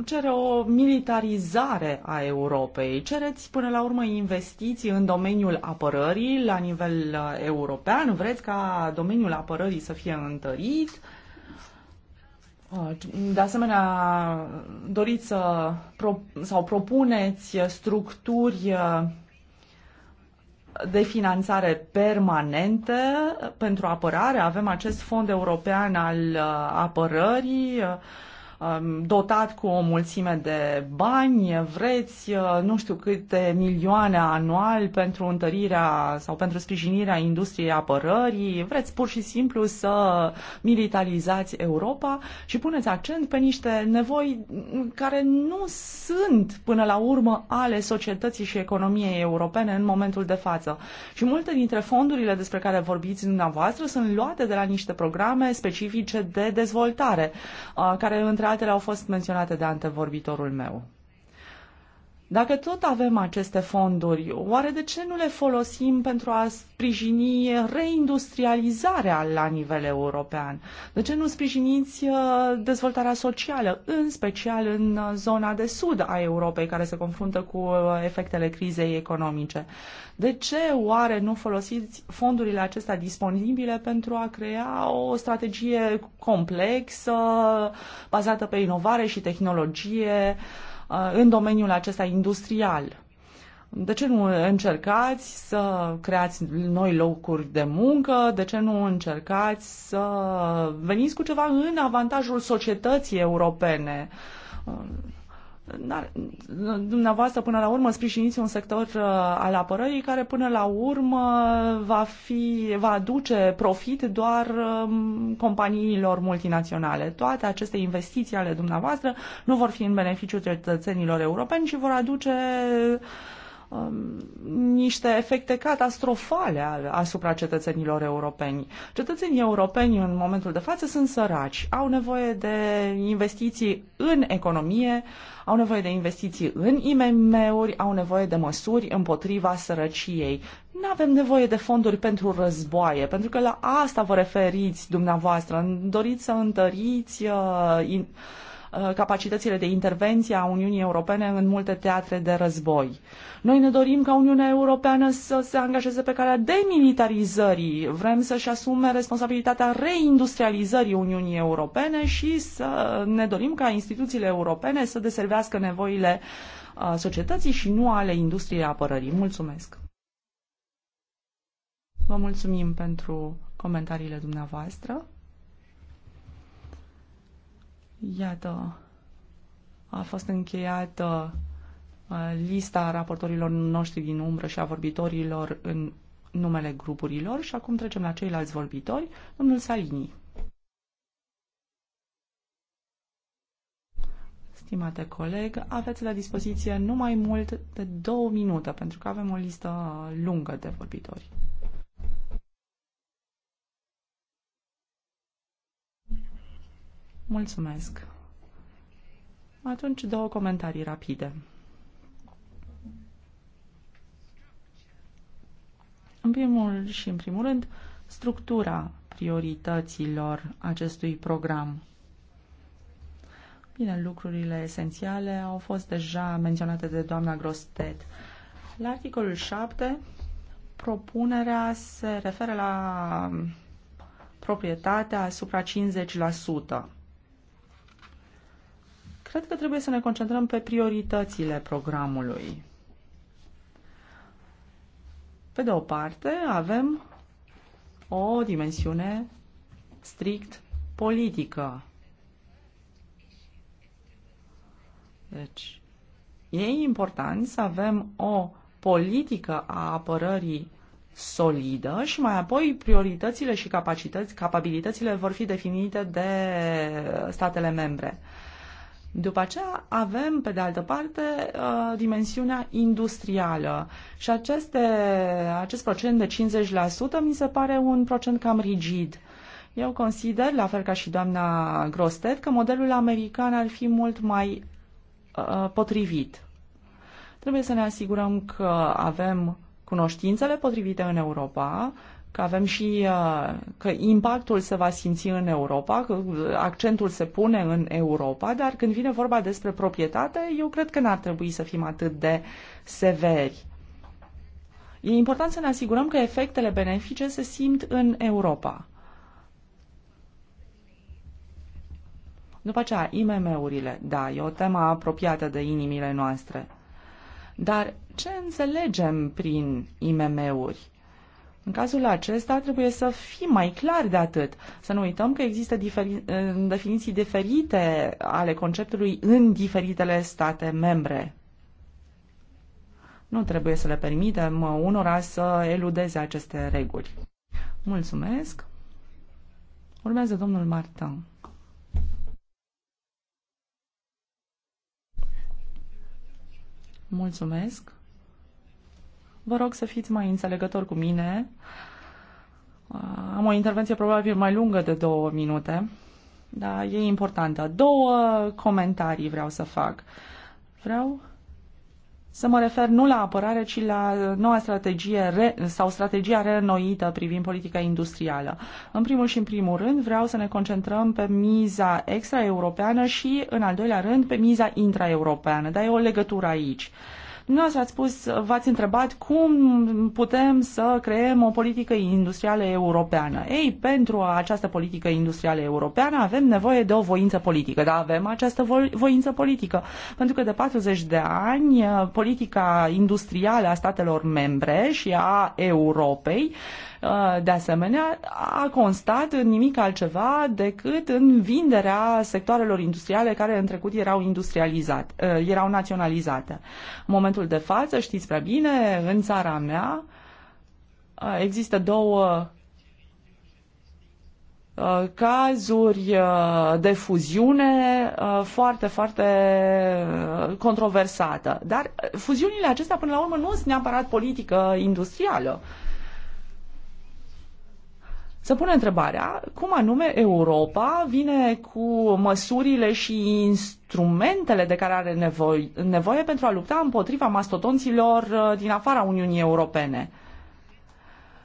cere o militarizare a Europei. Cereți până la urmă investiții în domeniul apărării la nivel uh, european. Vreți ca domeniul apărării să fie întărit. Uh, de asemenea, doriți să pro- sau propuneți structuri uh, de finanțare permanentă pentru apărare. Avem acest fond european al uh, apărării uh, Um, dotat cu o mulțime de bani, vreți uh, nu știu câte milioane anual pentru întărirea sau pentru sprijinirea industriei apărării, vreți pur și simplu să militarizați Europa și puneți accent pe niște nevoi care nu sunt până la urmă ale societății și economiei europene în momentul de față. Și multe dintre fondurile despre care vorbiți dumneavoastră sunt luate de la niște programe specifice de dezvoltare, uh, care între altele au fost menționate de antevorbitorul meu. Dacă tot avem aceste fonduri, oare de ce nu le folosim pentru a sprijini reindustrializarea la nivel european? De ce nu sprijiniți uh, dezvoltarea socială, în special în uh, zona de sud a Europei, care se confruntă cu uh, efectele crizei economice? De ce oare nu folosiți fondurile acestea disponibile pentru a crea o strategie complexă, bazată pe inovare și tehnologie, Uh, în domeniul acesta industrial. De ce nu încercați să creați noi locuri de muncă? De ce nu încercați să veniți cu ceva în avantajul societății europene? Uh, dumneavoastră, până la urmă, sprijiniți un sector uh, al apărării care, până la urmă, va, fi, va aduce profit doar uh, companiilor multinaționale. Toate aceste investiții ale dumneavoastră nu vor fi în beneficiul cetățenilor europeni, ci vor aduce uh, Um, niște efecte catastrofale asupra cetățenilor europeni. Cetățenii europeni în momentul de față sunt săraci, au nevoie de investiții în economie, au nevoie de investiții în IMM-uri, au nevoie de măsuri împotriva sărăciei. Nu avem nevoie de fonduri pentru războaie, pentru că la asta vă referiți dumneavoastră. Doriți să întăriți uh, in, Uh, capacitățile de intervenție a Uniunii Europene în multe teatre de război. Noi ne dorim ca Uniunea Europeană să se angajeze pe calea demilitarizării. Vrem să-și asume responsabilitatea reindustrializării Uniunii Europene și să ne dorim ca instituțiile europene să deservească nevoile uh, societății și nu ale industriei apărării. Mulțumesc! Vă mulțumim pentru comentariile dumneavoastră. Iată, a fost încheiată uh, lista raportorilor noștri din umbră și a vorbitorilor în numele grupurilor și acum trecem la ceilalți vorbitori, domnul Salini. Stimate coleg, aveți la dispoziție numai mult de două minute, pentru că avem o listă lungă de vorbitori. Mulțumesc. Atunci două comentarii rapide. În primul și în primul rând, structura priorităților acestui program. Bine, lucrurile esențiale au fost deja menționate de doamna Grostet. La articolul 7, propunerea se referă la proprietatea asupra 50%. Cred că trebuie să ne concentrăm pe prioritățile programului. Pe de o parte, avem o dimensiune strict politică. Deci, e important să avem o politică a apărării solidă și mai apoi prioritățile și capacități, capabilitățile vor fi definite de statele membre. După aceea avem, pe de altă parte, uh, dimensiunea industrială și aceste, acest procent de 50% mi se pare un procent cam rigid. Eu consider, la fel ca și doamna Grostet, că modelul american ar fi mult mai uh, potrivit. Trebuie să ne asigurăm că avem cunoștințele potrivite în Europa, că avem și uh, că impactul se va simți în Europa, că uh, accentul se pune în Europa, dar când vine vorba despre proprietate, eu cred că n-ar trebui să fim atât de severi. E important să ne asigurăm că efectele benefice se simt în Europa. După aceea, IMM-urile, da, e o temă apropiată de inimile noastre. Dar ce înțelegem prin IMM-uri? În cazul acesta trebuie să fim mai clari de atât. Să nu uităm că există diferi, definiții diferite ale conceptului în diferitele state membre. Nu trebuie să le permitem unora să eludeze aceste reguli. Mulțumesc. Urmează domnul Martin. Mulțumesc. Vă rog să fiți mai înțelegători cu mine. Am o intervenție probabil mai lungă de două minute, dar e importantă. Două comentarii vreau să fac. Vreau să mă refer nu la apărare, ci la noua strategie re, sau strategia reînnoită privind politica industrială. În primul și în primul rând vreau să ne concentrăm pe miza extraeuropeană și, în al doilea rând, pe miza intraeuropeană, dar e o legătură aici. Uh, Dumneavoastră ați spus, v-ați întrebat cum putem să creăm o politică industrială europeană. Ei, pentru această politică industrială europeană avem nevoie de o voință politică, dar avem această vo- voință politică. Pentru că de 40 de ani politica industrială a statelor membre și a Europei uh, Uh, de asemenea, a constat în nimic altceva decât în vinderea sectoarelor industriale care în trecut erau industrializate, uh, erau naționalizate. În momentul de față, știți prea bine, în țara mea uh, există două cazuri de fuziune foarte, foarte controversată. Dar fuziunile acestea, până la urmă, nu sunt neapărat politică industrială. Uh, să pune întrebarea cum anume Europa vine cu măsurile și instrumentele de care are nevoie, nevoie pentru a lupta împotriva mastodonților uh, din afara Uniunii Europene.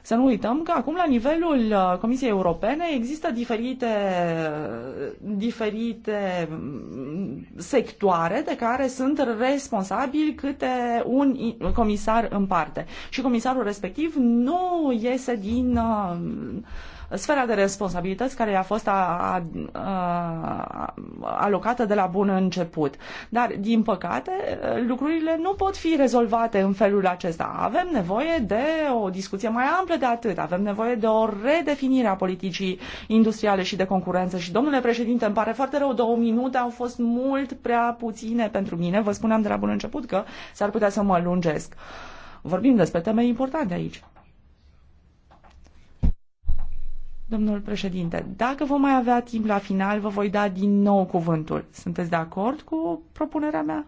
Să nu uităm că acum la nivelul uh, Comisiei Europene există diferite, uh, diferite mm, sectoare de care sunt responsabili câte un comisar în parte. Și comisarul respectiv nu iese din uh, sfera de responsabilități care i-a fost a, a, a, alocată de la bun început. Dar, din păcate, lucrurile nu pot fi rezolvate în felul acesta. Avem nevoie de o discuție mai amplă de atât. Avem nevoie de o redefinire a politicii industriale și de concurență. Și, domnule președinte, îmi pare foarte rău, două minute au fost mult prea puține pentru mine. Vă spuneam de la bun început că s-ar putea să mă lungesc. Vorbim despre teme importante aici. Domnul președinte, dacă vom mai avea timp la final, vă voi da din nou cuvântul. Sunteți de acord cu propunerea mea?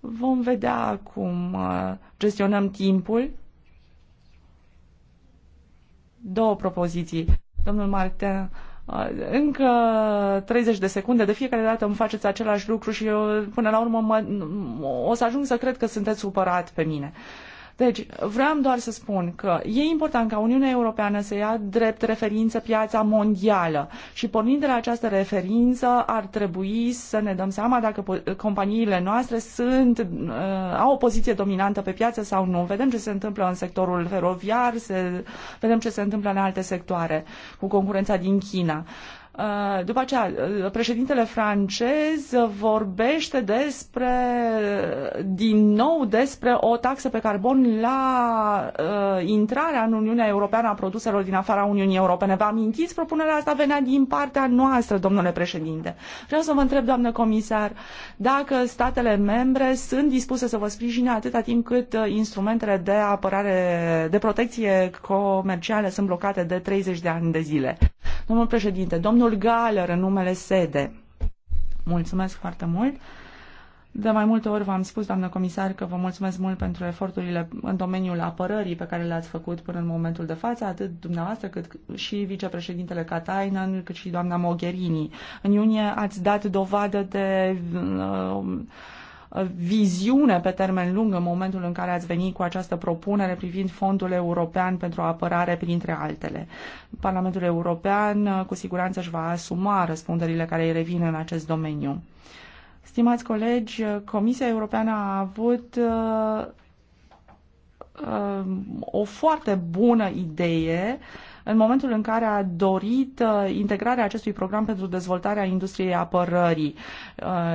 Vom vedea cum uh, gestionăm timpul. Două propoziții. Domnul Martin, uh, încă 30 de secunde, de fiecare dată îmi faceți același lucru și eu, până la urmă mă, o să ajung să cred că sunteți supărat pe mine. Uh, deci, vreau doar să spun că e important ca Uniunea Europeană să ia drept referință piața mondială și pornind de la această referință ar trebui să ne dăm seama dacă companiile noastre sunt, uh, au o poziție dominantă pe piață sau nu. Vedem ce se întâmplă în sectorul feroviar, se, vedem ce se întâmplă în alte sectoare cu concurența din China. Uh, Uh, după aceea, uh, președintele francez vorbește despre, din nou despre o taxă pe carbon la uh, intrarea în Uniunea Europeană a produselor din afara Uniunii Europene. Vă amintiți, propunerea asta venea din partea noastră, domnule președinte. Vreau să vă întreb, doamnă comisar, dacă statele membre sunt dispuse să vă sprijine atâta timp cât uh, instrumentele de apărare, de protecție comercială sunt blocate de 30 de ani de zile. Domnul președinte, domnul domnul Galer în numele sede. Mulțumesc foarte mult! De mai multe ori v-am spus, doamnă comisar, că vă mulțumesc mult pentru eforturile în domeniul apărării pe care le-ați făcut până în momentul de față, atât dumneavoastră cât și vicepreședintele Catainan, cât și doamna Mogherini. În iunie ați dat dovadă de uh, viziune pe termen lung în momentul în care ați venit cu această propunere privind Fondul European pentru Apărare, printre altele. Parlamentul European cu siguranță își va asuma răspunderile care îi revin în acest domeniu. Stimați colegi, Comisia Europeană a avut uh, uh, o foarte bună idee uh, în momentul în care a dorit uh, integrarea acestui program pentru dezvoltarea industriei apărării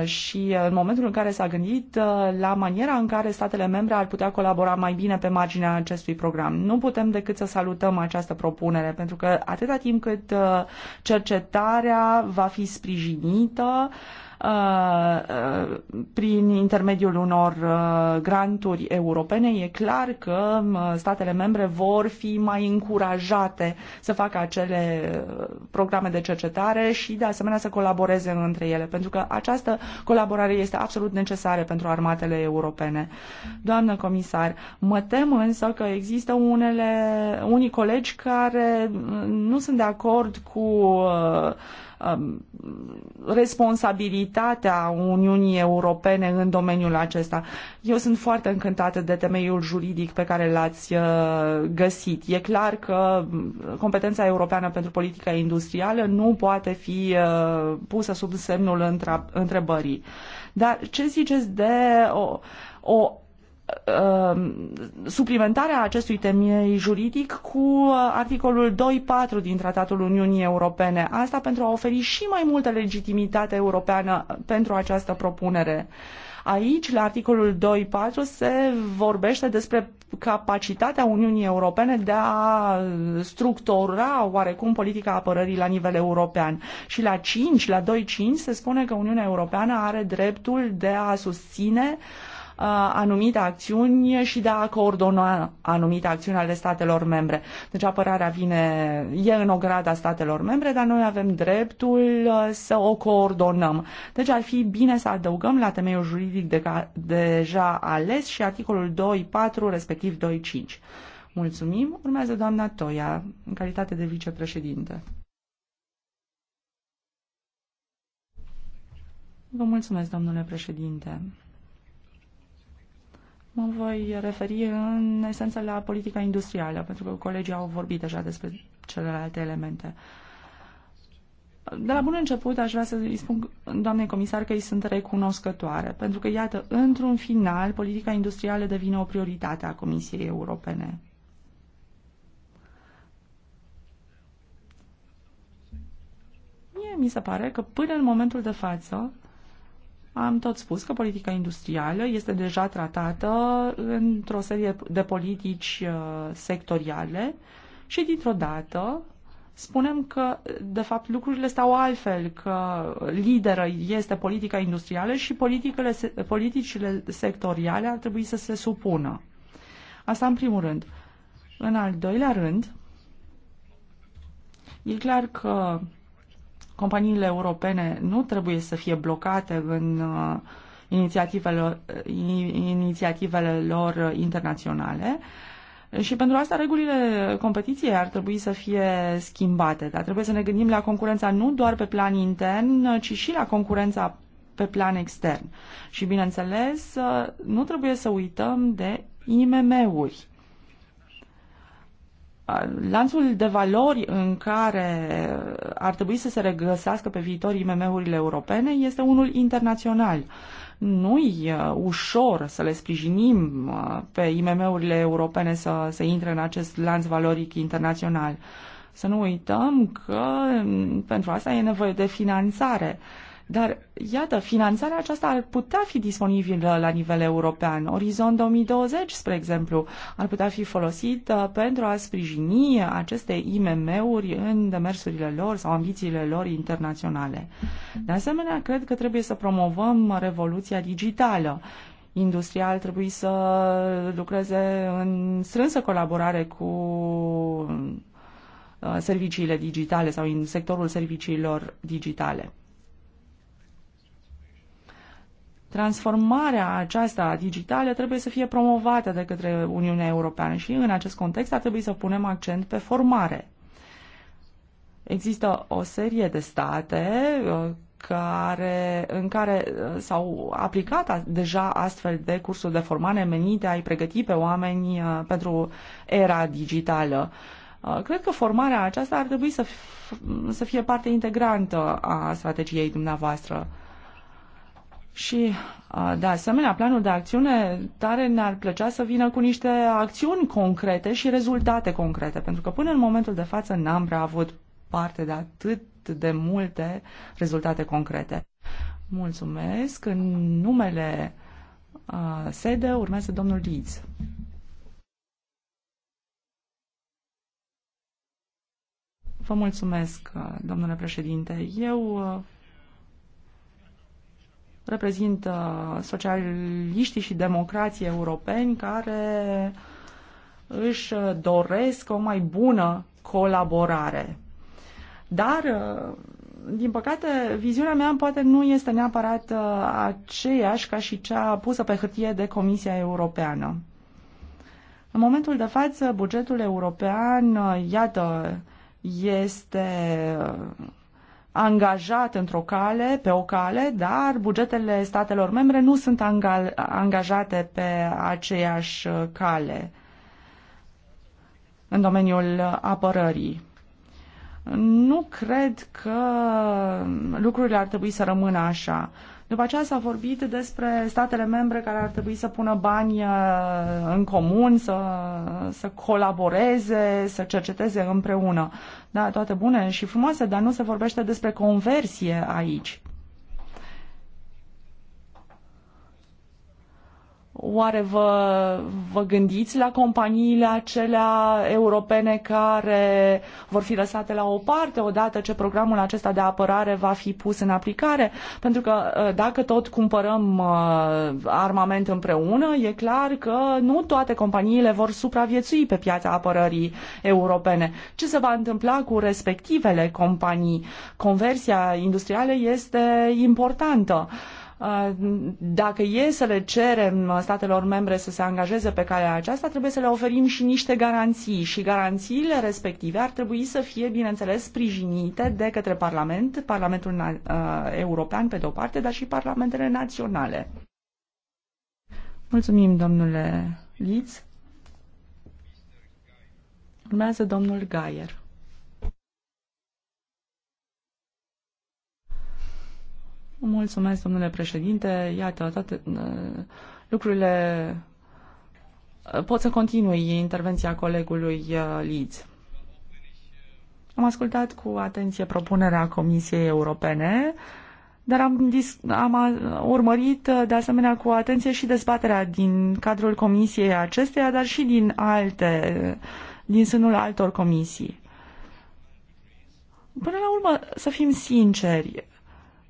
uh, și uh, în momentul în care s-a gândit la maniera în care statele membre ar putea colabora mai bine pe marginea acestui program. Nu putem decât să salutăm această propunere, pentru că atâta timp cât cercetarea va fi sprijinită, Uh, uh, prin intermediul unor uh, granturi europene, e clar că statele membre vor fi mai încurajate să facă acele programe de cercetare și de asemenea să colaboreze între ele, pentru că această colaborare este absolut necesară pentru armatele europene. Doamnă comisar, mă tem însă că există unele, unii colegi care nu sunt de acord cu uh, Um, responsabilitatea Uniunii Europene în domeniul acesta. Eu sunt foarte încântată de temeiul juridic pe care l-ați uh, găsit. E clar că um, competența europeană pentru politica industrială nu poate fi uh, pusă sub semnul întrebării. Dar ce ziceți de o, o Um, suplimentarea acestui temei juridic cu articolul 2.4 din Tratatul Uniunii Europene. Asta pentru a oferi și mai multă legitimitate europeană pentru această propunere. Aici, la articolul 2.4, se vorbește despre capacitatea Uniunii Europene de a structura oarecum politica apărării la nivel european. Și la 5, la 2.5, se spune că Uniunea Europeană are dreptul de a susține uh, Uh, anumite acțiuni și de a coordona anumite acțiuni ale statelor membre. Deci apărarea vine, e în ograda statelor membre, dar noi avem dreptul uh, să o coordonăm. Deci ar fi bine să adăugăm la temeiul juridic de ca, deja ales și articolul 2.4, respectiv 2.5. Mulțumim. Urmează doamna Toia, în calitate de vicepreședinte. Vă mulțumesc, domnule președinte. Mă voi referi în esență la politica industrială, pentru că colegii au vorbit deja despre celelalte elemente. De la bun început aș vrea să îi spun doamnei comisar că îi sunt recunoscătoare, pentru că, iată, într-un final, politica industrială devine o prioritate a Comisiei Europene. Mie mi se pare că până în momentul de față am tot spus că politica industrială este deja tratată într-o serie de politici uh, sectoriale și dintr-o dată spunem că, de fapt, lucrurile stau altfel, că lideră este politica industrială și politicile, politicile sectoriale ar trebui să se supună. Asta în primul rând. În al doilea rând, e clar că companiile europene nu trebuie să fie blocate în uh, inițiativele, uh, inițiativele lor internaționale. Și pentru asta regulile competiției ar trebui să fie schimbate, dar trebuie să ne gândim la concurența nu doar pe plan intern, ci și la concurența pe plan extern. Și bineînțeles, uh, nu trebuie să uităm de IMM-uri lanțul de valori în care ar trebui să se regăsească pe viitor IMM-urile europene este unul internațional. Nu-i uh, ușor să le sprijinim uh, pe IMM-urile europene să, să intre în acest lanț valoric internațional. Să nu uităm că mm, pentru asta e nevoie de finanțare. Uh, dar, iată, finanțarea aceasta ar putea fi disponibilă la nivel european. Orizont 2020, spre exemplu, ar putea fi folosită uh, pentru a sprijini aceste IMM-uri în demersurile lor sau ambițiile lor internaționale. De asemenea, cred că trebuie să promovăm revoluția digitală industria ar trebui să lucreze în strânsă colaborare cu uh, serviciile digitale sau în sectorul serviciilor digitale. Transformarea aceasta digitală trebuie să fie promovată de către Uniunea Europeană și în acest context ar trebui să punem accent pe formare. Există o serie de state uh, care, în care uh, s-au aplicat deja astfel de cursuri de formare menite a-i pregăti pe oameni uh, pentru era digitală. Cred că formarea aceasta ar trebui să, să fie parte integrantă a strategiei dumneavoastră. Și, de asemenea, planul de acțiune tare ne-ar plăcea să vină cu niște acțiuni concrete și rezultate concrete, pentru că până în momentul de față n-am prea avut parte de atât de multe rezultate concrete. Mulțumesc. În numele uh, sede urmează domnul Diz. Vă mulțumesc, domnule președinte. Eu reprezintă socialiștii și democrații europeni care își doresc o mai bună colaborare. Dar, din păcate, viziunea mea poate nu este neapărat uh, aceeași ca și cea pusă pe hârtie de Comisia Europeană. În momentul de față, bugetul european, uh, iată, este uh, angajat într-o cale, pe o cale, dar bugetele statelor membre nu sunt angajate pe aceeași uh, cale în domeniul apărării. Nu cred că lucrurile ar trebui să rămână așa. După aceea s-a vorbit despre statele membre care ar trebui să pună bani uh, în comun, să, să colaboreze, să cerceteze împreună. Da, toate bune și frumoase, dar nu se vorbește despre conversie aici. Oare vă, vă gândiți la companiile acelea europene care vor fi lăsate la o parte odată ce programul acesta de apărare va fi pus în aplicare? Pentru că uh, dacă tot cumpărăm uh, armament împreună, e clar că nu toate companiile vor supraviețui pe piața apărării europene. Ce se va întâmpla cu respectivele companii? Conversia industrială este importantă. Uh, Uh, dacă e să le cerem statelor membre să se angajeze pe calea aceasta, trebuie să le oferim și niște garanții și garanțiile respective ar trebui să fie, bineînțeles, sprijinite de către Parlament, Parlamentul uh, European pe de o parte, dar și Parlamentele naționale. Mulțumim, domnule Liț. Urmează domnul Gaier. Mulțumesc, domnule președinte. Iată, toate uh, lucrurile uh, pot să continui intervenția colegului uh, Leeds. Am ascultat cu atenție propunerea Comisiei Europene, dar am, dis- am urmărit de asemenea cu atenție și dezbaterea din cadrul Comisiei acesteia, dar și din alte, din sânul altor comisii. Până la urmă, să fim sinceri,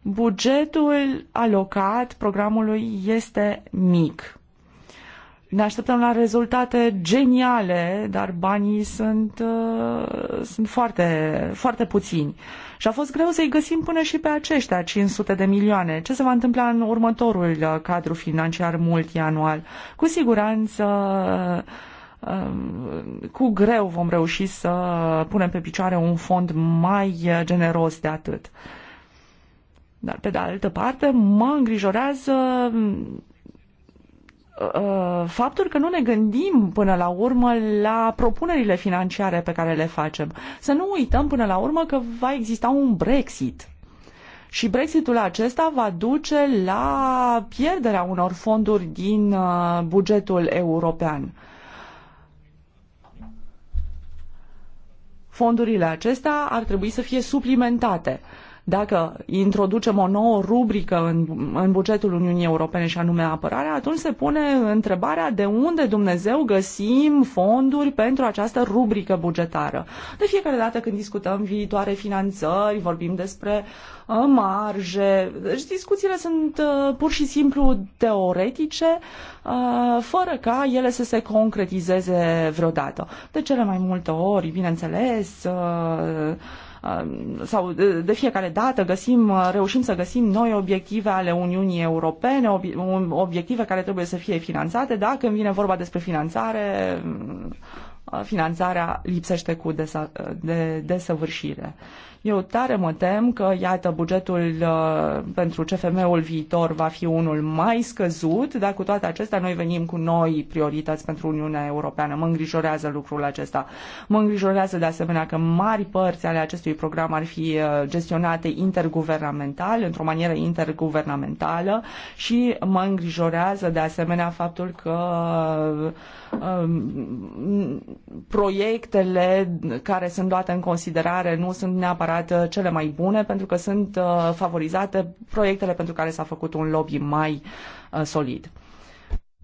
Bugetul alocat programului este mic. Ne așteptăm la rezultate geniale, dar banii sunt, uh, sunt foarte, foarte puțini. Și a fost greu să-i găsim până și pe aceștia 500 de milioane. Ce se va întâmpla în următorul uh, cadru financiar multianual? Cu siguranță uh, cu greu vom reuși să punem pe picioare un fond mai uh, generos de atât. Dar, pe de altă parte, mă îngrijorează uh, uh, faptul că nu ne gândim până la urmă la propunerile financiare pe care le facem. Să nu uităm până la urmă că va exista un Brexit. Și Brexitul acesta va duce la pierderea unor fonduri din uh, bugetul european. Fondurile acestea ar trebui să fie suplimentate. Uh, dacă introducem o nouă rubrică în, în bugetul Uniunii Europene și anume apărare, atunci se pune întrebarea de unde Dumnezeu găsim fonduri pentru această rubrică bugetară. De fiecare dată când discutăm viitoare finanțări, vorbim despre uh, marje, deci discuțiile sunt uh, pur și simplu teoretice, uh, fără ca ele să se concretizeze vreodată. De cele mai multe ori, bineînțeles, uh, Uh, sau de fiecare dată găsim, uh, reușim să găsim noi obiective ale Uniunii Europene, obiective care trebuie să fie finanțate. Dacă când vine vorba despre finanțare, uh, finanțarea lipsește cu desa, de, desăvârșire. Eu tare mă tem că, iată, bugetul uh, pentru CFM-ul viitor va fi unul mai scăzut, dar cu toate acestea noi venim cu noi priorități pentru Uniunea Europeană. Mă îngrijorează lucrul acesta. Mă îngrijorează de asemenea că mari părți ale acestui program ar fi uh, gestionate interguvernamental, într-o manieră interguvernamentală și mă îngrijorează de asemenea faptul că uh, um, proiectele care sunt luate în considerare nu sunt neapărat neapărat uh, cele mai bune, pentru că sunt uh, favorizate proiectele pentru care s-a făcut un lobby mai uh, solid.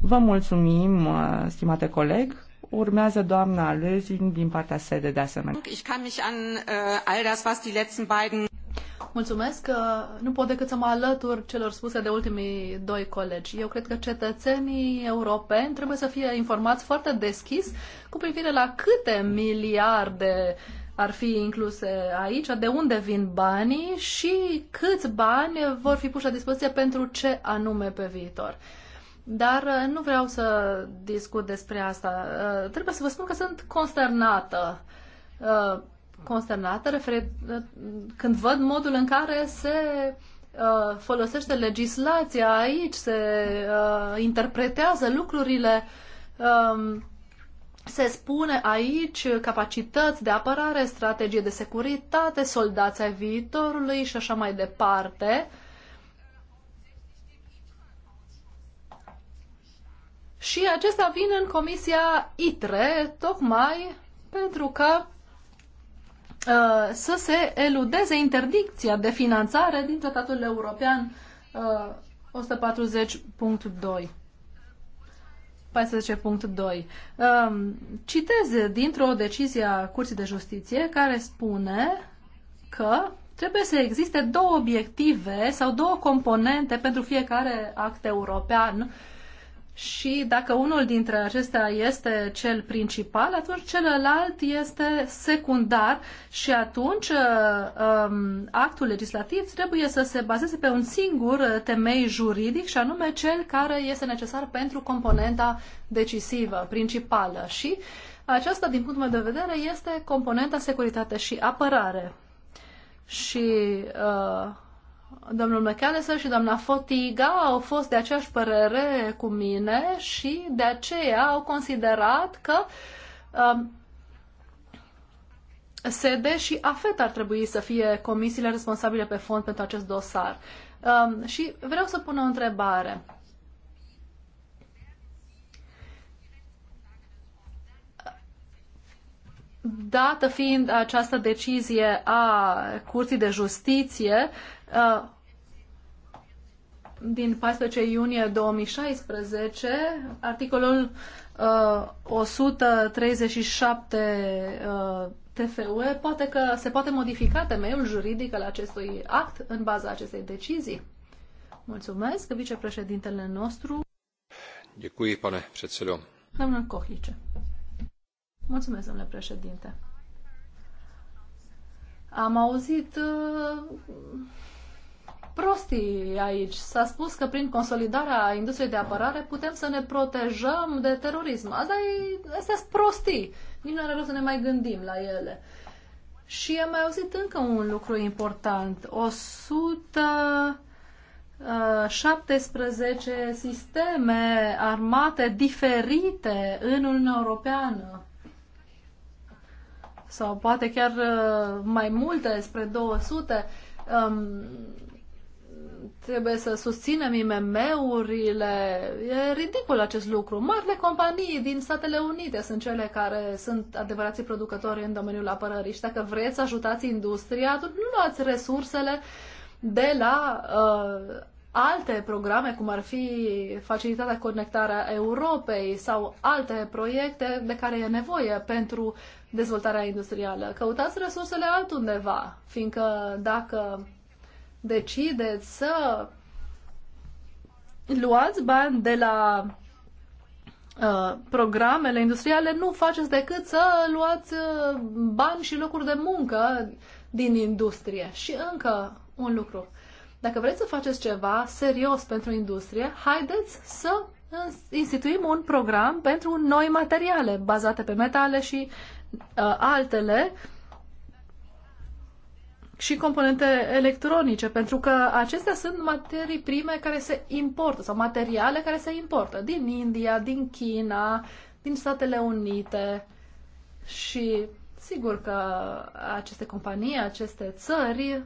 Vă mulțumim, stimate coleg. Urmează doamna Lösing din partea sede de asemenea. Mulțumesc. Nu pot decât să mă alătur celor spuse de ultimii doi colegi. Eu cred că cetățenii europeni trebuie să fie informați foarte deschis cu privire la câte miliarde ar fi incluse aici, de unde vin banii și câți bani vor fi puși la dispoziție pentru ce anume pe viitor. Dar uh, nu vreau să discut despre asta. Uh, trebuie să vă spun că sunt consternată uh, consternată refer... când văd modul în care se folosește legislația aici, se interpretează lucrurile. Um, se spune aici capacități de apărare, strategie de securitate, soldați ai viitorului și așa mai departe. Și acesta vin în comisia ITRE, tocmai pentru că uh, să se eludeze interdicția de finanțare din Tratatul European uh, 140.2. 14.2. Um, citez dintr-o decizie a Curții de Justiție care spune că trebuie să existe două obiective sau două componente pentru fiecare act european și dacă unul dintre acestea este cel principal, atunci celălalt este secundar și atunci um, actul legislativ trebuie să se bazeze pe un singur temei juridic și anume cel care este necesar pentru componenta decisivă, principală și aceasta, din punctul meu de vedere, este componenta securitate și apărare. Și uh, domnul McAllister și doamna Fotiga au fost de aceeași părere cu mine și de aceea au considerat că um, SEDE și AFET ar trebui să fie comisiile responsabile pe fond pentru acest dosar. Um, și vreau să pun o întrebare. Dată fiind această decizie a Curții de Justiție, uh, din 14 iunie 2016, articolul uh, 137 uh, TFUE, poate că se poate modifica temeiul juridic al acestui act în baza acestei decizii. Mulțumesc, vicepreședintele nostru. Děkuji, pane předsedo. Domnul Kohlice. Mulțumesc, domnule președinte. Am auzit uh, prostii aici. S-a spus că prin consolidarea industriei de apărare putem să ne protejăm de terorism. Asta e, astea sunt prostii. Nici nu are rost să ne mai gândim la ele. Și am mai auzit încă un lucru important. 117 uh, sisteme armate diferite în Uniunea Europeană sau poate chiar uh, mai multe, spre 200 trebuie să susținem IMM-urile. E ridicol acest lucru. Marile companii din Statele Unite sunt cele care sunt adevărații producători în domeniul apărării și dacă vreți să ajutați industria, atunci nu luați resursele de la uh, alte programe, cum ar fi Facilitatea Conectarea Europei sau alte proiecte de care e nevoie pentru dezvoltarea industrială. Căutați resursele altundeva, fiindcă dacă decideți să luați bani de la uh, programele industriale, nu faceți decât să luați uh, bani și locuri de muncă din industrie. Și încă un lucru. Dacă vreți să faceți ceva serios pentru industrie, haideți să instituim un program pentru noi materiale bazate pe metale și uh, altele uh, și componente electronice, pentru că acestea sunt materii prime care se importă sau materiale care se importă din India, din China, din Statele Unite și sigur că aceste companii, aceste țări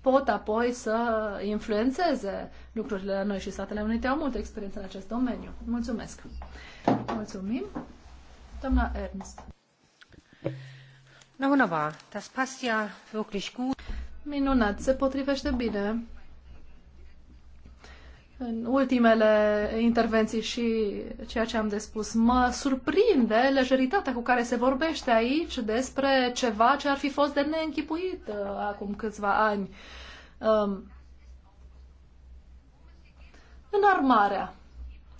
pot apoi să influențeze lucrurile la noi și Statele Unite au multă experiență în acest domeniu. Mulțumesc! Mulțumim! Doamna Ernst. Minunat, se potrivește bine. În ultimele intervenții și ceea ce am de spus, mă surprinde lejeritatea cu care se vorbește aici despre ceva ce ar fi fost de neînchipuit uh, acum câțiva ani. Um, înarmarea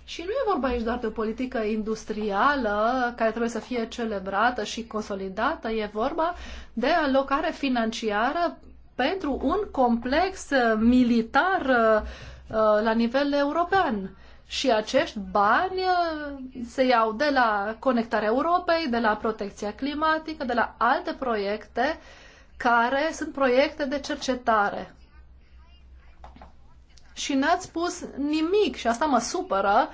și nu e vorba aici doar de o politică industrială care trebuie să fie celebrată și consolidată, e vorba de alocare financiară pentru un complex militar uh, uh, la nivel european. Și acești bani uh, se iau de la conectarea Europei, de la protecția climatică, de la alte proiecte care sunt proiecte de cercetare și n-ați spus nimic, și asta mă supără,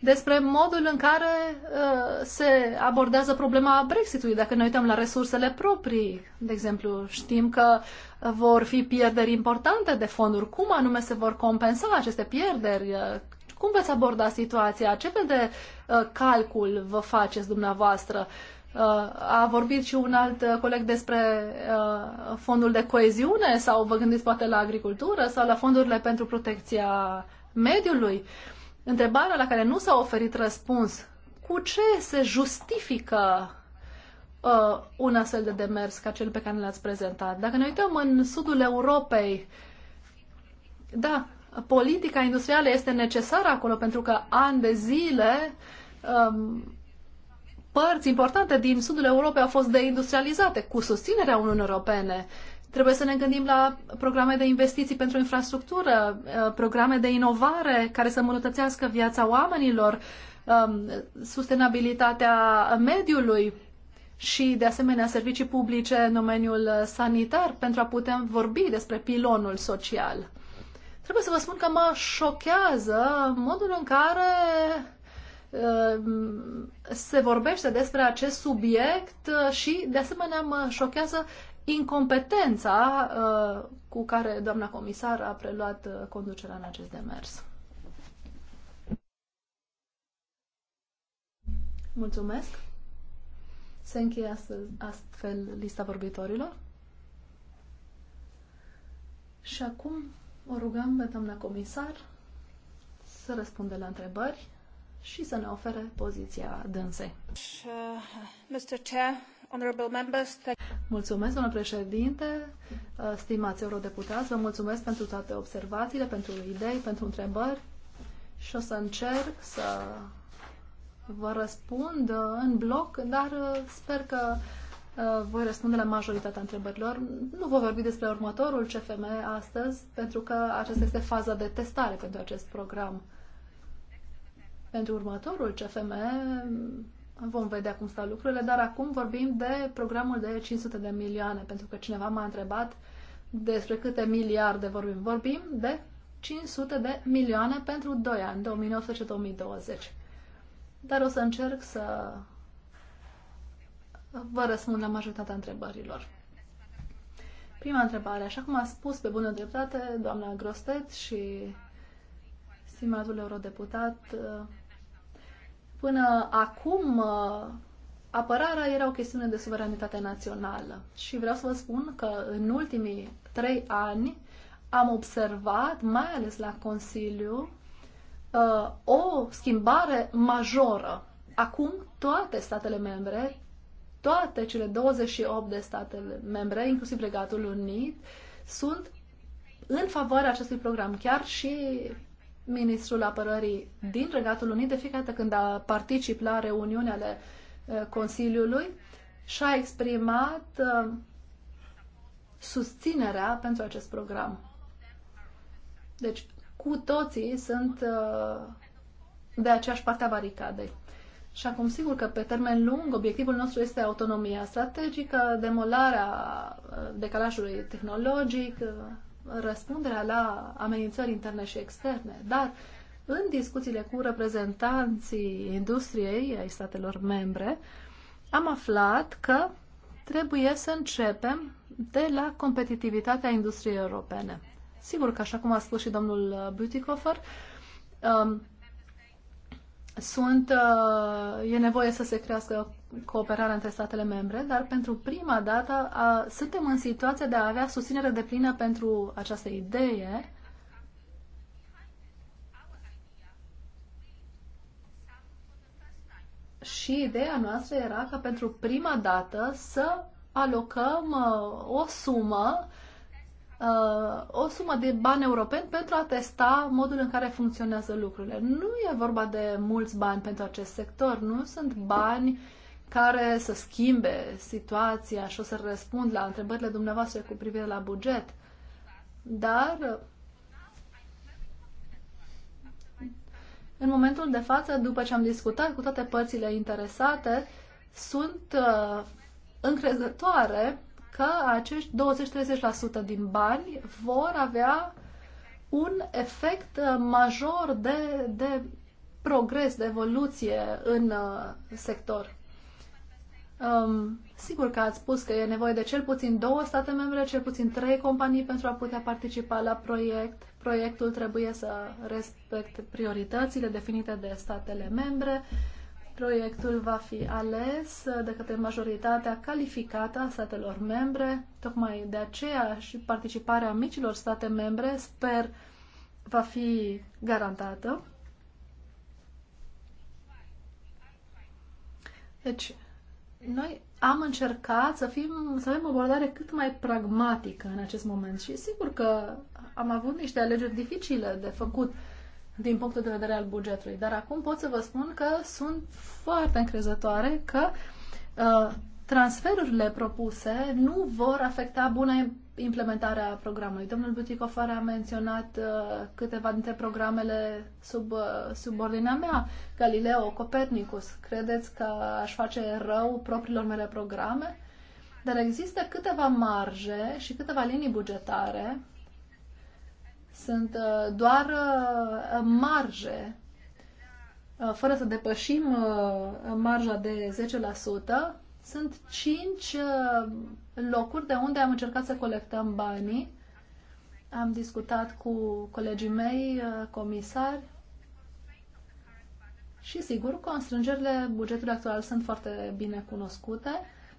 despre modul în care uh, se abordează problema Brexitului. Dacă ne uităm la resursele proprii, de exemplu, știm că vor fi pierderi importante de fonduri. Cum anume se vor compensa aceste pierderi? Uh, cum veți aborda situația? Ce fel de uh, calcul vă faceți dumneavoastră? Uh, a vorbit și un alt uh, coleg despre uh, fondul de coeziune sau vă gândiți poate la agricultură sau la fondurile pentru protecția mediului. Întrebarea la care nu s-a oferit răspuns, cu ce se justifică uh, un astfel de demers ca cel pe care l-ați prezentat? Dacă ne uităm în sudul Europei, da, politica industrială este necesară acolo pentru că ani de zile um, părți importante din sudul Europei au fost deindustrializate cu susținerea Uniunii Europene. Trebuie să ne gândim la programe de investiții pentru infrastructură, uh, programe de inovare care să îmbunătățească viața oamenilor, um, sustenabilitatea mediului și, de asemenea, servicii publice în domeniul sanitar pentru a putea vorbi despre pilonul social. Trebuie să vă spun că mă șochează modul în care Ehm, se vorbește despre acest subiect și, de asemenea, mă șochează incompetența eh, cu care doamna comisar a preluat eh, conducerea în acest demers. Mulțumesc. Se încheie astăzi, astfel lista vorbitorilor. Și acum o rugăm pe doamna comisar să răspundă la întrebări și să ne ofere poziția dânsei. Mulțumesc, domnule președinte, uh, stimați eurodeputați, vă mulțumesc pentru toate observațiile, pentru idei, pentru întrebări și o să încerc să vă răspund uh, în bloc, dar uh, sper că voi răspunde la majoritatea întrebărilor. Nu vă vorbi despre următorul CFM astăzi, pentru că aceasta este faza de testare pentru acest program. Pentru următorul CFM vom vedea cum stau lucrurile, dar acum vorbim de programul de 500 de milioane, pentru că cineva m-a întrebat despre câte miliarde vorbim. Vorbim de 500 de milioane pentru 2 ani, 2019-2020. Dar o să încerc să vă răspund la majoritatea întrebărilor. Prima întrebare. Așa cum a spus pe bună dreptate doamna Grostet și stimatul eurodeputat, Până acum, apărarea era o chestiune de suveranitate națională. Și vreau să vă spun că în ultimii trei ani am observat, mai ales la Consiliu, uh, o schimbare majoră. Acum toate statele membre, toate cele 28 de state membre, inclusiv Regatul Unit, sunt în favoarea acestui program, chiar și ministrul apărării din Regatul Unit de fiecare dată când a particip la reuniunea ale eh, Consiliului și-a exprimat eh, susținerea pentru acest program. Deci, cu toții sunt eh, de aceeași parte a baricadei. Și acum, sigur că pe termen lung, obiectivul nostru este autonomia strategică, demolarea decalajului tehnologic, răspunderea la amenințări interne și externe, dar în discuțiile cu reprezentanții industriei ai statelor membre, am aflat că trebuie să începem de la competitivitatea industriei europene. Sigur că, așa cum a spus și domnul Butikofer, um, sunt, uh, e nevoie să se crească cooperarea între statele membre, dar pentru prima dată a, uh, suntem în situația de a avea susținere de plină pentru această idee. Și ideea noastră era ca pentru prima dată să alocăm uh, o sumă uh, uh, o sumă de bani europeni pentru a testa modul în care funcționează lucrurile. Nu e vorba de mulți bani pentru acest sector, nu sunt bani care să schimbe situația și o să răspund la întrebările dumneavoastră cu privire la buget. Dar în momentul de față, după ce am discutat cu toate părțile interesate, sunt uh, încrezătoare că acești 20-30% din bani vor avea un efect uh, major de, de progres, de evoluție în uh, sector. Um, sigur că ați spus că e nevoie de cel puțin două state membre, cel puțin trei companii pentru a putea participa la proiect. Proiectul trebuie să respecte prioritățile definite de statele membre. Uh, Proiectul va fi ales de către majoritatea calificată a statelor membre. Tocmai de aceea și participarea micilor state membre sper va fi garantată. Deci, noi am încercat să, fim, să avem o abordare cât mai pragmatică în acest moment și sigur că am avut niște alegeri dificile de făcut din punctul de vedere al bugetului. Dar acum pot să vă spun că sunt foarte încrezătoare că uh, transferurile propuse nu vor afecta buna implementarea programului. Domnul Buticofar a menționat uh, câteva dintre programele sub, uh, sub ordinea mea, Galileo, Copernicus. Credeți că aș face rău propriilor mele programe? Dar există câteva marje și câteva linii bugetare sunt uh, doar uh, marje, uh, fără să depășim marja de 10%, sunt 5 locuri de unde am încercat să colectăm banii. Am discutat cu colegii mei, comisari, și sigur, constrângerile bugetului actual sunt foarte bine cunoscute,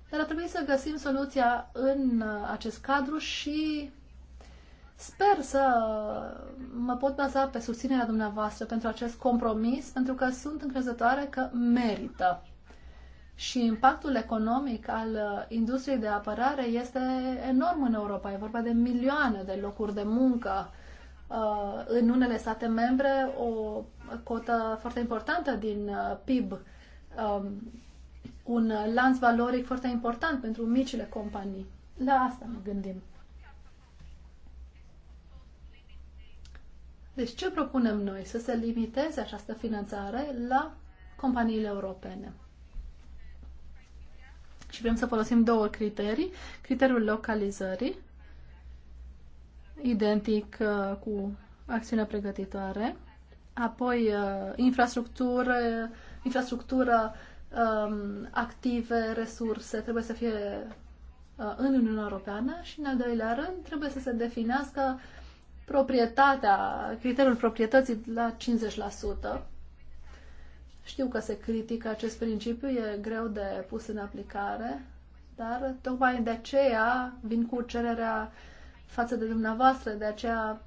dar ar trebui să găsim soluția în acest cadru și Sper să mă pot baza pe susținerea dumneavoastră pentru acest compromis, pentru că sunt încrezătoare că merită. Și impactul economic al uh, industriei de apărare este enorm în Europa. E vorba de milioane de locuri de muncă. Uh, în unele state membre, o cotă foarte importantă din uh, PIB, um, un lanț valoric foarte important pentru micile companii. La asta ne gândim. Deci ce propunem noi? Să se limiteze această finanțare la companiile europene. Și vrem să folosim două criterii. Criteriul localizării, identic uh, cu acțiunea pregătitoare, apoi uh, infrastructură, infrastructură um, active, resurse, trebuie să fie uh, în Uniunea Europeană și, în al doilea rând, trebuie să se definească uh, proprietatea, criteriul proprietății la 50%. Știu că se critică acest principiu, e greu de pus în aplicare, dar tocmai de aceea vin cu cererea față de dumneavoastră, de aceea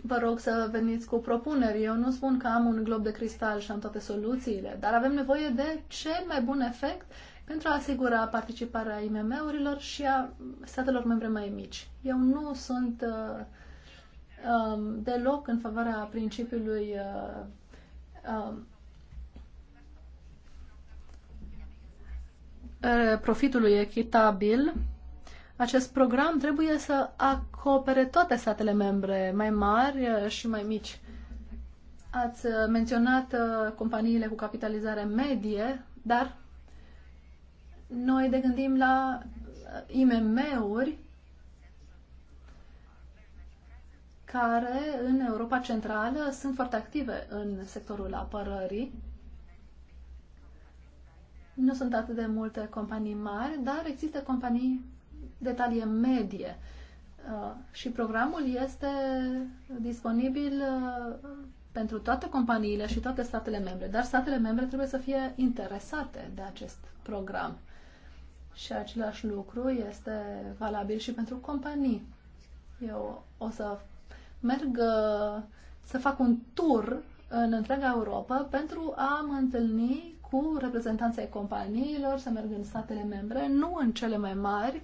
vă rog să veniți cu propuneri. Eu nu spun că am un glob de cristal și am toate soluțiile, dar avem nevoie de cel mai bun efect pentru a asigura participarea IMM-urilor și a statelor membre mai mici. Eu nu sunt uh, um, deloc în favoarea principiului uh, um, uh, profitului echitabil. Acest program trebuie să acopere toate statele membre, mai mari uh, și mai mici. Ați uh, menționat uh, companiile cu capitalizare medie, dar noi ne gândim la uh, IMM-uri care în Europa Centrală sunt foarte active în sectorul apărării. Nu sunt atât de multe companii mari, dar există companii de talie medie. Uh, și programul este disponibil uh, pentru toate companiile și toate statele membre, dar statele membre trebuie să fie interesate de acest program. Și același lucru este valabil și pentru companii. Eu o să merg uh, să fac un tur în întreaga Europa pentru a mă întâlni cu reprezentanții companiilor, să merg în statele membre, nu în cele mai mari,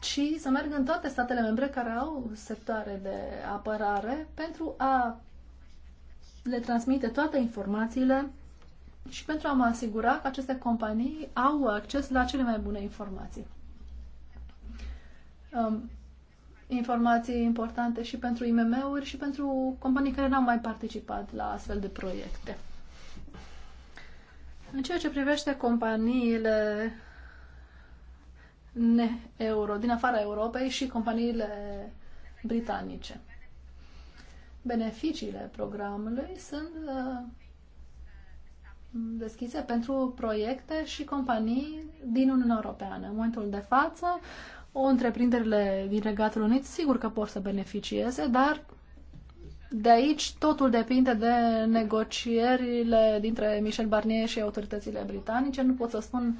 ci să merg în toate statele membre care au sectoare de apărare pentru a le transmite toate informațiile și pentru a mă asigura că aceste companii au acces la cele mai bune informații. Um, informații importante și pentru IMM-uri și pentru companii care n-au mai participat la astfel de proiecte. În ceea ce privește companiile ne-euro, din afara Europei și companiile britanice. Beneficiile programului sunt uh, deschise pentru proiecte și companii din Uniunea Europeană. În momentul de față, o întreprinderile din Regatul Unit sigur că pot să beneficieze, dar de aici totul depinde de negocierile dintre Michel Barnier și autoritățile britanice. Nu pot să spun uh,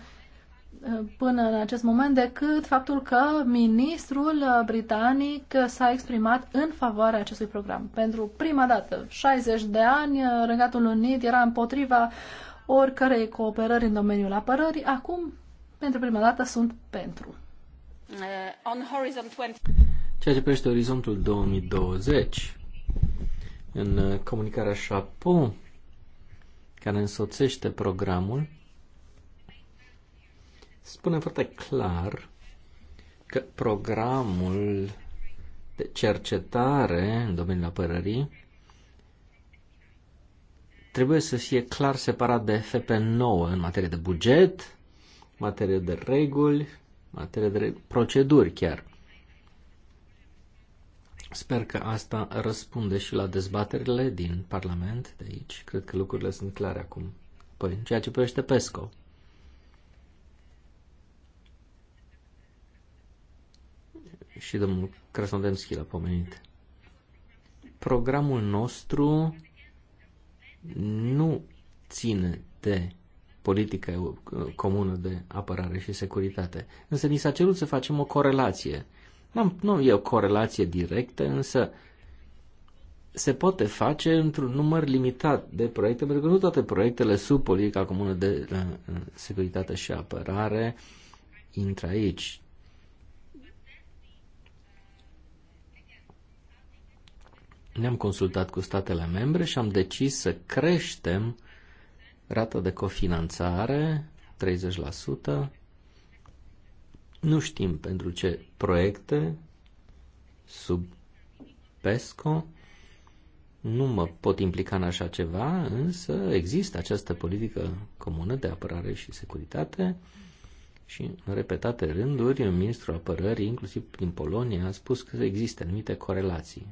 până în acest moment decât faptul că ministrul uh, britanic s-a exprimat în favoarea acestui program. Pentru prima dată, 60 de ani, uh, Regatul Unit era împotriva oricărei cooperări în domeniul apărării. Acum, pentru prima dată, sunt pentru. Uh, Ceea ce privește orizontul 2020, în comunicarea Chapeau, care însoțește programul, spune foarte clar că programul de cercetare în domeniul apărării trebuie să fie clar separat de FP9 în materie de buget, materie de reguli, materie de proceduri chiar. Sper că asta răspunde și la dezbaterile din Parlament de aici. Cred că lucrurile sunt clare acum. Păi, în ceea ce privește PESCO. și domnul Krasnodemski l-a pomenit. Programul nostru nu ține de politica comună de apărare și securitate. Însă ni s-a cerut să facem o corelație. Nu, nu e o corelație directă, însă se poate face într-un număr limitat de proiecte, pentru că nu toate proiectele sub politica comună de uh, uh, securitate și apărare intră aici. Ne-am consultat cu statele membre și am decis să creștem rata de cofinanțare 30%. Nu știm pentru ce proiecte sub PESCO. Nu mă pot implica în așa ceva, însă există această politică comună de apărare și securitate și în repetate rânduri, ministrul apărării, inclusiv din Polonia, a spus că există anumite corelații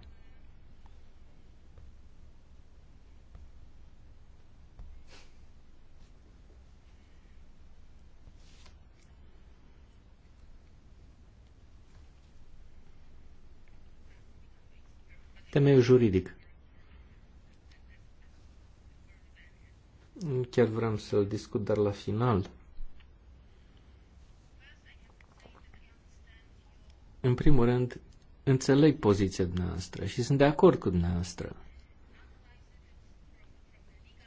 temeiul juridic. Chiar vreau să-l discut, dar la final. În primul rând, înțeleg poziția dumneavoastră și sunt de acord cu dumneavoastră.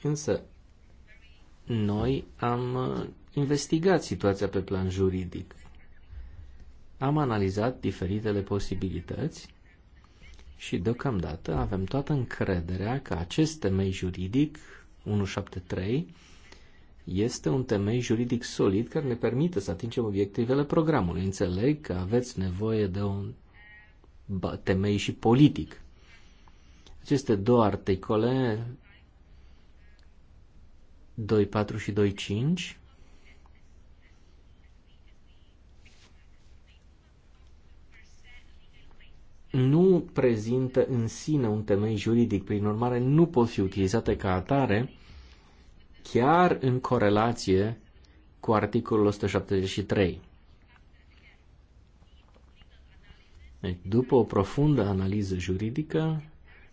Însă, noi am uh, investigat situația pe plan juridic. Am analizat diferitele posibilități și deocamdată avem toată încrederea că acest temei juridic 173 este un temei juridic solid care ne permite să atingem obiectivele programului. Înțeleg că aveți nevoie de un temei și politic. Aceste două articole 2.4 și 2.5 nu prezintă în sine un temei juridic, prin urmare nu pot fi utilizate ca atare, chiar în corelație cu articolul 173. Deci, după o profundă analiză juridică,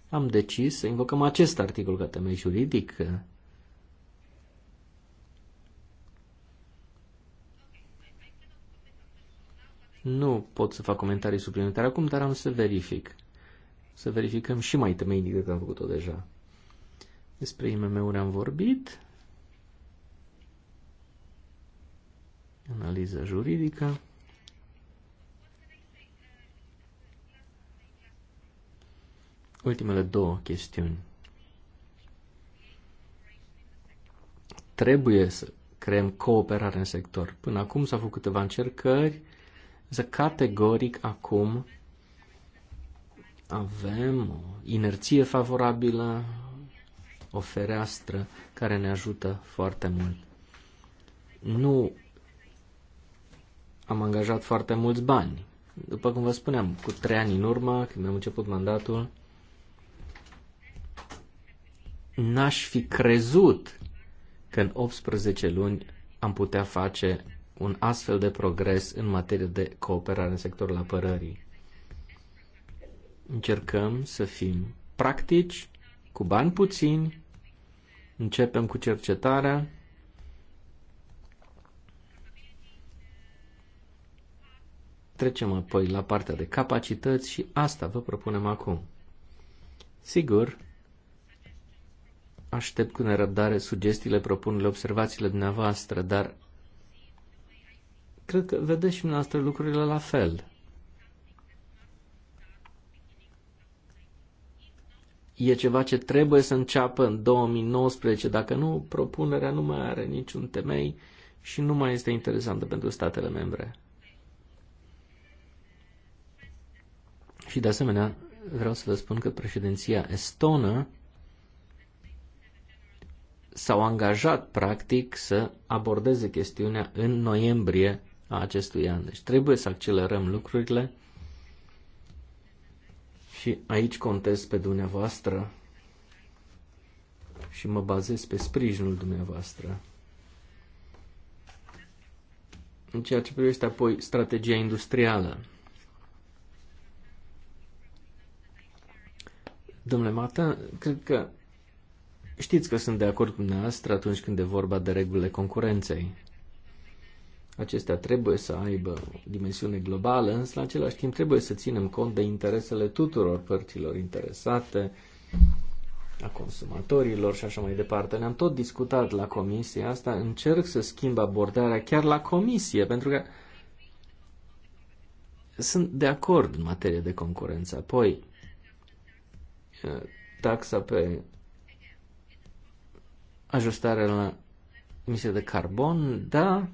am decis să invocăm acest articol ca temei juridic Nu pot să fac comentarii suplimentare acum, dar am să verific. Să verificăm și mai temeinic decât am făcut-o deja. Despre IMM-uri am vorbit. Analiza juridică. Ultimele două chestiuni. Trebuie să creăm cooperare în sector. Până acum s-au făcut câteva încercări, să categoric acum avem o inerție favorabilă, o fereastră care ne ajută foarte mult. Nu am angajat foarte mulți bani. După cum vă spuneam, cu trei ani în urmă, când mi-am început mandatul, n-aș fi crezut că în 18 luni am putea face un astfel de progres în materie de cooperare în sectorul apărării. Încercăm să fim practici, cu bani puțini, începem cu cercetarea, Trecem apoi la partea de capacități și asta vă propunem acum. Sigur, aștept cu nerăbdare sugestiile, propunerile, observațiile dumneavoastră, dar cred că vedeți și dumneavoastră lucrurile la fel. E ceva ce trebuie să înceapă în 2019, dacă nu, propunerea nu mai are niciun temei și nu mai este interesantă pentru statele membre. Și de asemenea, vreau să vă spun că președinția estonă s-au angajat practic să abordeze chestiunea în noiembrie a acestui an. Deci trebuie să accelerăm lucrurile și aici contez pe dumneavoastră și mă bazez pe sprijinul dumneavoastră. În ceea ce privește apoi strategia industrială. Domnule Mata, cred că știți că sunt de acord cu dumneavoastră atunci când e vorba de regulile concurenței. Acestea trebuie să aibă dimensiune globală, însă la același timp trebuie să ținem cont de interesele tuturor părților interesate, a consumatorilor și așa mai departe. Ne-am tot discutat la comisie asta, încerc să schimb abordarea chiar la comisie, pentru că sunt de acord în materie de concurență. Apoi, taxa pe ajustarea la emisie de carbon, da,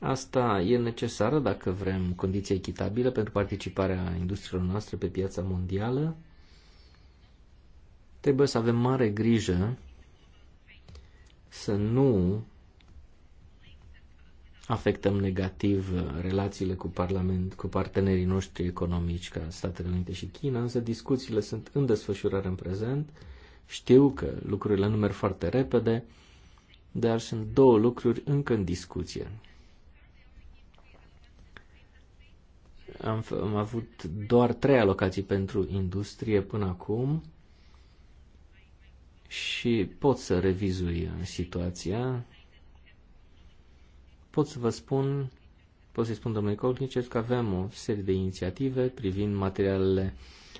Asta e necesară dacă vrem condiții echitabile pentru participarea industriilor noastre pe piața mondială. Trebuie să avem mare grijă să nu afectăm negativ relațiile cu, parlament, cu partenerii noștri economici ca Statele Unite și China, însă discuțiile sunt în desfășurare în prezent. Știu că lucrurile nu merg foarte repede, dar sunt două lucruri încă în discuție. Am, am avut doar trei alocații pentru industrie până acum și pot să revizui situația. Pot să vă spun, pot să-i spun domnului Colnicev că avem o serie de inițiative privind materialele,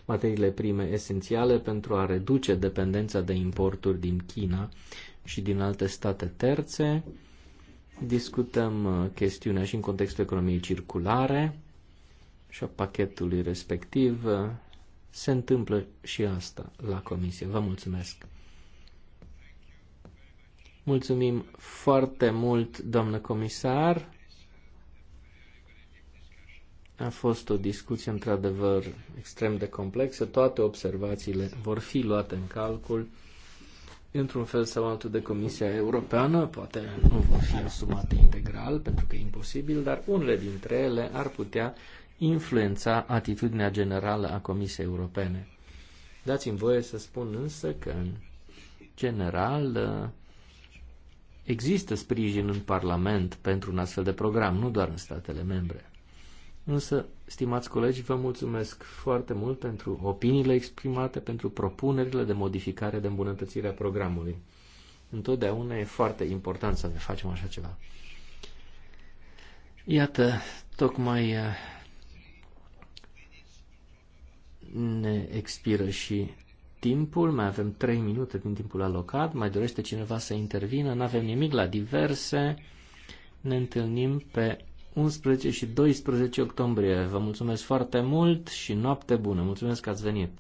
materiile prime esențiale pentru a reduce dependența de importuri din China și din alte state terțe. Discutăm uh, chestiunea și în contextul economiei circulare și a pachetului respectiv, uh, se întâmplă și asta la comisie. Vă mulțumesc! Mulțumim foarte mult, doamnă comisar. A fost o discuție într-adevăr extrem de complexă. Toate observațiile vor fi luate în calcul într-un fel sau altul de Comisia Europeană, poate nu vor fi asumate integral, pentru că e imposibil, dar unele dintre ele ar putea influența atitudinea generală a Comisiei Europene. Dați-mi voie să spun însă că, în general, există sprijin în Parlament pentru un astfel de program, nu doar în statele membre. Însă, stimați colegi, vă mulțumesc foarte mult pentru opiniile exprimate, pentru propunerile de modificare, de îmbunătățire a programului. Întotdeauna e foarte important să ne facem așa ceva. Iată, tocmai ne expiră și timpul, mai avem 3 minute din timpul alocat, mai dorește cineva să intervină, nu avem nimic la diverse, ne întâlnim pe 11 și 12 octombrie. Vă mulțumesc foarte mult și noapte bună, mulțumesc că ați venit!